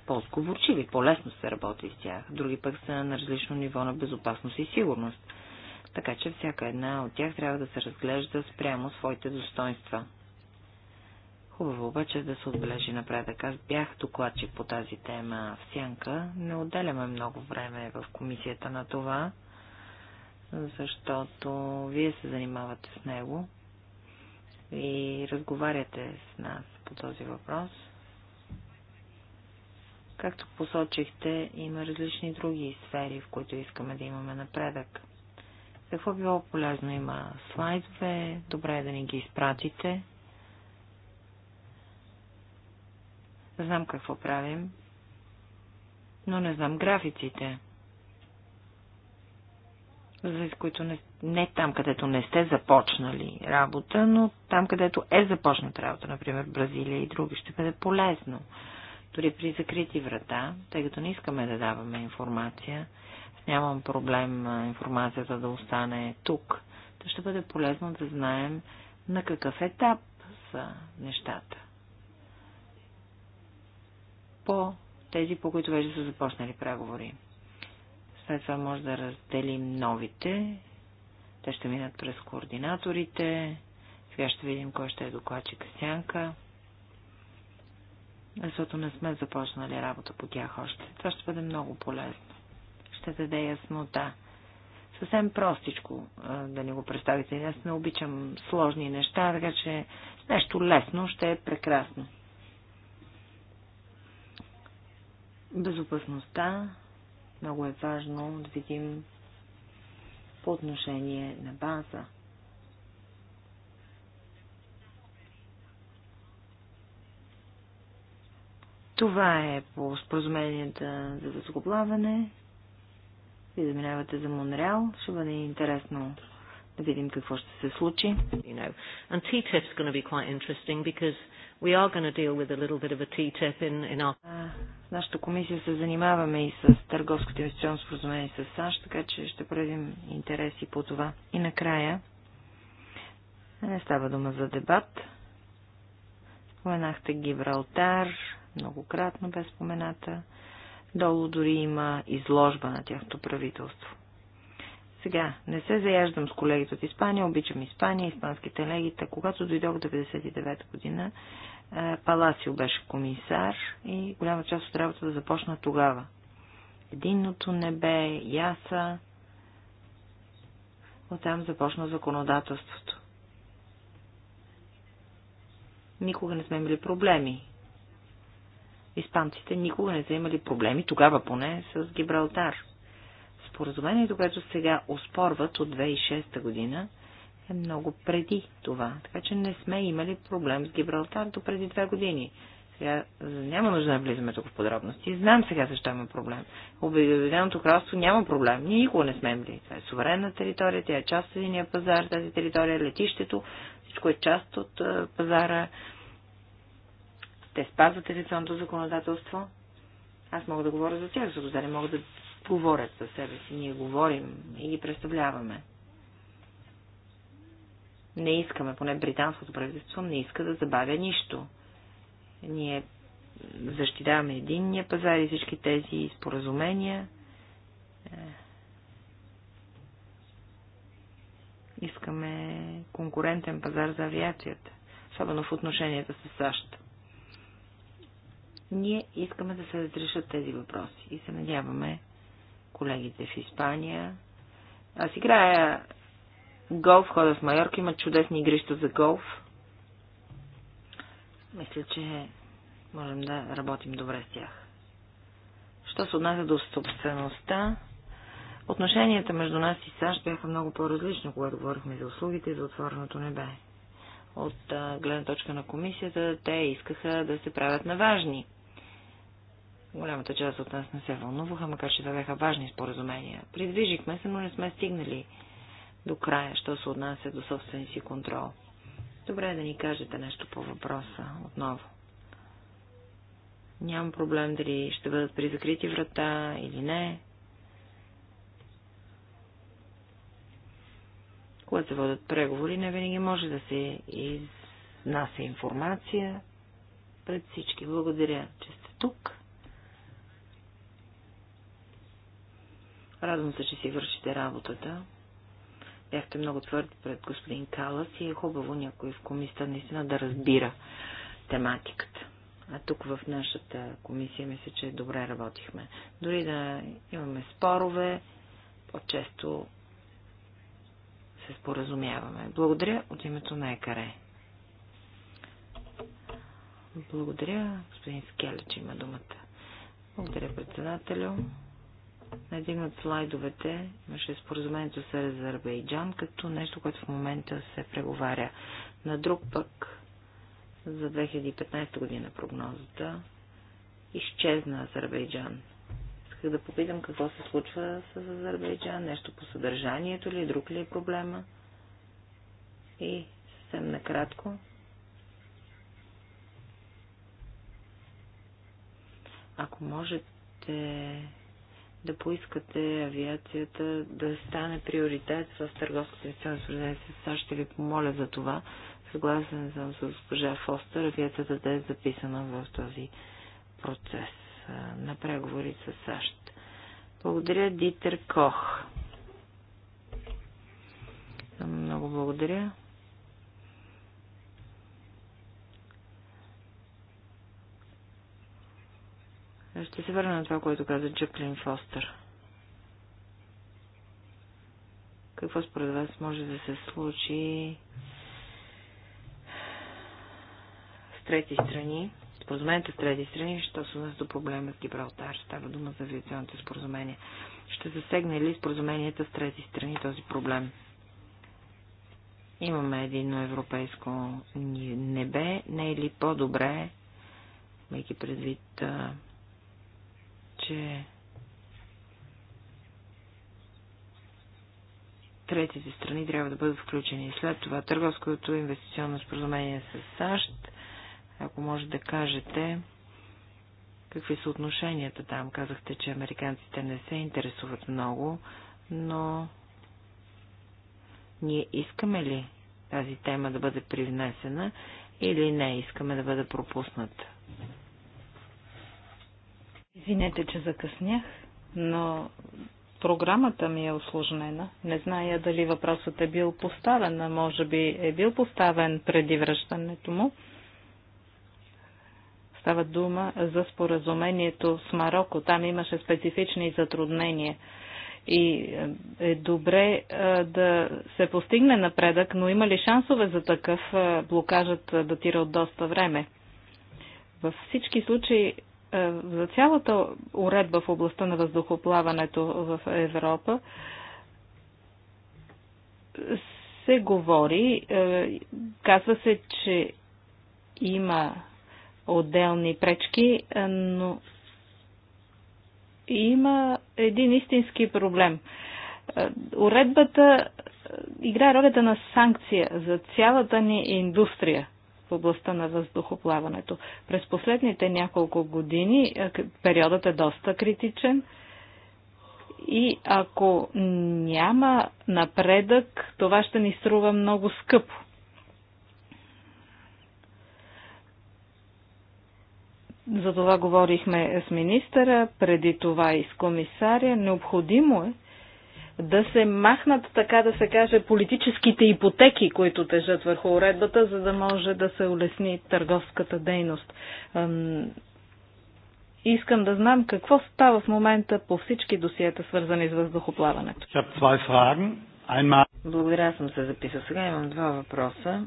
по-сговорчиви, по-лесно се работи с тях, други пък са на различно ниво на безопасност и сигурност. Така че всяка една от тях трябва да се разглежда спрямо своите достоинства. Хубаво обаче е да се отбележи напредък. Аз бях докладчик по тази тема в Сянка. Не отделяме много време в комисията на това, защото вие се занимавате с него и разговаряте с нас по този въпрос. Както посочихте, има различни други сфери, в които искаме да имаме напредък. Какво било полезно? Има слайдове, добре е да ни ги изпратите. Знам какво правим, но не знам графиците, за които не, не там, където не сте започнали работа, но там, където е започната работа, например Бразилия и други, ще бъде полезно. Дори при закрити врата, тъй като не искаме да даваме информация, нямам проблем информацията да остане тук. то ще бъде полезно да знаем на какъв етап са нещата по тези, по които вече са започнали преговори. След това може да разделим новите. Те ще минат през координаторите. Сега ще видим кой ще е докладчик сянка. Защото не сме започнали работа по тях още. Това ще бъде много полезно. Ще даде яснота. Съвсем простичко да ни го представите. Аз не обичам сложни неща, така че нещо лесно ще е прекрасно. Безопасността много е важно да видим по отношение на база. Това е по споразуменията за възглоплаване. Вие заминавате за Монреал. Ще бъде интересно да видим какво ще се случи. You know. And TTIP's going to be quite interesting because we are going to deal with a little bit of a TTIP in, in our нашата комисия се занимаваме и с търговското инвестиционно споразумение с САЩ, така че ще проявим интереси по това. И накрая, не става дума за дебат. Споменахте Гибралтар, многократно бе спомената. Долу дори има изложба на тяхното правителство. Сега, не се заяждам с колегите от Испания, обичам Испания, испанските легите. Когато дойдох 99 година, е, Паласио беше комисар и голяма част от работата да започна тогава. Единното небе, яса, оттам започна законодателството. Никога не сме имали проблеми. Испанците никога не са имали проблеми, тогава поне, с Гибралтар. Споразумението, което сега оспорват от 2006 година, е много преди това. Така че не сме имали проблем с Гибралтар до преди две години. Сега няма нужда да влизаме тук в подробности. Знам сега защо има проблем. Обединеното кралство няма проблем. Ние никога не сме имали. Това е суверенна територия, тя е част от единия пазар, тази територия, летището, всичко е част от е, пазара. Те спазват традиционното законодателство. Аз мога да говоря за тях, защото те не могат да говорят за себе си. Ние говорим и ги представляваме не искаме, поне британското правителство не иска да забавя нищо. Ние защитаваме единния пазар и всички тези споразумения. Е, искаме конкурентен пазар за авиацията, особено в отношенията с САЩ. Ние искаме да се разрешат тези въпроси и се надяваме колегите в Испания. Аз играя Голф, хода в Майорка, има чудесни игрища за голф. Мисля, че можем да работим добре с тях. Що се отнася до собствеността, отношенията между нас и САЩ бяха много по-различни, когато говорихме за услугите и за отвореното небе. От гледна точка на комисията, те искаха да се правят на важни. Голямата част от нас не се вълнуваха, макар че това бяха важни споразумения. Придвижихме се, но не сме стигнали до края, що се отнася до собствен си контрол. Добре е да ни кажете нещо по въпроса отново. Няма проблем дали ще бъдат при закрити врата или не. Когато се водят преговори, не винаги може да се изнася информация пред всички. Благодаря, че сте тук. Радвам се, че си вършите работата бяхте много твърди пред господин Калас и е хубаво някой в комисията наистина да разбира тематиката. А тук в нашата комисия мисля, че добре работихме. Дори да имаме спорове, по-често се споразумяваме. Благодаря от името на Екаре. Благодаря. Господин Скелич има думата. Благодаря, председателю на един от слайдовете имаше споразумението с Азербайджан като нещо, което в момента се преговаря. На друг пък за 2015 година прогнозата изчезна Азербайджан. Исках да попитам какво се случва с Азербайджан, нещо по съдържанието ли, друг ли е проблема. И съвсем накратко. Ако можете да поискате авиацията да стане приоритет в търговската инвестиционно свързане с САЩ. Ще ви помоля за това. Съгласен съм с госпожа Фостер, авиацията да е записана в този процес на преговори с САЩ. Благодаря, Дитер Кох. Много благодаря. Ще се върна на това, което каза Джаклин Фостер. Какво според вас може да се случи с трети страни? Споразумението с трети страни, що се нас до проблема с Гибралтар. Става дума за авиационните споразумения. Ще засегне ли споразуменията с трети страни този проблем? Имаме едно европейско небе. Не е ли по-добре, майки предвид че третите страни трябва да бъдат включени. След това търговското инвестиционно споразумение с САЩ, ако може да кажете какви са отношенията там. Казахте, че американците не се интересуват много, но ние искаме ли тази тема да бъде привнесена или не искаме да бъде пропусната? Извинете, че закъснях, но програмата ми е осложнена. Не зная дали въпросът е бил поставен, а може би е бил поставен преди връщането му. Става дума за споразумението с Марокко. Там имаше специфични затруднения. И е, е добре е, да се постигне напредък, но има ли шансове за такъв? Е, блокажът датира от доста време. Във всички случаи е, за цялата уредба в областта на въздухоплаването в Европа се говори, е, казва се, че има отделни пречки, е, но има един истински проблем. Уредбата играе ролята на санкция за цялата ни индустрия – в областта на въздухоплаването. През последните няколко години е, периодът е доста критичен и ако няма напредък, това ще ни струва много скъпо. За това говорихме с министъра, преди това и с комисаря. Необходимо е да се махнат, така да се каже, политическите ипотеки, които тежат върху уредбата, за да може да се улесни търговската дейност. Искам да знам какво става в момента по всички досиета, свързани с въздухоплаването. Благодаря, съм се записал. Сега имам два въпроса.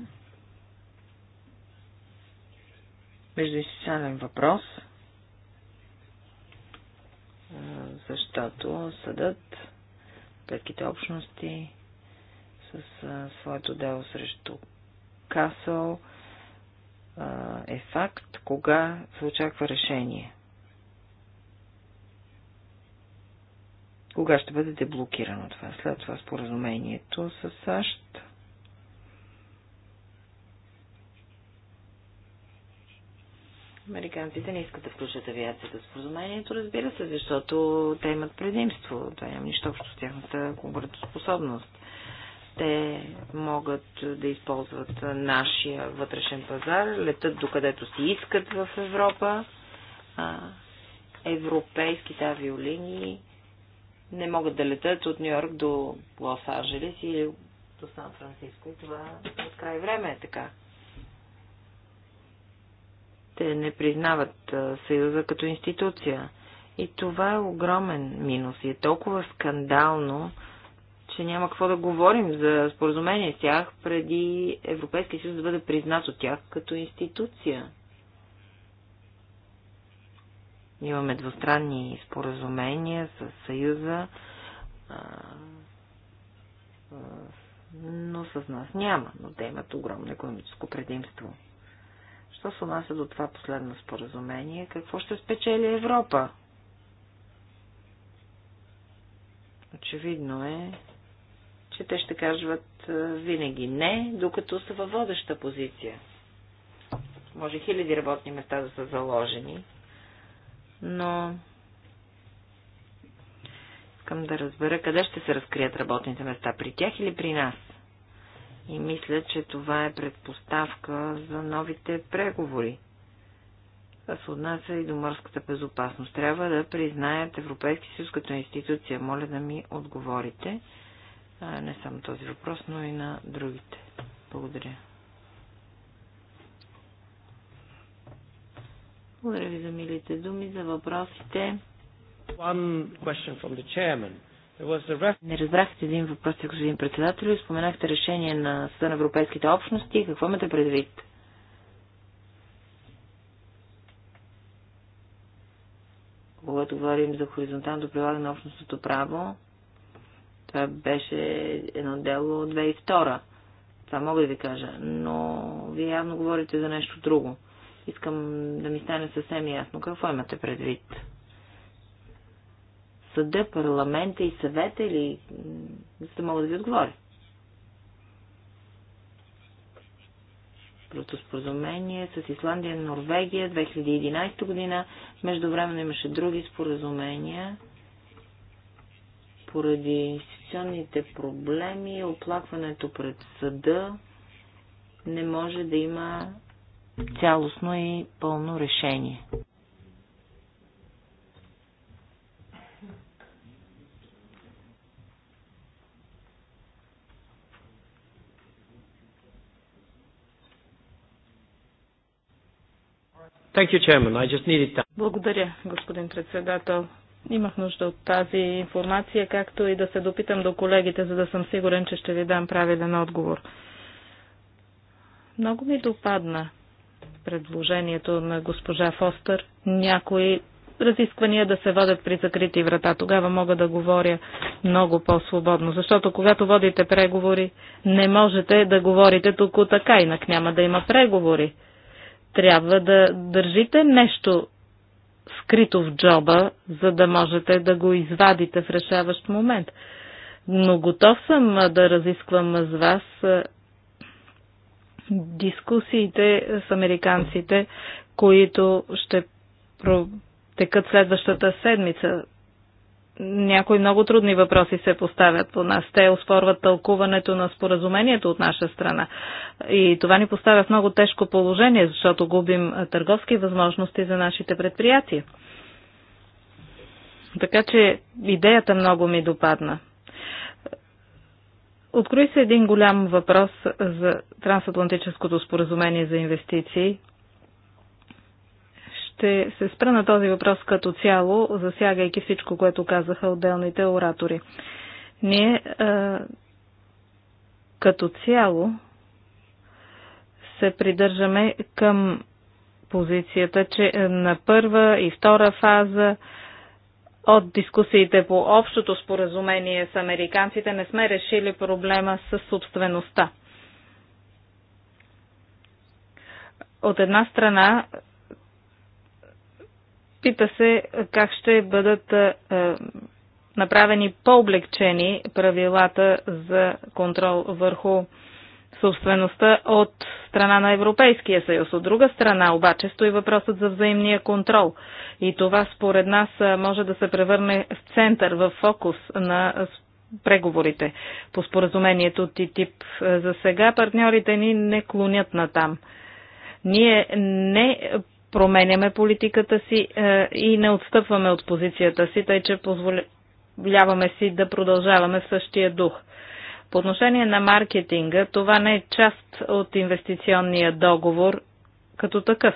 Междуинституционален въпрос, защото съдът Петките общности с а, своето дело срещу Касъл а, е факт, кога се очаква решение. Кога ще бъде деблокирано това? След това споразумението с САЩ Американците не искат да включат авиацията в споразумението, разбира се, защото те имат предимство. Това няма нищо общо с тяхната конкурентоспособност. Те могат да използват нашия вътрешен пазар, летат докъдето си искат в Европа. А, европейските авиолинии не могат да летат от Нью Йорк до Лос Анджелес или до Сан Франциско и това от е край време е така. Те не признават Съюза като институция. И това е огромен минус и е толкова скандално, че няма какво да говорим за споразумение с тях преди Европейския съюз да бъде признат от тях като институция. Имаме двустранни споразумения с Съюза, но с нас няма, но те имат огромно економическо предимство. Що се отнася до това последно споразумение? Какво ще спечели Европа? Очевидно е, че те ще кажат е, винаги не, докато са във водеща позиция. Може хиляди работни места да са заложени, но искам да разбера къде ще се разкрият работните места, при тях или при нас. И мисля, че това е предпоставка за новите преговори. Това се отнася и до морската безопасност. Трябва да признаят Европейски съюз като институция. Моля да ми отговорите. не само този въпрос, но и на другите. Благодаря. Благодаря ви за милите думи, за въпросите. One question from the chairman. Не разбрахте един въпрос, господин председател. Споменахте решение на Съда на Европейските общности. Какво имате предвид? Когато говорим за хоризонтално прилагане на общностното право, това беше едно дело от 2002. Това мога да ви кажа, но вие явно говорите за нещо друго. Искам да ми стане съвсем ясно. Какво имате предвид? съда, парламента и съвета или за да мога да ви отговоря. Прото споразумение с Исландия и Норвегия 2011 година. Междувременно имаше други споразумения поради институционните проблеми, оплакването пред съда не може да има цялостно и пълно решение. Thank you, Chairman. I just needed that. Благодаря, господин председател. Имах нужда от тази информация, както и да се допитам до колегите, за да съм сигурен, че ще ви дам правилен отговор. Много ми допадна предложението на госпожа Фостър някои разисквания да се водят при закрити врата. Тогава мога да говоря много по-свободно, защото когато водите преговори, не можете да говорите тук така, инак няма да има преговори трябва да държите нещо скрито в джоба, за да можете да го извадите в решаващ момент. Но готов съм да разисквам с вас дискусиите с американците, които ще протекат следващата седмица някои много трудни въпроси се поставят по нас. Те оспорват тълкуването на споразумението от наша страна. И това ни поставя в много тежко положение, защото губим търговски възможности за нашите предприятия. Така че идеята много ми допадна. Открои се един голям въпрос за трансатлантическото споразумение за инвестиции – ще се спра на този въпрос като цяло, засягайки всичко, което казаха отделните оратори. Ние а, е, като цяло се придържаме към позицията, че на първа и втора фаза от дискусиите по общото споразумение с американците не сме решили проблема с собствеността. От една страна Пита се е, как ще бъдат е, е, направени по-облегчени правилата за контрол върху собствеността от страна на Европейския съюз. От друга страна обаче стои въпросът за взаимния контрол. И това според нас може да се превърне в център, в фокус на преговорите по споразумението ТИТИП. За сега партньорите ни не клонят на там. Ние не променяме политиката си е, и не отстъпваме от позицията си, тъй че позволяваме си да продължаваме в същия дух. По отношение на маркетинга, това не е част от инвестиционния договор като такъв.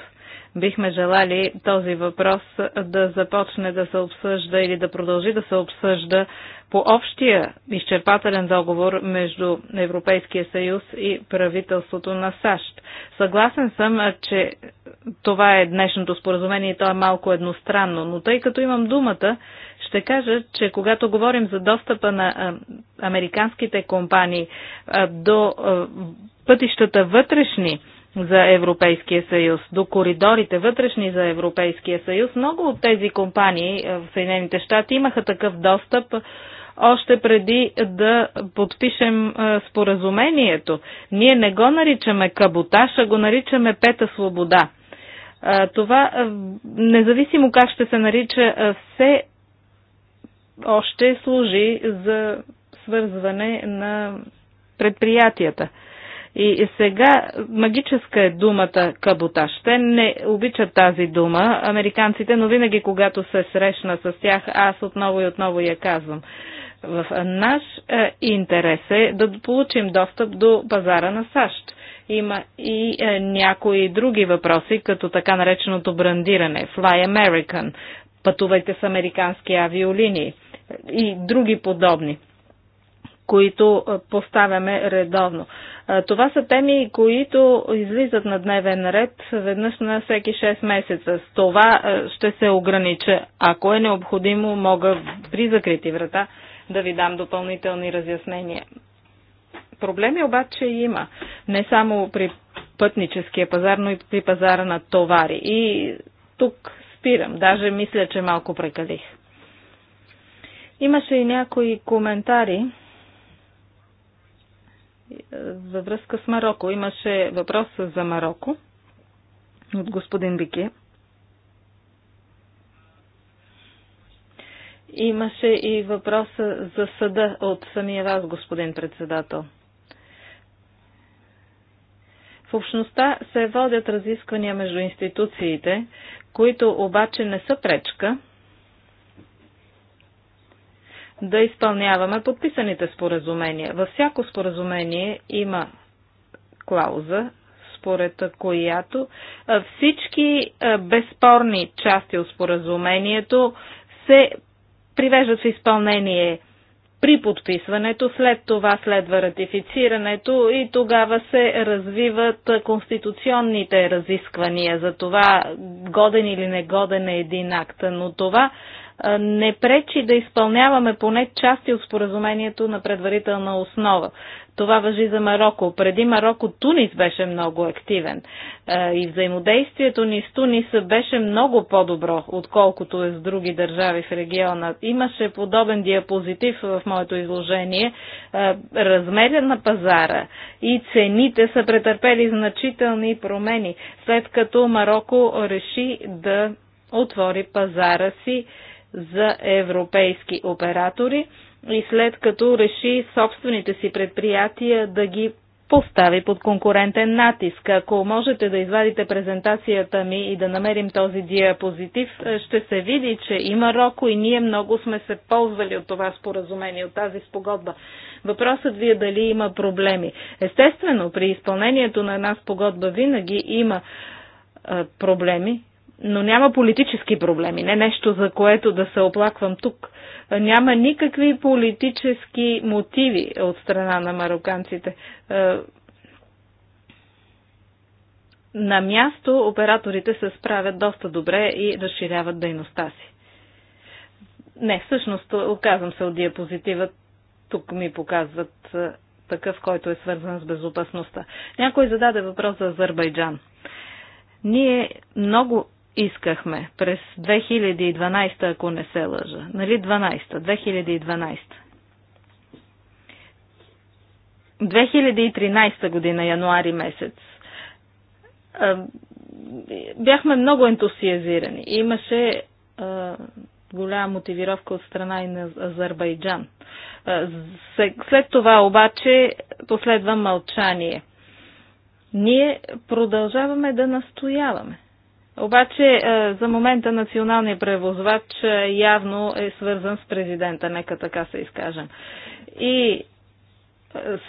Бихме желали този въпрос да започне да се обсъжда или да продължи да се обсъжда по общия изчерпателен договор между Европейския съюз и правителството на САЩ. Съгласен съм, че това е днешното споразумение и то е малко едностранно, но тъй като имам думата, ще кажа, че когато говорим за достъпа на американските компании до пътищата вътрешни, за Европейския съюз, до коридорите вътрешни за Европейския съюз. Много от тези компании в Съединените щати имаха такъв достъп още преди да подпишем споразумението. Ние не го наричаме каботаж, а го наричаме пета свобода. Това, независимо как ще се нарича, все още служи за свързване на предприятията. И сега магическа е думата каботаж. Те не обичат тази дума, американците, но винаги когато се срещна с тях, аз отново и отново я казвам. В наш е, интерес е да получим достъп до пазара на САЩ. Има и е, някои други въпроси, като така нареченото брандиране, Fly American, пътувайте с американски авиолинии и други подобни които е, поставяме редовно. Това са теми, които излизат на дневен ред веднъж на всеки 6 месеца. С това ще се огранича. Ако е необходимо, мога при закрити врата да ви дам допълнителни разяснения. Проблеми обаче има. Не само при пътническия пазар, но и при пазара на товари. И тук спирам. Даже мисля, че малко прекалих. Имаше и някои коментари е, във връзка с Марокко. Имаше въпрос за Марокко от господин Бикия. Имаше и въпроса за съда от самия вас, господин председател. В общността се водят разисквания между институциите, които обаче не са пречка да изпълняваме подписаните споразумения. Във всяко споразумение има клауза, според която всички безспорни части от споразумението се привеждат в изпълнение при подписването, след това следва ратифицирането и тогава се развиват конституционните разисквания за това годен или негоден е един акт. Но това не пречи да изпълняваме поне части от споразумението на предварителна основа. Това въжи за Марокко. Преди Марокко Тунис беше много активен е, и взаимодействието ни с Тунис беше много по-добро, отколкото е с други държави в региона. Имаше подобен диапозитив в моето изложение. Е, Размерът на пазара и цените са претърпели значителни промени, след като Марокко реши да отвори пазара си за европейски оператори и след като реши собствените си предприятия да ги постави под конкурентен натиск. Ако можете да извадите презентацията ми и да намерим този диапозитив, е, ще се види, че има Марокко и ние много сме се ползвали от това споразумение, от тази спогодба. Въпросът ви е дали има проблеми. Естествено, при изпълнението на една спогодба винаги има е, проблеми, но няма политически проблеми, не нещо за което да се оплаквам тук няма никакви политически мотиви от страна на мароканците. Е, на място операторите се справят доста добре и разширяват дейността си. Не, всъщност, оказвам се от диапозитива. Тук ми показват е, такъв, който е свързан с безопасността. Някой зададе въпрос за Азербайджан. Ние много искахме през 2012, ако не се лъжа. Нали 12, 2012. 2013 година, януари месец. Бяхме много ентусиазирани. Имаше голяма мотивировка от страна и на Азербайджан. След това обаче последва мълчание. Ние продължаваме да настояваме. Обаче е, за момента националният превозвач е, явно е свързан с президента, нека така се изкажем. И е,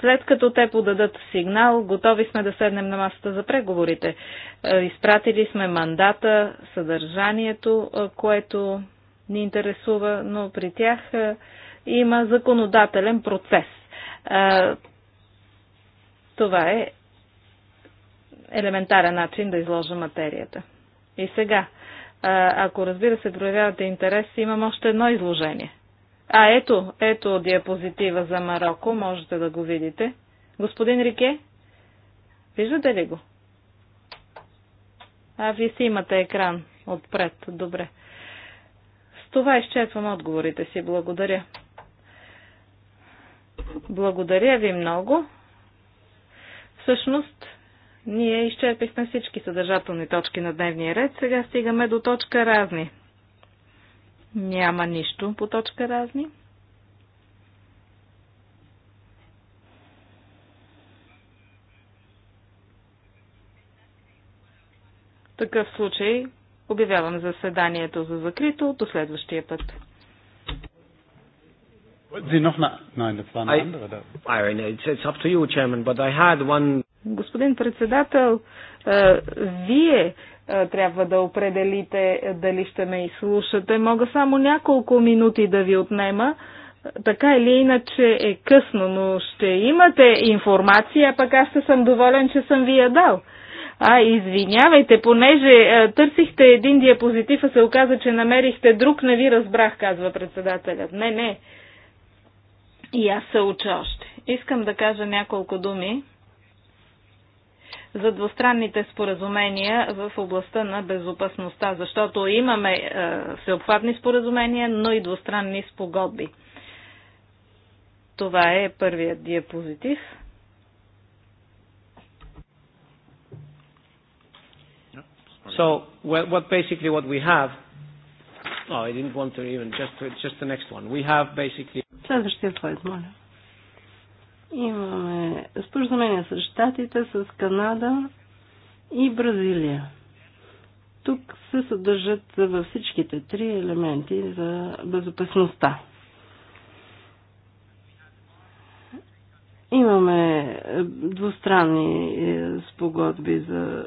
след като те подадат сигнал, готови сме да седнем на масата за преговорите. Изпратили сме мандата, съдържанието, което ни интересува, но при тях има законодателен процес. Това е елементарен начин да изложа материята. И сега, ако разбира се проявявате интерес, имам още едно изложение. А ето, ето диапозитива за Марокко, можете да го видите. Господин Рике, виждате ли го? А, вие си имате екран отпред, добре. С това изчерпвам отговорите си, благодаря. Благодаря ви много. Всъщност, ние изчерпихме всички съдържателни точки на дневния ред. Сега стигаме до точка разни. Няма нищо по точка разни. В такъв случай обявявам заседанието за закрито до следващия път. Sie noch eine? Nein, das war eine andere. I, I, it's up to you, Chairman, but I had one. Господин председател, вие трябва да определите дали ще ме изслушате. Мога само няколко минути да ви отнема. Така или иначе е късно, но ще имате информация, пък аз ще съм доволен, че съм ви я дал. А, извинявайте, понеже търсихте един диапозитив, а се оказа, че намерихте друг, не ви разбрах, казва председателят. Не, не. И аз се уча още. Искам да кажа няколко думи за двустранните споразумения в областта на безопасността, защото имаме е, всеобхватни споразумения, но и двустранни спогодби. Това е първият диапозитив. So what, what basically what we have Oh, I didn't want to even just to, just the next one. We have basically Следващия слайд, моля. Имаме споразумение с Штатите, с Канада и Бразилия. Тук се съдържат във всичките три елементи за безопасността. Имаме двустранни е, спогодби за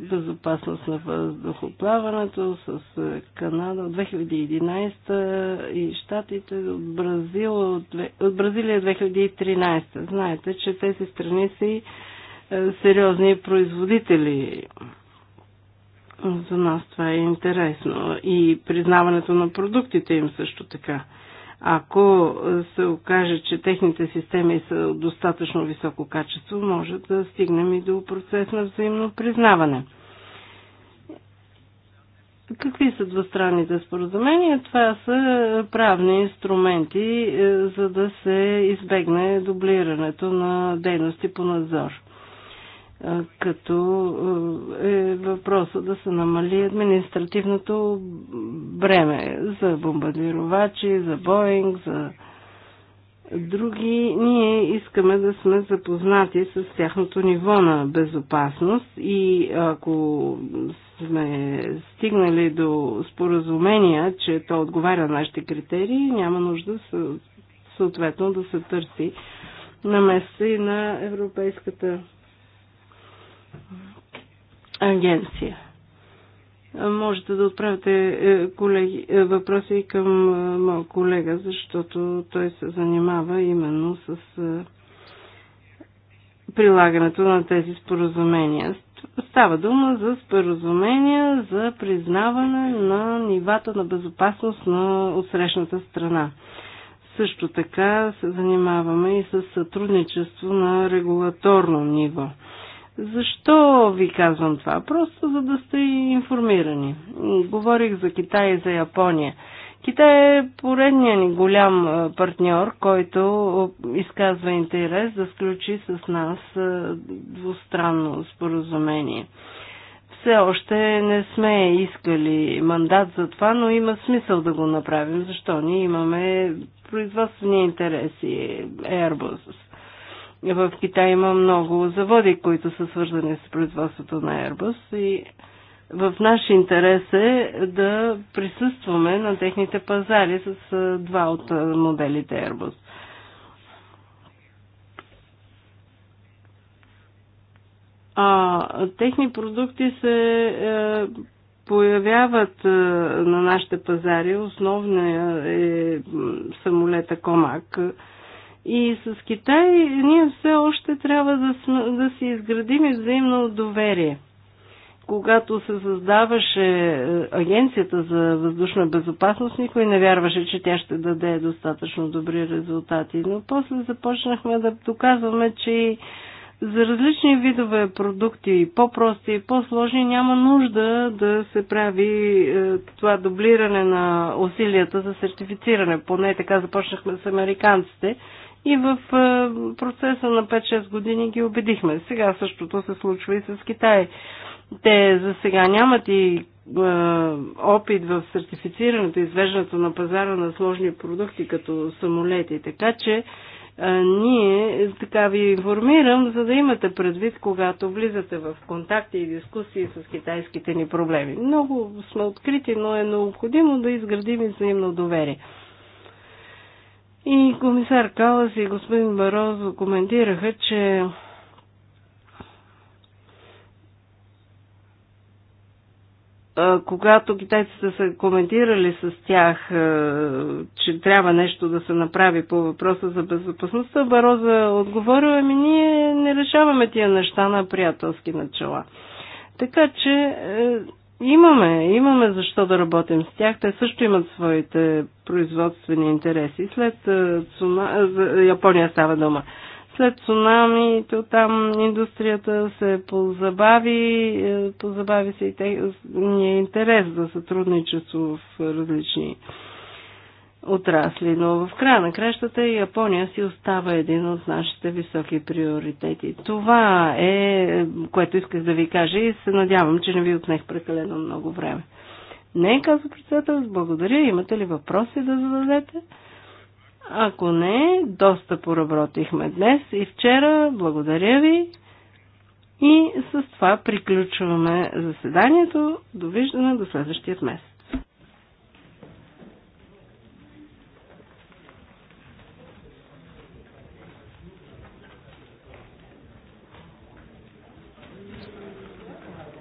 безопасност на въздухоплаването с е, Канада от 2011 и Штатите от, Бразил, от Бразилия 2013. Знаете, че тези страни са и е, сериозни производители. За нас това е интересно. И признаването на продуктите им също така. Ако се окаже, че техните системи са достатъчно високо качество, може да стигнем и до процес на взаимно признаване. Какви са двустранните споразумения? Това са правни инструменти, е, за да се избегне дублирането на дейности по надзор като е въпроса да се намали административното бреме за бомбардировачи, за Боинг, за други. Ние искаме да сме запознати с тяхното ниво на безопасност и ако сме стигнали до споразумения, че то отговаря на нашите критерии, няма нужда съответно да се търси на места и на Европейската агенция. Можете да отправите е, колеги, е, въпроси към е, моя колега, защото той се занимава именно с прилагането на тези споразумения. Става дума за споразумения за признаване на нивата на безопасност на отсрещната страна. Също така се занимаваме и с сътрудничество на регулаторно ниво – защо ви казвам това? Просто за да сте информирани. Говорих за Китай и за Япония. Китай е поредният ни голям партньор, който изказва интерес да сключи с нас двустранно споразумение. Все още не сме искали мандат за това, но има смисъл да го направим, защо ние имаме производствени интереси, Airbus, в Китай има много заводи, които са свързани с производството на Airbus и в наш интерес е да присъстваме на техните пазари с два от моделите Airbus. А, техни продукти се е, появяват е, на нашите пазари. Основният е самолета Комак. Е, и с Китай ние все още трябва да, сме, да си изградим и взаимно доверие. Когато се създаваше е, Агенцията за въздушна безопасност, никой не вярваше, че тя ще даде достатъчно добри резултати. Но после започнахме да доказваме, че и за различни видове продукти, по-прости и по-сложни, няма нужда да се прави е, това дублиране на усилията за сертифициране. Поне така започнахме с американците и в е, процеса на 5-6 години ги убедихме. Сега същото се случва и с Китай. Те за сега нямат и е, опит в сертифицирането, извеждането на пазара на сложни продукти, като самолети. Така че е, ние така ви информирам, за да имате предвид, когато влизате в контакти и дискусии с китайските ни проблеми. Много сме открити, но е необходимо да изградим взаимно доверие. И комисар Калас и господин Барозо коментираха, че когато китайците са коментирали с тях, че трябва нещо да се направи по въпроса за безопасността, Бароза е отговорила, ами ние не решаваме тия неща на приятелски начала. Така че е, Имаме, имаме защо да работим с тях. Те също имат своите производствени интереси. След е, цуна... Е, за Япония става дома. След цунамито там индустрията се позабави, е, позабави се и техния интерес за сътрудничество в различни отрасли, но в края на кращата Япония си остава един от нашите високи приоритети. Това е, което исках да ви кажа и се надявам, че не ви отнех прекалено много време. Не, казва председател, благодаря. Имате ли въпроси да зададете? Ако не, доста поработихме днес и вчера. Благодаря ви. И с това приключваме заседанието. Довиждане до следващия месец.